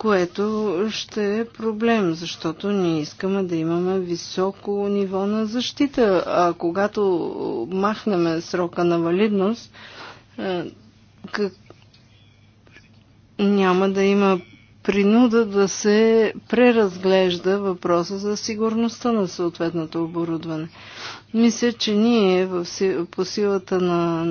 което ще е проблем, защото ние искаме да имаме високо ниво на защита, а когато махнем срока на валидност, е, как... няма да има принуда да се преразглежда въпроса за сигурността на съответното оборудване. Мисля, че ние по силата на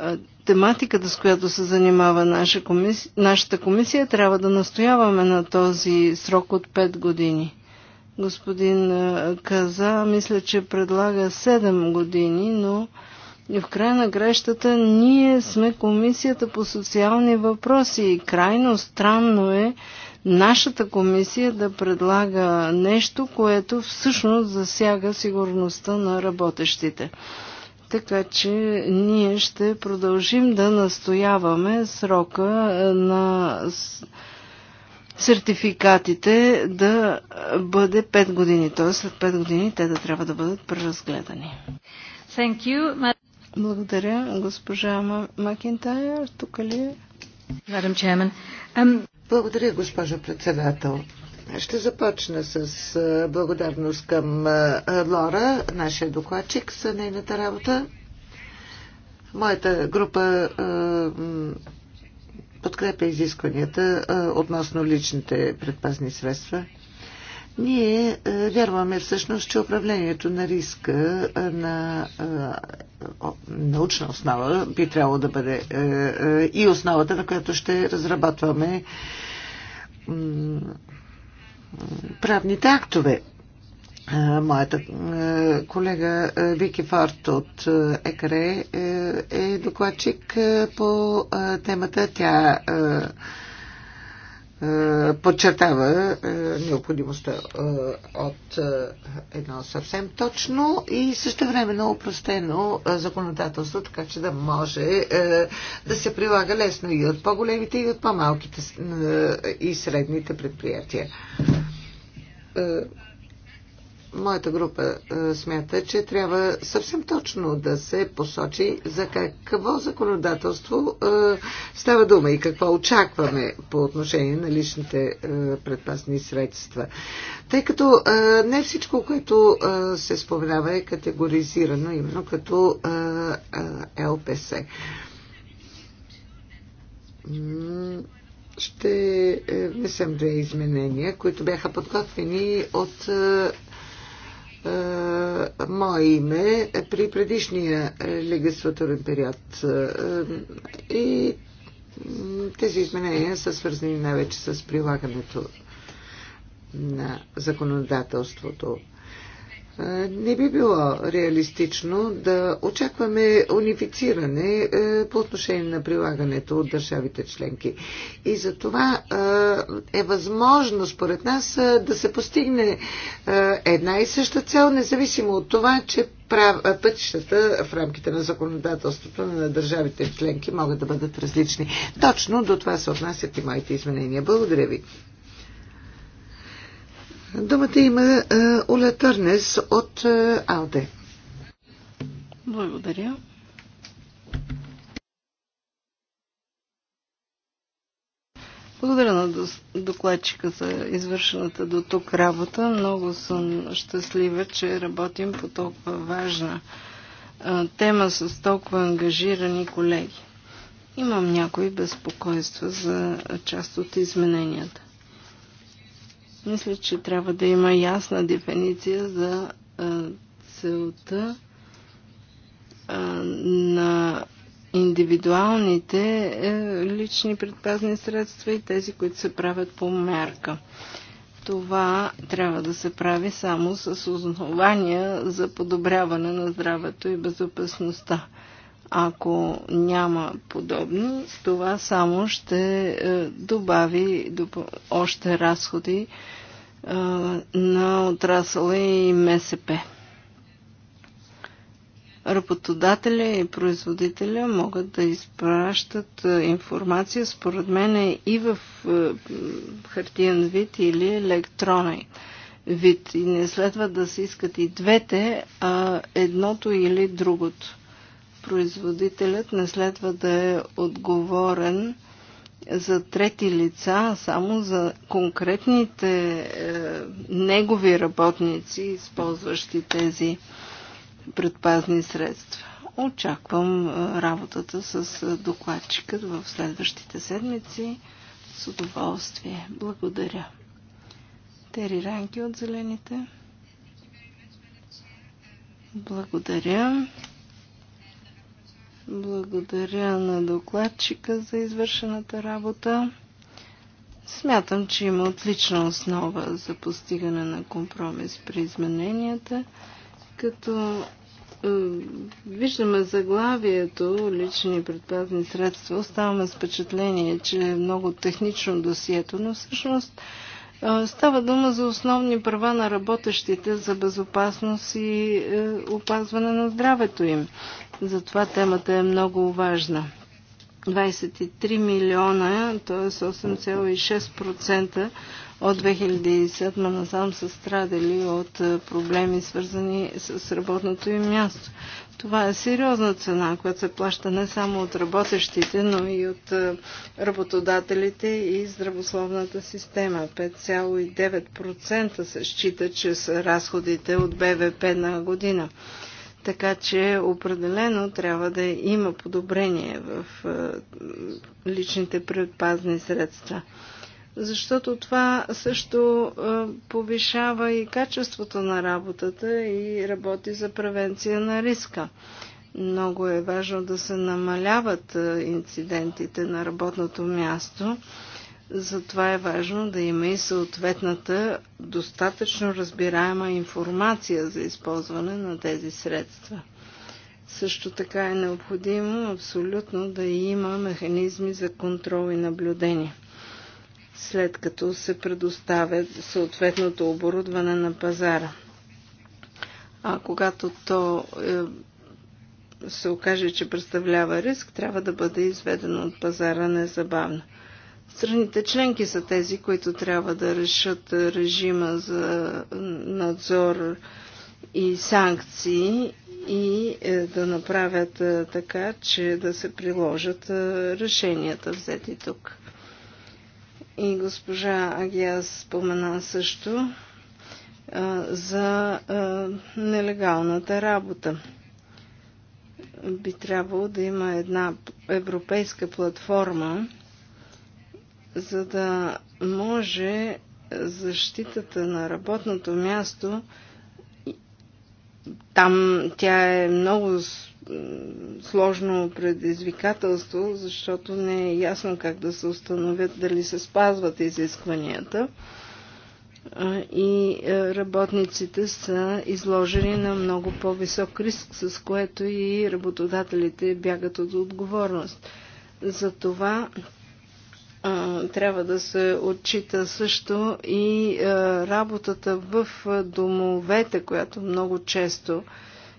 е, тематиката, с която се занимава наша комисия, нашата комисия, трябва да настояваме на този срок от 5 години. Господин Каза, мисля, че предлага 7 години, но в края на грещата ние сме комисията по социални въпроси и крайно странно е нашата комисия да предлага нещо, което всъщност засяга сигурността на работещите. Така че ние ще продължим да настояваме срока е, на сертификатите да бъде 5 години. Т.е. след 5 години те да трябва да бъдат преразгледани. Thank you. Благодаря. Госпожа Макинтайр, тук ли е?
Um, Благодаря, госпожо председател. Ще започна с благодарност към Лора, нашия докладчик, за нейната работа. Моята група подкрепя изискванията относно личните предпазни средства. Ние вярваме всъщност, че управлението на риска на научна основа би трябвало да бъде и основата, на която ще разработваме правните актове. Моята колега Вики Форт от ЕКРЕ е докладчик по темата. Тя е, подчертава е, необходимостта е, от едно съвсем точно и същевременно упростено законодателство, така че да може да се прилага лесно и от по-големите, и от по-малките и средните предприятия моята група е, смята, че трябва съвсем точно да се посочи за какво законодателство е, става дума и какво очакваме по отношение на личните е, предпасни средства. Тъй като не всичко, което се споменава е категоризирано именно като ЛПС ще внесем две изменения, които бяха подготвени от е, мое име е при предишния легислатурен период. Е, и тези изменения са свързани най-вече с прилагането на законодателството не би било реалистично да очакваме унифициране е, по отношение на прилагането от държавите членки. И за това е, е възможно, според нас, е, да се постигне една и съща цел, независимо от това, че пътищата в рамките на законодателството на държавите членки могат да бъдат различни. Точно до това се отнасят и моите изменения. Благодаря ви. Думата има Оля е, Търнес от е, АЛДЕ.
Благодаря. Благодаря на докладчика за извършената до тук работа. Много съм щастлива, че работим по толкова важна е, тема с толкова ангажирани колеги. Имам някои безпокойства за част от измененията. Мисля, че трябва да има ясна дефиниция за целта на индивидуалните е, лични предпазни средства и тези, които се правят по мерка. Това трябва да се прави само с основания за подобряване на здравето и безопасността. Ако няма подобни, това само ще е, добави още разходи е, на отрасъла и МСП. Работодателя и производителя могат да изпращат е, информация, според мен, и в хартиен вид или електронен вид. И не следва да се искат и двете, а едното или другото производителят не следва да е отговорен за трети лица, а само за конкретните е, негови работници, използващи тези предпазни средства. Очаквам е, работата с е, докладчикът в следващите седмици. С удоволствие. Благодаря. Тери Ранки от Зелените. Благодаря. Благодаря на докладчика за извършената работа. Смятам, че има отлична основа за постигане на компромис при измененията, като е, виждаме заглавието лични предпазни средства, оставаме с впечатление, че е много технично досието, но всъщност е, става дума за основни права на работещите за безопасност и е, опазване на здравето им. Затова темата е много важна. 23 милиона, т.е. 8,6% от 2007 насам са страдали от проблеми, свързани с работното им място. Това е сериозна цена, която се плаща не само от работещите, но и от работодателите и здравословната система. 5,9% се счита, че са разходите от БВП на година. Така че определено трябва да има подобрение в е, личните предпазни средства. Защото това също е, повишава и качеството на работата и работи за превенция на риска. Много е важно да се намаляват е, инцидентите на работното място затова е важно да има и съответната достатъчно разбираема информация за използване на тези средства. Също така е необходимо абсолютно да има механизми за контрол и наблюдение. След като се предоставя съответното оборудване на пазара. А когато то е, се окаже, че представлява риск, трябва да бъде изведено от пазара незабавно. Страните членки са тези, които трябва да решат е, режима за е, надзор и санкции и е, да направят така, че да се приложат решенията взети тук. И госпожа Агиас спомена също за нелегалната работа. Би трябвало да има една европейска платформа, за да може защитата на работното място, там тя е много сложно предизвикателство, защото не е ясно как да се установят дали се спазват изискванията. И е, работниците са изложени на много по-висок риск, с което и работодателите бягат от отговорност. Затова трябва да се отчита също и работата в домовете, която много често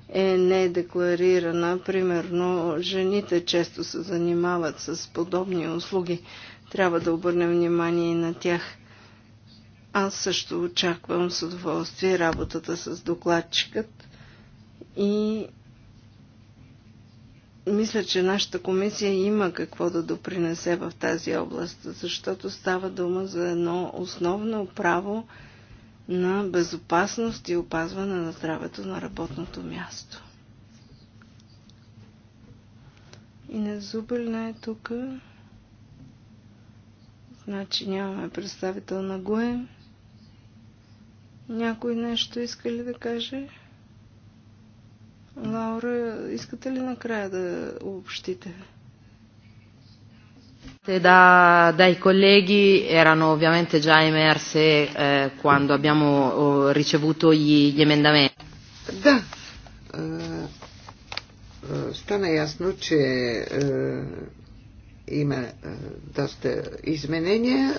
е недекларирана. Примерно, жените често се занимават с подобни услуги. Трябва да обърнем внимание и на тях. Аз също очаквам с удоволствие работата с докладчикът и мисля, че нашата комисия има какво да допринесе в тази област, защото става дума за едно основно право на безопасност и опазване на здравето на работното място. И не зубелна е тук. Значи нямаме представител на ГУЕ. Някой нещо иска ли да каже? Лаура, искате ли накрая да обобщите?
Da, dai colleghi erano ovviamente già emerse eh, quando abbiamo oh, ricevuto gli, gli emendamenti. Da, Да, стана ясно,
че има доста изменения.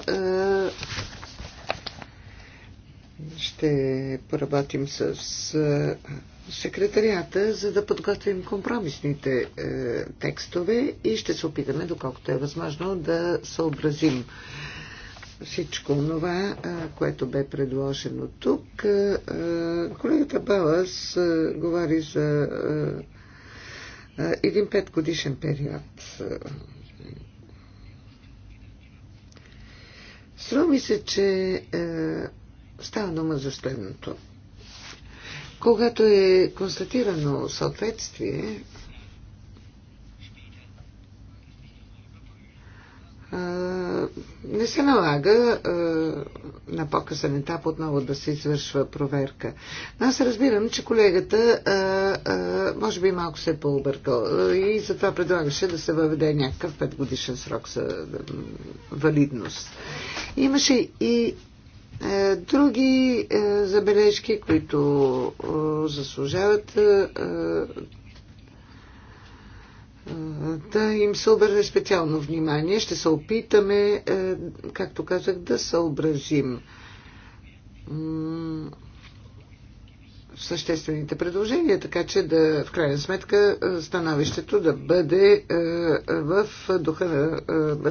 Ще поработим с секретарията, за да подготвим компромисните е, текстове и ще се опитаме, доколкото е възможно, да съобразим всичко това, е, което бе предложено тук. Е, е, колегата Балас говори за един петгодишен период. Струва ми се, че става дума за следното – когато е констатирано съответствие, не се налага на по-късен етап отново да се извършва проверка. Но аз разбирам, че колегата може би малко се е пообъркал и затова предлагаше да се въведе някакъв 5 годишен срок за валидност. Имаше и е, други е, забележки, които е, заслужават да им се обърне специално внимание. Ще се опитаме, както казах, да съобразим съществените предложения, така че да, в крайна сметка, становището да бъде в духа на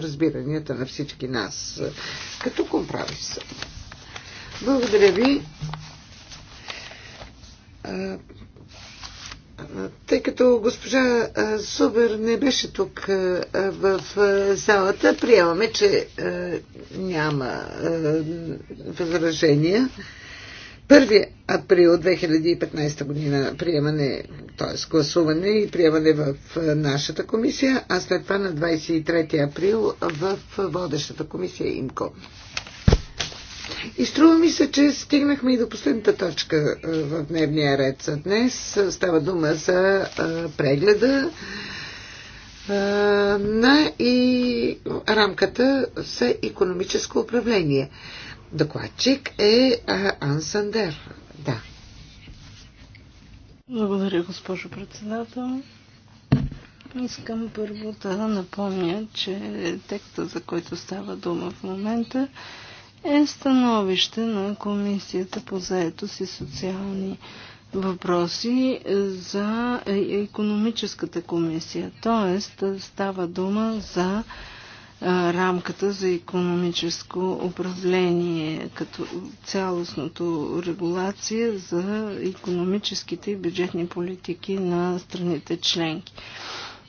разбиранията на всички нас, като компромис. Благодаря ви. Тъй като госпожа Субер не беше тук в залата, приемаме, че няма възражения. 1 април 2015 година приемане, т.е. гласуване и приемане в нашата комисия, а след това на 23 април в водещата комисия ИМКО. И струва ми се, че стигнахме и до последната точка е, в дневния ред за днес. Става дума за е, прегледа е, на и рамката за економическо управление. Докладчик е Ан Сандер. Да.
Благодаря, госпожо председател. Искам първо да напомня, че текста, за който става дума в момента, е становище на Комисията по заетост и социални въпроси за е, економическата комисия. Тоест е, става дума за е, рамката за економическо управление като цялостното регулация за економическите и бюджетни политики на страните членки.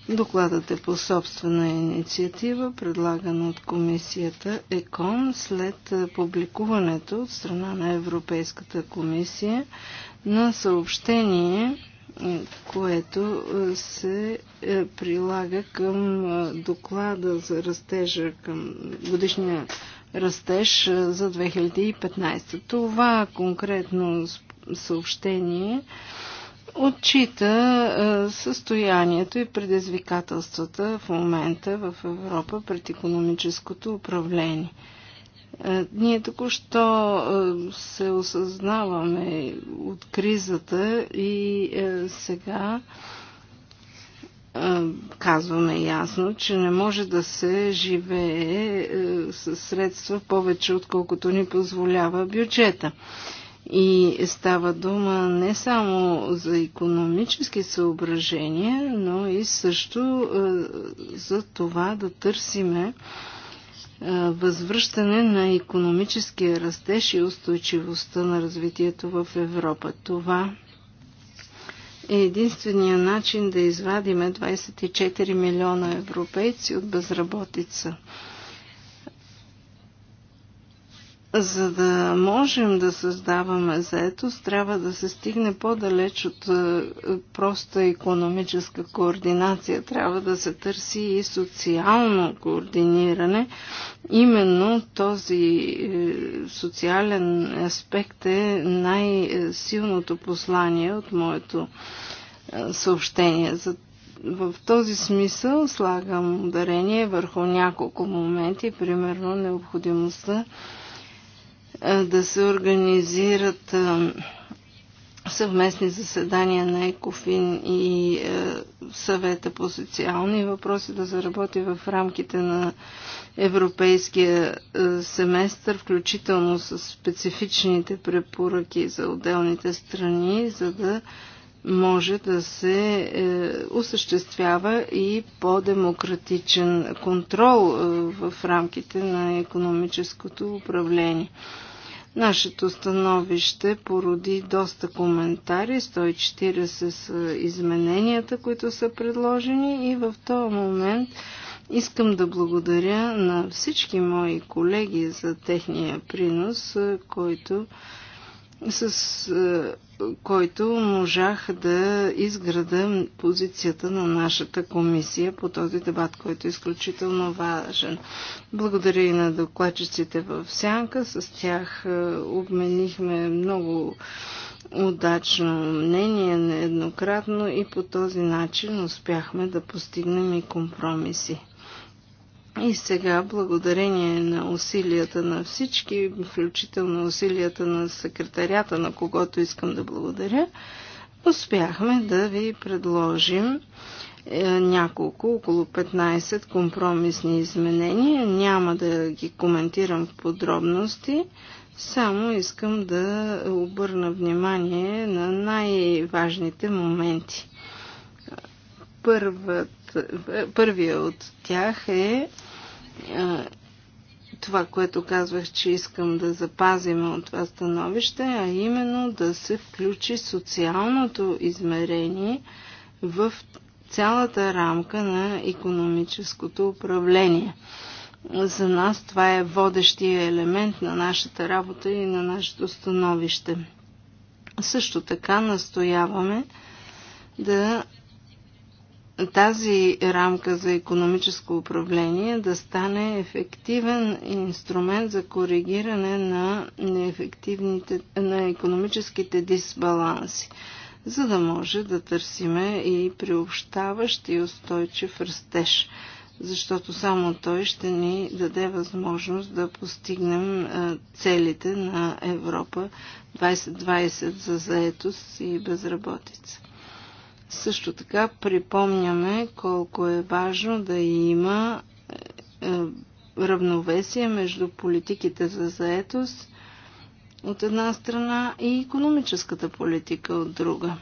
Докладът е по собствена инициатива, предлаган от комисията ЕКОН след публикуването от страна на Европейската комисия на съобщение, което се е, прилага към доклада за растежа, към годишния растеж за 2015. Това конкретно съобщение отчита е, състоянието и предизвикателствата в момента в Европа пред економическото управление. Е, ние току-що е, се осъзнаваме от кризата и сега казваме ясно, че не може да се живее със средства повече, отколкото ни позволява бюджета. И става дума не само за економически съображения, но и също е, за това да търсиме е, възвръщане на економическия растеж и устойчивостта на развитието в Европа. Това е единствения начин да извадиме 24 милиона европейци от безработица. За да можем да създаваме заетост, трябва да се стигне по-далеч от е, проста економическа координация. Трябва да се търси и социално координиране. Именно този е, социален аспект е най-силното послание от моето е, съобщение. За в този смисъл слагам ударение върху няколко моменти, примерно необходимостта е, да се организират е, съвместни заседания на ЕКОФИН и е, съвета по социални въпроси да заработи в рамките на европейския семестър, включително с специфичните препоръки за отделните страни, за да може да се е, осъществява и по-демократичен контрол е, в рамките на економическото управление. Нашето становище породи доста коментари, 140 са измененията, които са предложени и в този момент искам да благодаря на всички мои колеги за техния принос, който с е, който можах да изграда позицията на нашата комисия по този дебат, който е изключително важен. Благодаря и на докладчиците в Сянка. С тях е, обменихме много удачно мнение нееднократно и по този начин успяхме да постигнем и компромиси. И сега, благодарение на усилията на всички, включително усилията на секретарята, на когото искам да благодаря, успяхме да ви предложим е, няколко, около 15 компромисни изменения. Няма да ги коментирам в подробности, само искам да обърна внимание на най-важните моменти. Първата Първия от тях е, е това, което казвах, че искам да запазим от това становище, а именно да се включи социалното измерение в цялата рамка на економическото управление. За нас това е водещия елемент на нашата работа и на нашето становище. Също така настояваме да тази рамка за економическо управление да стане ефективен инструмент за коригиране на, неефективните, на економическите дисбаланси, за да може да търсиме и приобщаващ и устойчив растеж, защото само той ще ни даде възможност да постигнем е, целите на Европа 2020 за заетост и безработица. Също така припомняме колко е важно да има е, равновесие между политиките за заетост от една страна и економическата политика от друга.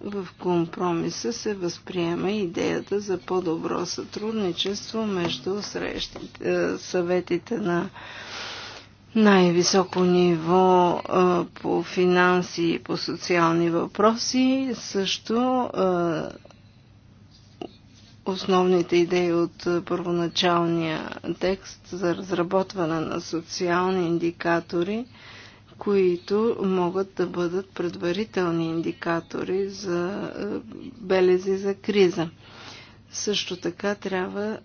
В компромиса се възприема идеята за по-добро сътрудничество между срещите, е, съветите на най-високо ниво по финанси и по социални въпроси, също основните идеи от първоначалния текст за разработване на социални индикатори, които могат да бъдат предварителни индикатори за белези за криза. Също така трябва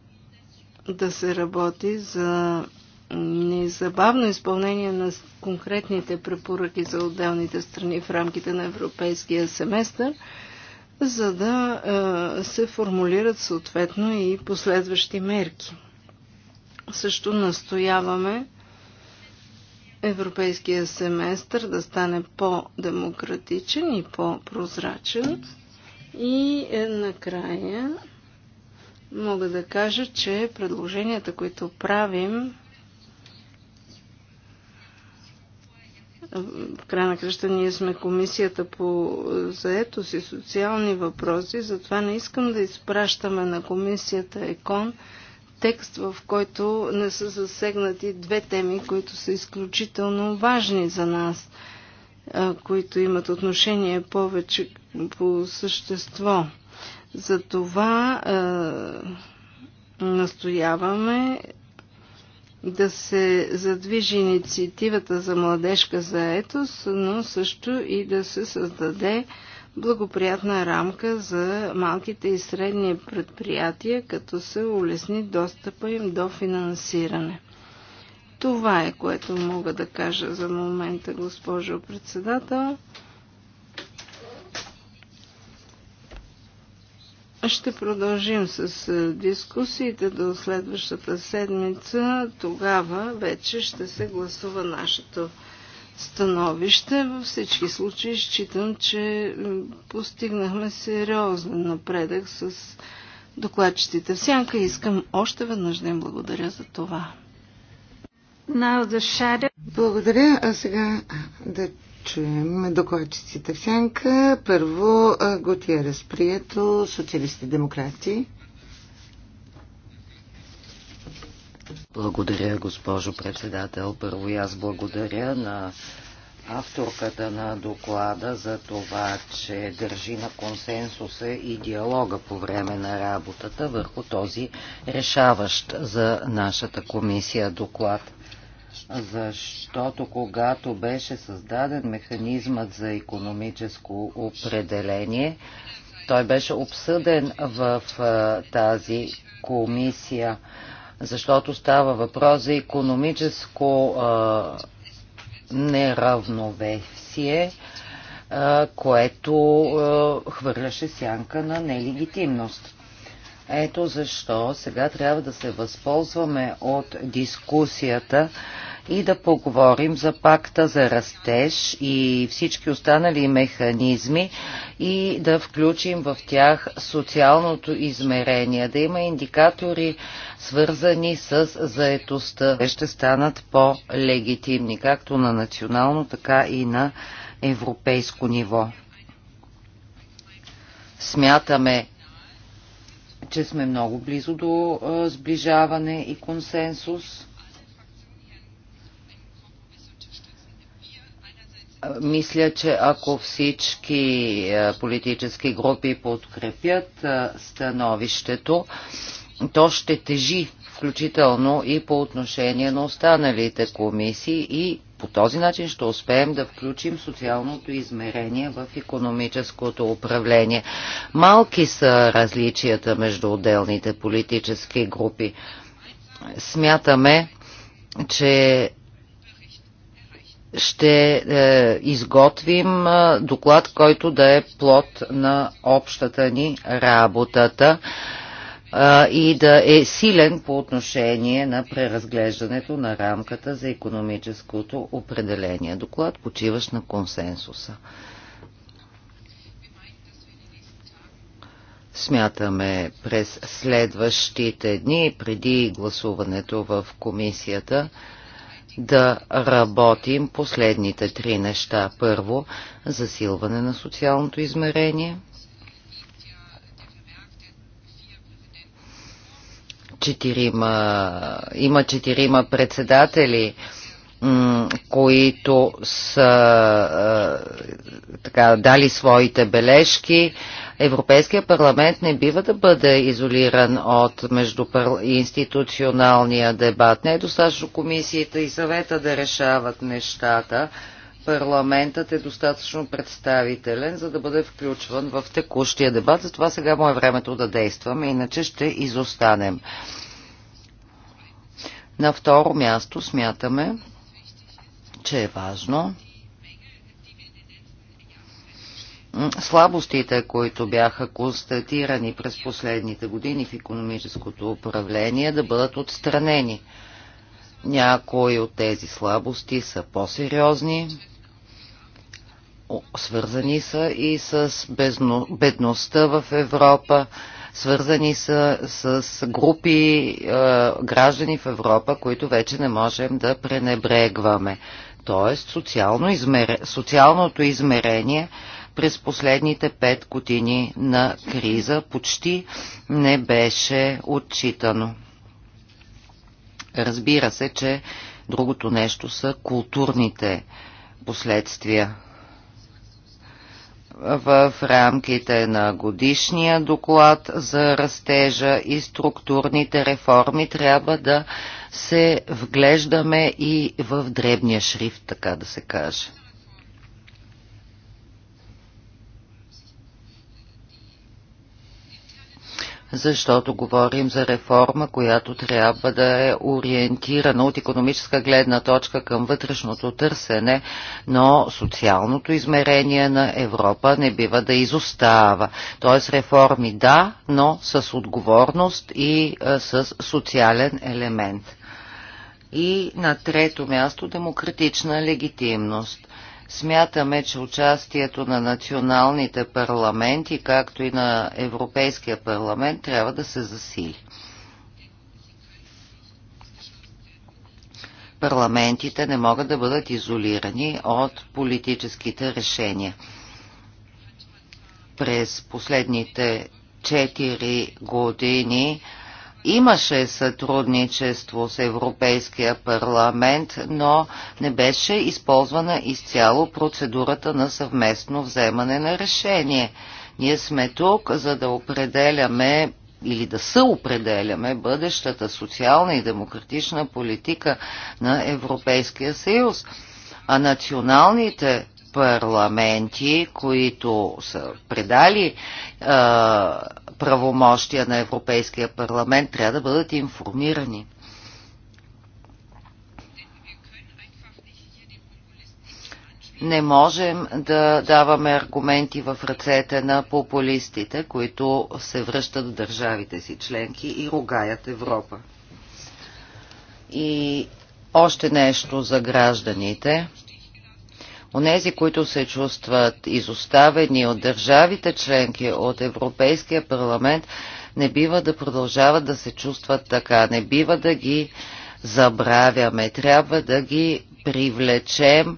да се работи за незабавно изпълнение на конкретните препоръки за отделните страни в рамките на европейския семестър, за да е, се формулират съответно и последващи мерки. Също настояваме европейския семестър да стане по-демократичен и по-прозрачен. И е, накрая мога да кажа, че предложенията, които правим В край на кръща ние сме комисията по заетост и социални въпроси, затова не искам да изпращаме на комисията ЕКОН текст, в който не са засегнати две теми, които са изключително важни за нас, които имат отношение повече по същество. Затова е, настояваме да се задвижи инициативата за младежка заетост, но също и да се създаде благоприятна рамка за малките и средни предприятия, като се улесни достъпа им до финансиране. Това е което мога да кажа за момента, госпожо председател. Ще продължим с е, дискусиите до следващата седмица. Тогава вече ще се гласува нашето становище. Във всички случаи считам, че постигнахме сериозен напредък с докладчетите. Сянка, искам още веднъж да им благодаря за това.
Благодаря. А сега да чуем докладчиците в сянка. Първо Готия разприето социалисти демократи.
Благодаря, госпожо председател. Първо и аз благодаря на авторката на доклада за това, че държи на консенсуса и диалога по време на работата върху този решаващ за нашата комисия доклад защото когато беше създаден механизмът за економическо определение, той беше обсъден в тази комисия, защото става въпрос за економическо неравновесие, което хвърляше сянка на нелегитимност. Ето защо сега трябва да се възползваме от дискусията, и да поговорим за пакта за растеж и всички останали механизми и да включим в тях социалното измерение, да има индикатори свързани с заетостта. Те ще станат по-легитимни, както на национално, така и на европейско ниво. Смятаме, че сме много близо до сближаване и консенсус. Мисля, че ако всички е, политически групи подкрепят е, становището, то ще тежи включително и по отношение на останалите комисии и по този начин ще успеем да включим социалното измерение в економическото управление. Малки са различията между отделните политически групи. Смятаме, че ще е, изготвим е, доклад, който да е плод на общата ни работата е, и да е силен по отношение на преразглеждането на рамката за економическото определение. Доклад почиваш на консенсуса. Смятаме през следващите дни, преди гласуването в комисията, да работим последните три неща. Първо, засилване на социалното измерение. Четирима, има четирима председатели които са е, така, дали своите бележки. Европейския парламент не бива да бъде изолиран от междуинституционалния дебат. Не е достатъчно комисията и съвета да решават нещата. Парламентът е достатъчно представителен, за да бъде включван в текущия дебат. Затова сега му е времето да действаме, иначе ще изостанем. На второ място смятаме, че е важно слабостите, които бяха констатирани през последните години в економическото управление, да бъдат отстранени. Някои от тези слабости са по-сериозни, свързани са и с бедността в Европа, свързани са с групи е, граждани в Европа, които вече не можем да пренебрегваме т.е. Социално измер... социалното измерение през последните пет години на криза почти не беше отчитано. Разбира се, че другото нещо са културните последствия. В рамките на годишния доклад за растежа и структурните реформи трябва да се вглеждаме и в древния шрифт, така да се каже. защото говорим за реформа, която трябва да е ориентирана от економическа гледна точка към вътрешното търсене, но социалното измерение на Европа не бива да изостава. Тоест реформи да, но с отговорност и с социален елемент. И на трето място демократична легитимност. Смятаме, че участието на националните парламенти, както и на Европейския парламент, трябва да се засили. Парламентите не могат да бъдат изолирани от политическите решения. През последните 4 години Имаше сътрудничество с Европейския парламент, но не беше използвана изцяло процедурата на съвместно вземане на решение. Ние сме тук, за да определяме или да се определяме бъдещата социална и демократична политика на Европейския съюз. А националните парламенти, които са предали а, е, правомощия на Европейския парламент, трябва да бъдат информирани. не можем да даваме аргументи в ръцете на популистите, които се връщат в държавите си членки и ругаят Европа. И още нещо за гражданите. Онези, които се чувстват изоставени от държавите членки, от Европейския парламент, не бива да продължават да се чувстват така. Не бива да ги забравяме. Трябва да ги привлечем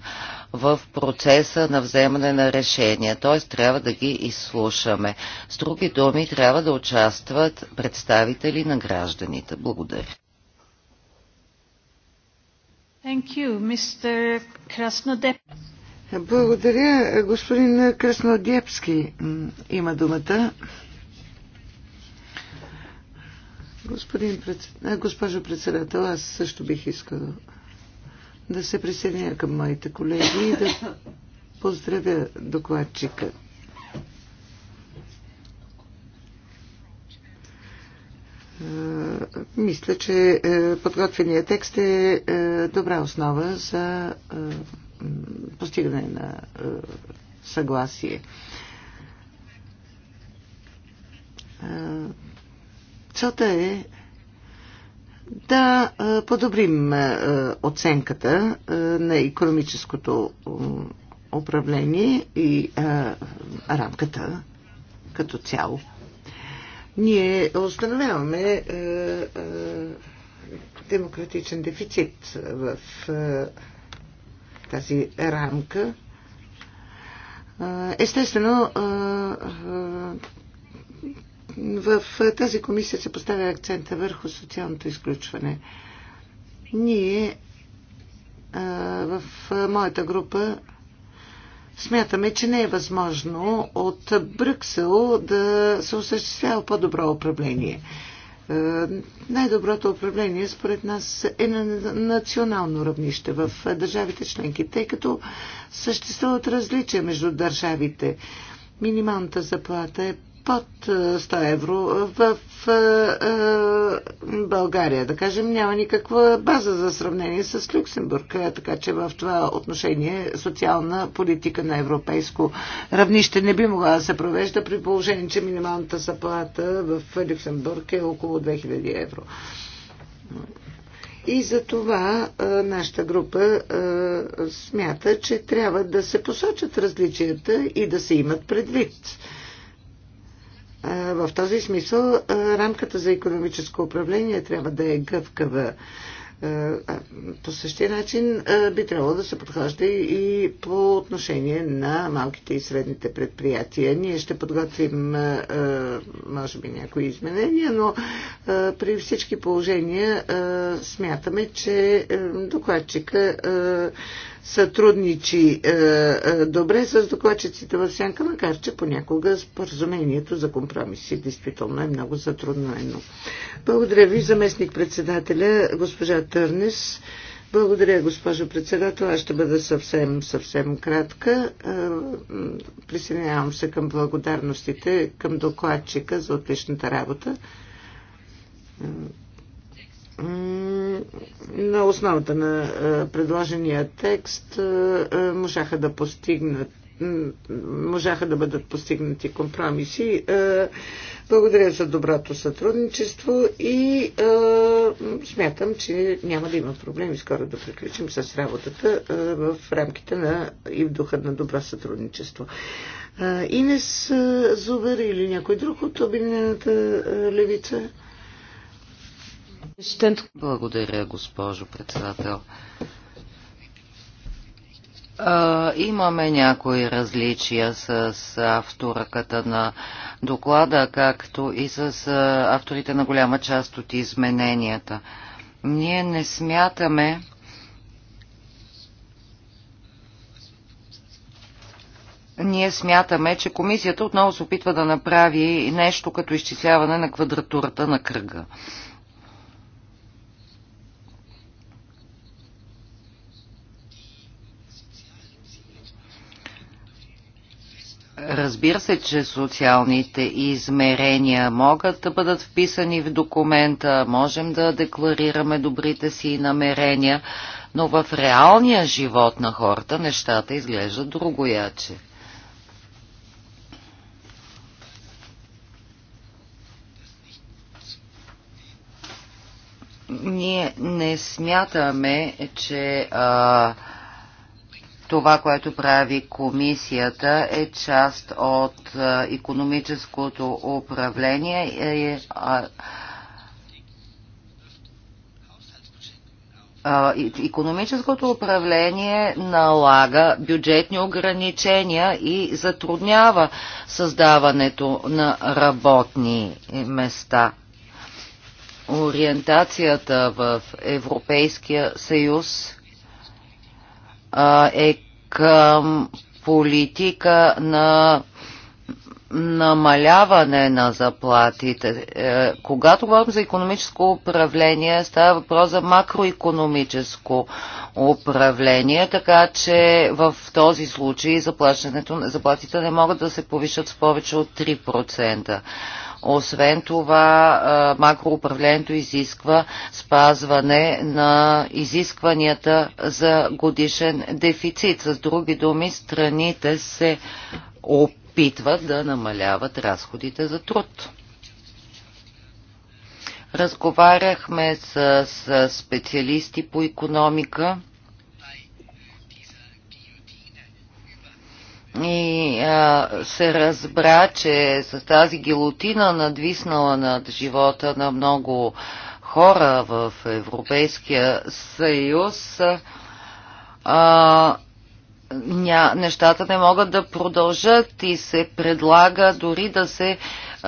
в процеса на вземане на решения, т.е. трябва да ги изслушаме. С други думи, трябва да участват представители на гражданите. Благодаря.
Thank you, Mr. Krasnodep.
Благодаря. Господин Краснодепски има думата. Господин пред... Госпожо председател, аз също бих искал да се присъединя към моите колеги и да поздравя докладчика. Мисля, че е, подготвения текст е, е добра основа за е, постигане на е, съгласие. Е, целта е да е, подобрим оценката на економическото управление и рамката като цяло. Ние установяваме демократичен дефицит в тази рамка. Естествено, в тази комисия се поставя акцента върху социалното изключване. Ние в моята група смятаме, че не е възможно от Брюксел да се осъществява по-добро управление е, най-доброто управление според нас е на национално равнище в държавите членки, тъй като съществуват различия между държавите. Минималната заплата е под 100 е, евро в е, е, България, да кажем, няма никаква база за сравнение с Люксембург, така че в това отношение социална политика на европейско равнище не би могла да се провежда при положение, че минималната заплата в Люксембург е около 2000 евро. И за това а, нашата група а, смята, че трябва да се посочат различията и да се имат предвид в този смисъл рамката за економическо управление трябва да е гъвкава. По същия начин би трябвало да се подхожда и по отношение на малките и средните предприятия. Ние ще подготвим, може би, някои изменения, но при всички положения смятаме, че докладчика сътрудничи е, е, добре с докладчиците в сянка, макар че понякога споразумението за компромиси действително е много затруднено. Благодаря ви, заместник председателя, госпожа Търнес. Благодаря, госпожо председател. Аз ще бъда съвсем, съвсем кратка. Е, присъединявам се към благодарностите към докладчика за отличната работа. Е, на основата на предложения текст можаха да постигнат можаха да бъдат постигнати компромиси. Благодаря за доброто сътрудничество и смятам, че няма да има проблеми скоро да приключим с работата в рамките на и в духа на добро сътрудничество. Инес Зубер или някой друг от Обединената левица?
Благодаря, госпожо председател. А, имаме някои различия с авторката на доклада, както и с авторите на голяма част от измененията. Ние не смятаме, ние смятаме, че комисията отново се опитва да направи нещо като изчисляване на квадратурата на кръга. Разбира се, че социалните измерения могат да бъдат вписани в документа, можем да декларираме добрите си намерения, но в реалния живот на хората нещата изглеждат другояче. Ние не смятаме, че а, това, което прави комисията е част от економическото управление. Економическото управление налага бюджетни ограничения и затруднява създаването на работни места. Ориентацията в Европейския съюз е към политика на намаляване на заплатите. Е, когато говорим за економическо управление, става въпрос за макроекономическо управление, така че в този случай заплатите не могат да се повишат с повече от 3%. Освен това, макроуправлението изисква спазване на изискванията за годишен дефицит. С други думи, страните се опитват да намаляват разходите за труд. Разговаряхме с, специалисти по економика и а, се разбра, че с тази гилотина надвиснала над живота на много хора в Европейския съюз, а, ня, нещата не могат да продължат и се предлага дори да се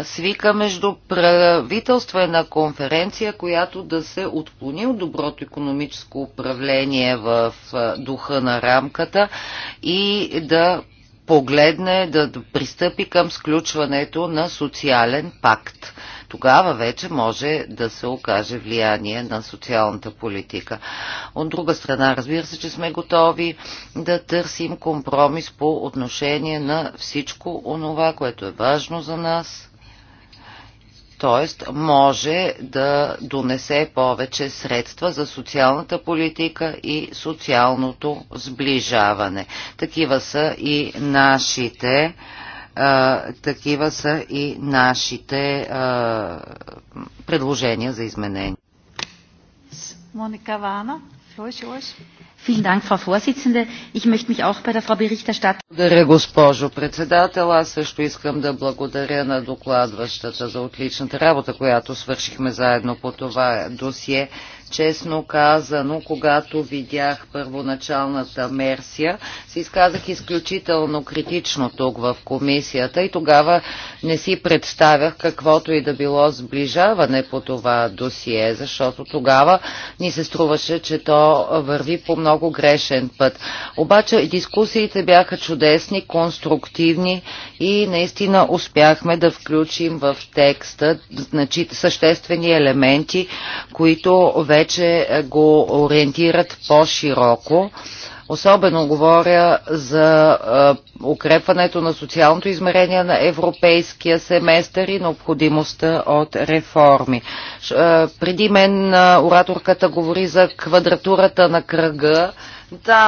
свика между правителствена конференция, която да се отклони от доброто економическо управление в духа на рамката и да погледне, да пристъпи към сключването на социален пакт. Тогава вече може да се окаже влияние на социалната политика. От друга страна, разбира се, че сме готови да търсим компромис по отношение на всичко онова, което е важно за нас т.е. може да донесе повече средства за социалната политика и социалното сближаване. Такива са и нашите а, такива са и нашите а, предложения за изменение.
Моника Вана.
Благодаря, госпожо председател. Аз също искам да благодаря на докладващата за отличната работа, която свършихме заедно по това досие. Честно казано, когато видях първоначалната мерсия, се изказах изключително критично тук в комисията и тогава не си представях каквото и да било сближаване по това досие, защото тогава ни се струваше, че то върви по много грешен път. Обаче дискусиите бяха чудесни, конструктивни и наистина успяхме да включим в текста значит, съществени елементи, които вече вече е, го ориентират по-широко. Особено говоря за е, укрепването на социалното измерение на европейския семестър и необходимостта от реформи. Е, преди мен ораторката говори за квадратурата на кръга. Да,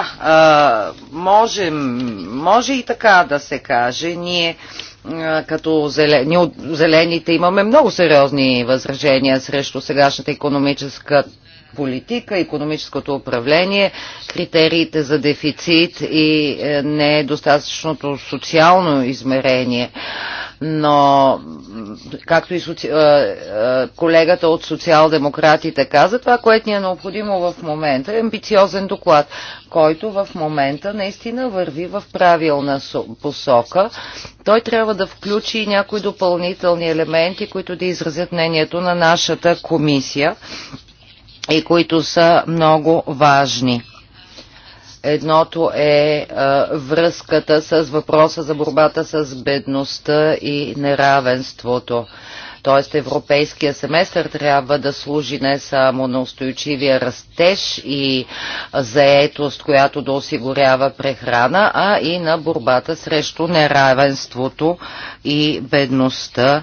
може, можем, може и така да се каже. Ние като зелени, от зелените имаме много сериозни възражения срещу сегашната економическа политика, економическото управление, критериите за дефицит и е, недостатъчното е социално измерение. Но, както и соци... Е, колегата от социал-демократите каза, това, което ни е необходимо в момента е амбициозен доклад, който в момента наистина върви в правилна посока. Той трябва да включи и някои допълнителни елементи, които да изразят мнението на нашата комисия и които са много важни. Едното е а, е, връзката с въпроса за борбата с бедността и неравенството. Тоест европейския семестър трябва да служи не само на устойчивия растеж и заетост, която да осигурява прехрана, а и на борбата срещу неравенството и бедността,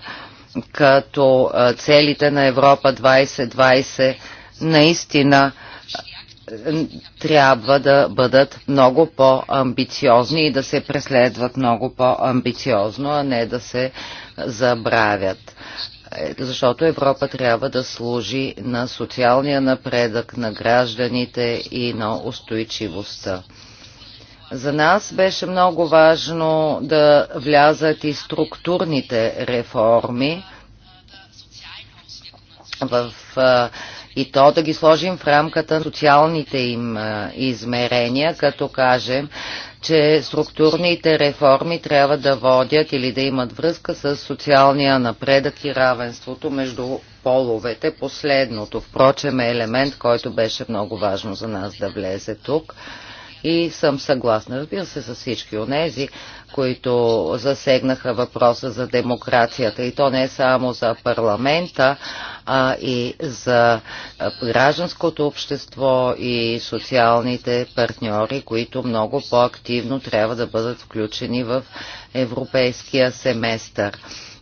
като е, целите на Европа 2020 наистина трябва да бъдат много по-амбициозни и да се преследват много по-амбициозно, а не да се забравят. Е, защото Европа трябва да служи на социалния напредък на гражданите и на устойчивостта. За нас беше много важно да влязат и структурните реформи в и то да ги сложим в рамката на социалните им измерения, като кажем, че структурните реформи трябва да водят или да имат връзка с социалния напредък и равенството между половете. Последното, впрочем, е елемент, който беше много важно за нас да влезе тук. И съм съгласна, разбира се, с всички онези, които засегнаха въпроса за демокрацията. И то не е само за парламента, а и за гражданското общество и социалните партньори, които много по-активно трябва да бъдат включени в европейския семестър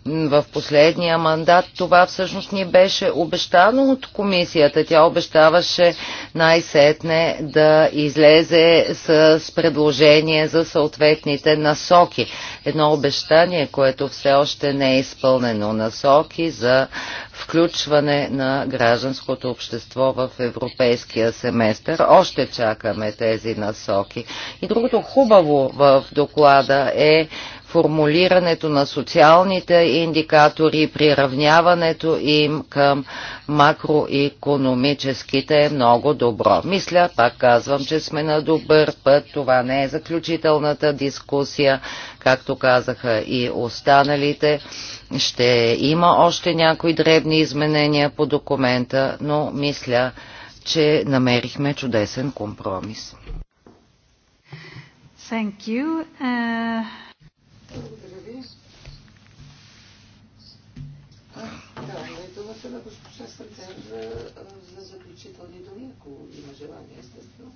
в последния мандат това всъщност ни беше обещано от комисията. Тя обещаваше най-сетне да излезе с предложение за съответните насоки. Едно обещание, което все още не е изпълнено. Насоки за включване на гражданското общество в европейския семестър. Още чакаме тези насоки. И другото хубаво в доклада е, формулирането на социалните индикатори, приравняването им към макроекономическите е много добро. Мисля, пак казвам, че сме на добър път. Това не е заключителната дискусия, както казаха и останалите. Ще има още някои дребни изменения по документа, но мисля, че намерихме чудесен компромис.
Thank you. Uh...
Благодаря ви. да Даваме думата на госпожа Сърден за, за заключителни думи, ако има желание, естествено.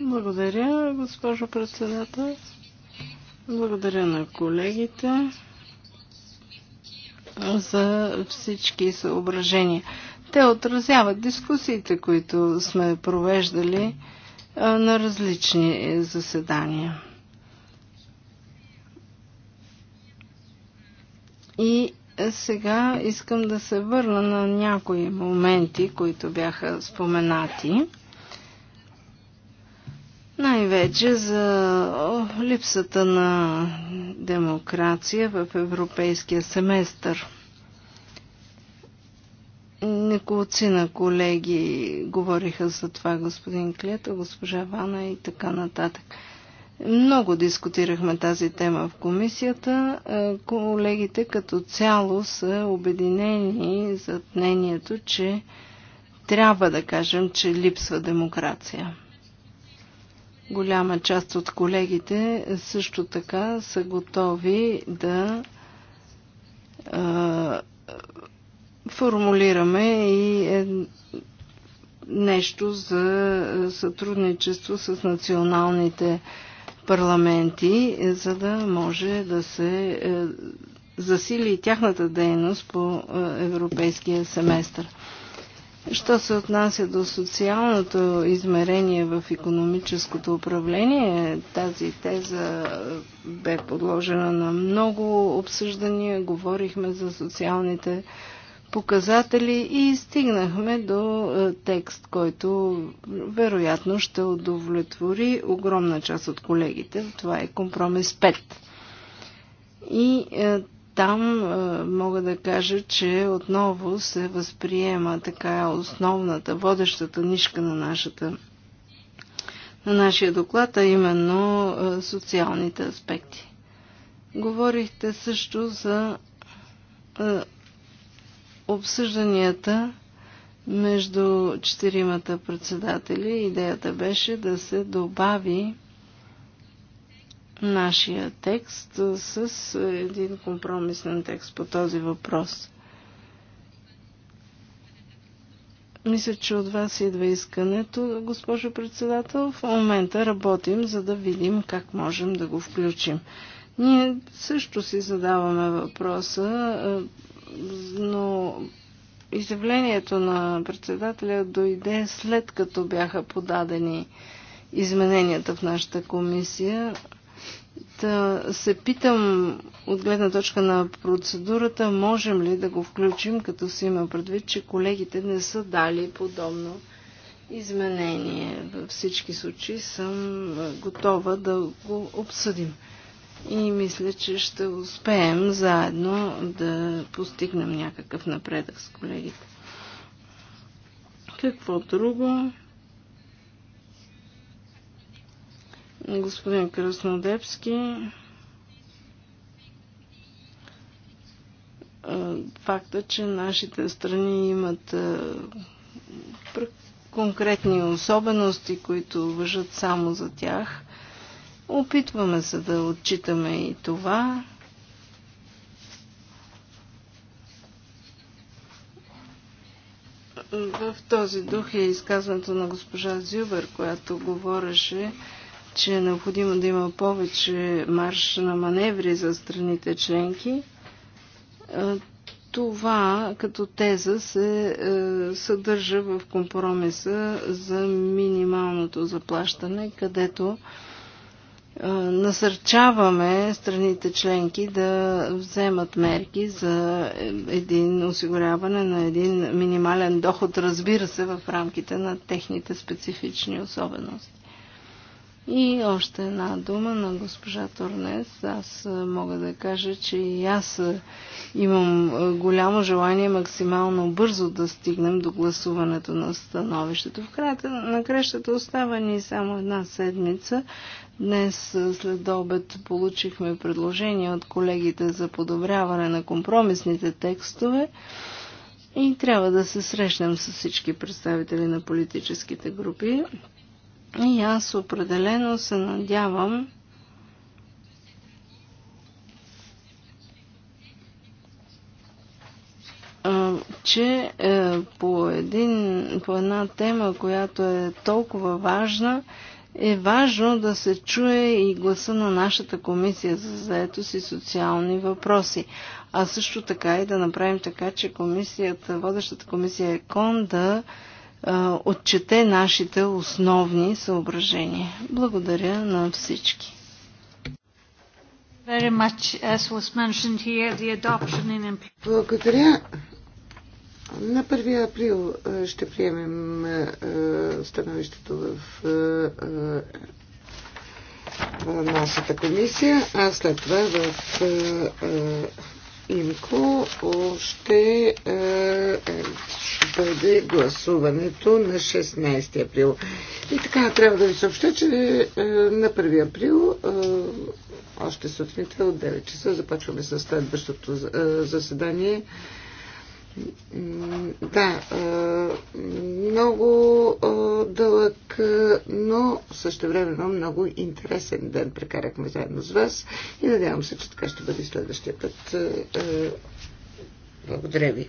Благодаря, госпожо председател. Благодаря на колегите за всички съображения. Те отразяват дискусиите, които сме провеждали на различни заседания. И сега искам да се върна на някои моменти, които бяха споменати. Най-вече за липсата на демокрация в европейския семестър. Неколци на колеги говориха за това господин Клета, госпожа Вана и така нататък. Много дискутирахме тази тема в комисията. Е, колегите като цяло са обединени за мнението, че трябва да кажем, че липсва демокрация. Голяма част от колегите също така са готови да е, формулираме и е, нещо за сътрудничество с националните парламенти, за да може да се е, засили тяхната дейност по е, европейския семестър. Що се отнася до социалното измерение в економическото управление, тази теза е, бе подложена на много обсъждания. Говорихме за социалните показатели и стигнахме до е, текст, който вероятно ще удовлетвори огромна част от колегите. Това е компромис 5. И е, там е, мога да кажа, че отново се възприема така основната, водещата нишка на нашата на нашия доклад, а именно социалните аспекти. Говорихте също за обсъжданията между четиримата председатели идеята беше да се добави нашия текст с един компромисен текст по този въпрос. Мисля, че от вас идва искането, госпожо председател. В момента работим, за да видим как можем да го включим. Ние също си задаваме въпроса но изявлението на председателя дойде след като бяха подадени измененията в нашата комисия. Да се питам от гледна точка на процедурата, можем ли да го включим, като се има предвид, че колегите не са дали подобно изменение. Във всички случаи съм готова да го обсъдим и мисля, че ще успеем заедно да постигнем някакъв напредък с колегите. Какво друго? Господин Краснодепски. Факта, че нашите страни имат конкретни особености, които въжат само за тях – Опитваме се да отчитаме и това. В този дух е изказването на госпожа Зюбер, която говореше, че е необходимо да има повече марш на маневри за страните членки. Това като теза се е, съдържа в компромиса за минималното заплащане, където насърчаваме страните членки да вземат мерки за един осигуряване на един минимален доход, разбира се, в рамките на техните специфични особености. И още една дума на госпожа Торнес. Аз мога да кажа, че и аз имам голямо желание максимално бързо да стигнем до гласуването на становището. В края на крещата остава ни само една седмица Днес след обед получихме предложения от колегите за подобряване на компромисните текстове и трябва да се срещнем с всички представители на политическите групи. И аз определено се надявам че е, по, един, по една тема, която е толкова важна, е важно да се чуе и гласа на нашата комисия за заетост и социални въпроси. А също така и да направим така, че комисията, водещата комисия ЕКОН да а, отчете нашите основни съображения. Благодаря на всички.
Благодаря. На 1 април е, ще приемем е, е, становището в нашата комисия, а след това в Имко ще бъде гласуването на 16 април. И така, трябва да ви съобща, че на 1 април още сутринта от 9 часа започваме с следващото заседание. Да, много дълъг, но също времено много интересен ден прекарахме заедно с вас и надявам се, че така ще бъде следващия път. Благодаря ви.